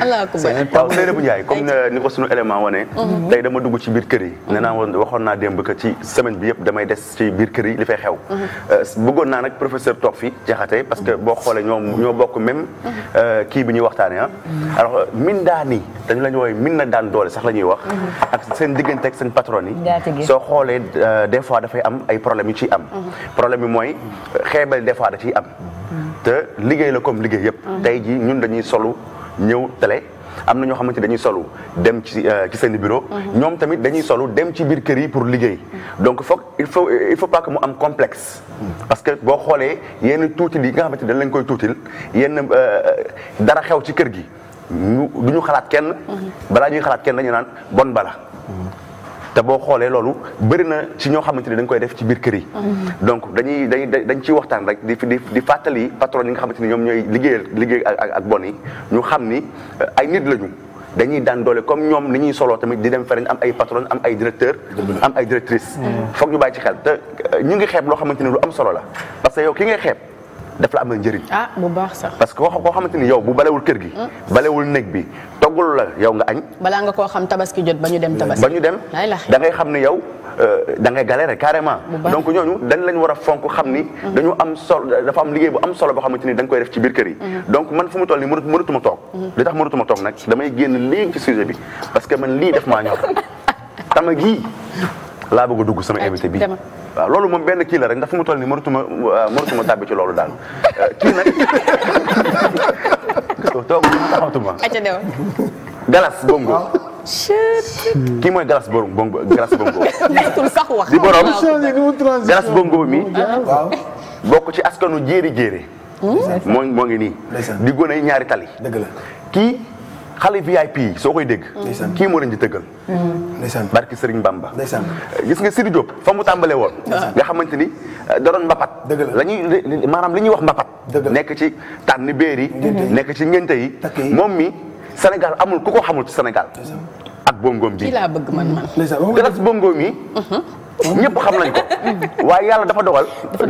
allah akuma waaw séeréer bu Ndiaye comme ni ko sunu élément wane. Mhm. tey dama dugg ci biir kër yi. nee naa waxoon naa démb que ci semaine bi yëpp damay des ci biir kër yi li fay xew. Mhm. Euh, bëggoon naa nag professeur toog fi jaxate parce que boo xoolee ñoom mhm. ñoo bokk même euh, kii bi ñuy waxtaanee ah. alors euh, min daan yi dañu la ñu woowee min na daan doole sax la ñuy wax. ak seen diggante seen patron yi. soo xoolee des fois dafay am ay problèmes yu ciy am. problème bi mooy xeebal des fois da am. te liggéey la comme liggéey yëpp. Mm-hmm. tey jii ñun dañuy solu ñëw télé am na ñoo xamante dañuy solu dem ci euh, ci seen bureau. Mm-hmm. ñoom tamit dañuy solu dem ci biir kër yi pour liggéey. Mm-hmm. donc foog il faut il pas que mu am complexe. parce que boo xoolee yenn tuutil yi nga xamante dañ lañ koy tuutil yenn euh, dara xew ci kër gi ñu du ñu xalaat kenn. balaa ñuy xalaat kenn dañu naan bon bala. te boo xoolee loolu bëri na ci ñoo xamante ni dañ koy def ci biir kër yi. donc dañuy dañ dañ ciy waxtaan rek di di di fàttali patron yi nga xamante ni ñoom ñooy liggéeyal liggéey ak ak bon yi ñu xam ni euh, ay nit lañu. dañuy daan doole comme ñoom ni ñuy soloo tamit di dem feneen am ay patron am ay directeur am ay directrice mm. foog ñu bàyyi ci xel te euh, ñu ngi xeeb loo xamante ni lu am solo la parce que yow ki ngay xeeb. daf la amal njëriñ. ah bu baax sax. parce que koo xamante ni yow bu balewul kër gi. Hmm? balewul néeg bi toggul la yow nga añ. balaa nga koo xam tabaski jot ba ñu dem tabaski. ba ñu dem da ngay xam ni yow euh, da ngay galérer carrément. donc ñooñu dañ lañ war a fonk xam ni. Hmm. dañu am solo dafa am liggéey bu am solo boo xamante ni dañ koy def ci biir kër yi. Hmm. donc man fu mu toll nii mënatu mënatuma toog. li tax mënatuma toog nag damay génn léegi ci sujet bi parce que man lii def maa ñor tama gii laa bëgg dugg sama invité bi waaw loolu moom benn kii la rek ndax fu mu toll nii mënatuma mënatuma ci loolu daal euh, kii nag toog taxawtuma galas bongo ah. kii mooy galas bongo galas bongo mi ah. bokk ci askanu jéeri jéeri moo moo ngi nii di gone ñaari tali kii xale VIP yi soo koy dégg. kii moo leen di tëggal. ndeysaan barki Serigne Bamba. ndeysaan gis nga Sidi Diop fa mu tàmbalee woon. nga xamante ni eh, da doon mbapat. dëgg la la maanaam li ñuy wax mbapat. nekk ci tànn béer yi. nekk ci ngénte yi. moom mi Sénégal amul ku ko xamul ci Sénégal. ak bongoom bi laa bëgg man man. ndeysaan bongoom yi. ñëpp xam nañ ko waaye yàlla dafa dogal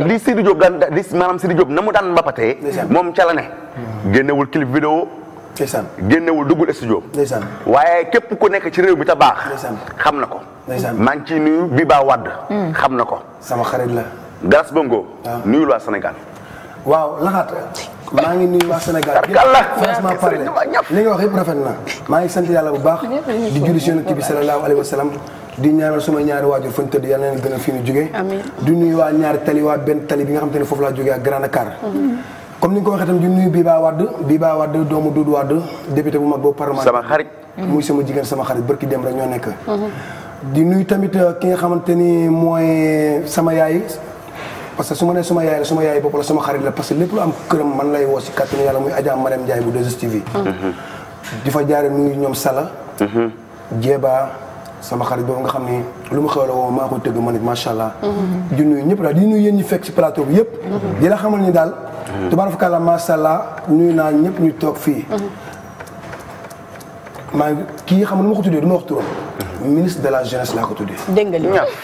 li Sidi Diop daan li maanaam Sidi Diop na mu daan mbapatee. moom ca la ne. Mm. génnewul clip vidéo ndeysaan génnewul duggul studio ndeysaan waaye képp ku nekk ci réew mi ta baax ndeysaan xam na ko maa ngi ciy nuyu bi baa wàdd hmm. xam na ko sama xarit la Galas Bongo ah. nuyul waa Sénégal waaw laxaat maa ngi nuyu waa Sénégal franchement parlé li nga wax yëpp rafet na maa ngi sant yàlla bu baax di julli si yonent bi sallallahu alayhi wa sallam di ñaanal suma ñaari waajur fañ tëdd yàlla na leen gën a fi ñu jógee di nuyu waa ñaari tali waa benn tali bi nga xam te ne foofu laa jógee ak Grand Dakar hmm. comme ni ko waxee tam di nuyu Biba Wade Biba Wade doomu Doudou Wade député bu mag boobu parlement sama xarit muy sama jigéen sama xarit bërki dem rek ñoo nekk mhm. di nuyu tamit euh, ki nga xamante ni mooy sama yaay parce que ma nee suma yaay la suma yaay bopp la sama xarit la parce que lépp lu am këram man lay woo si kàttanu yàlla muy Adja Marème Ndiaye bu 2STV mhm. di fa jaare nuyu ñoom Sala mhm. Jeeba sama xarit boobu nga xam ne lu mu xewle woo maa ko tëgg ma nit macha allah. Mhm. di nuyu ñëpp daal di nuyu yéen ñi fekk ci plateau bi yëpp. Mhm. di la xamal ni daal. fa mhm. tubaarkalla macha allah nuyu naa ñëpp ñu toog fii. maa ngi kii xam nu ma ko tuddee du ma wax turam. ministre de la jeunesse laa ko tuddee. dégg nga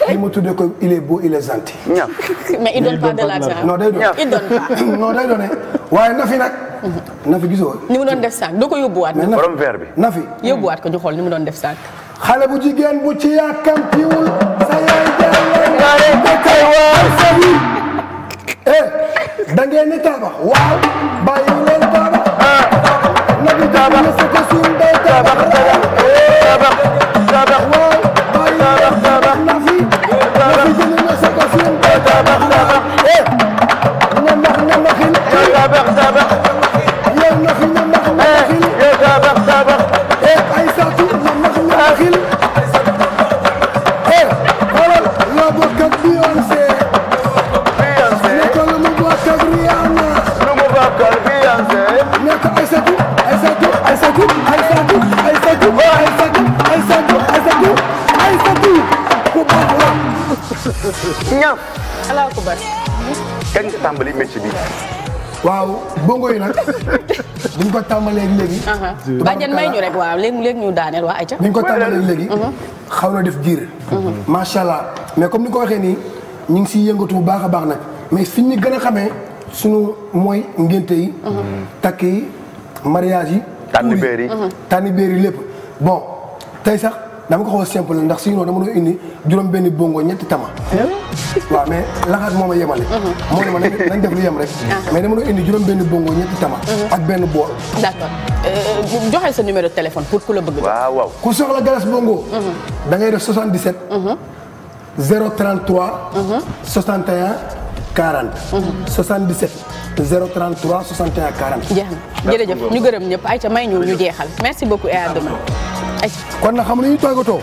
li ma tuddee ko il est beau il est gentil. mais il donne pas de l'argent. non day doon il donne pas. non day doon waaye Nafi nag. Nafi gisoo. ni mu doon def sànq doo ko yóbbuwaat. borom verre bi Nafi. yóbbuwaat ko ñu xool ni mu doon def sànq. xale bu jigéen bu ci yàkkamtiwul sa yaay jàll dëkkal waaw sa yi eh da ngeen ni tabax waaw bàyyi leen tabax ah, nabi tabax sa ko suul day tabax tabax tabax ñam alaa ko bar kañ nga tàmbali métier bi waaw bongo yi nag buñ ko tàmbalee léegi bàjjen may ñu rek waaw léegi léegi ñu daaneel waa ayca buñ ko tàmbalee léegi xaw na def jiir macha mhm. allah mais comme ni ko waxee nii ñu ngi siy yëngatu bu baax a baax nag mais fi ñu gën a xamee suñu mooy ngénte yi mhm. takk yi mariage yi mhm. tànn beer yi lépp bon tey sax dama ko xaw a simple ndax sinon dama doon indi juróom benn bongo ñetti tama waa mais laxaat moo ma yemale mhm. moo ne ma nañ def lu yem rek ah. mais dama doon indi juróom benn bongo ñetti tama mhm. ak benn bool d'accord euh, joxe sa numéro téléphone pour ku la bëgg waaw waaw ku soxla galas bongo mhm. da ngay def 77 033 61 40 77 033 61 40 jeex na jërëjëf ñu gërëm ñëpp ayca may ñu ñu jeexal merci beaucoup et à demain kon na xam ne ñu toogatoo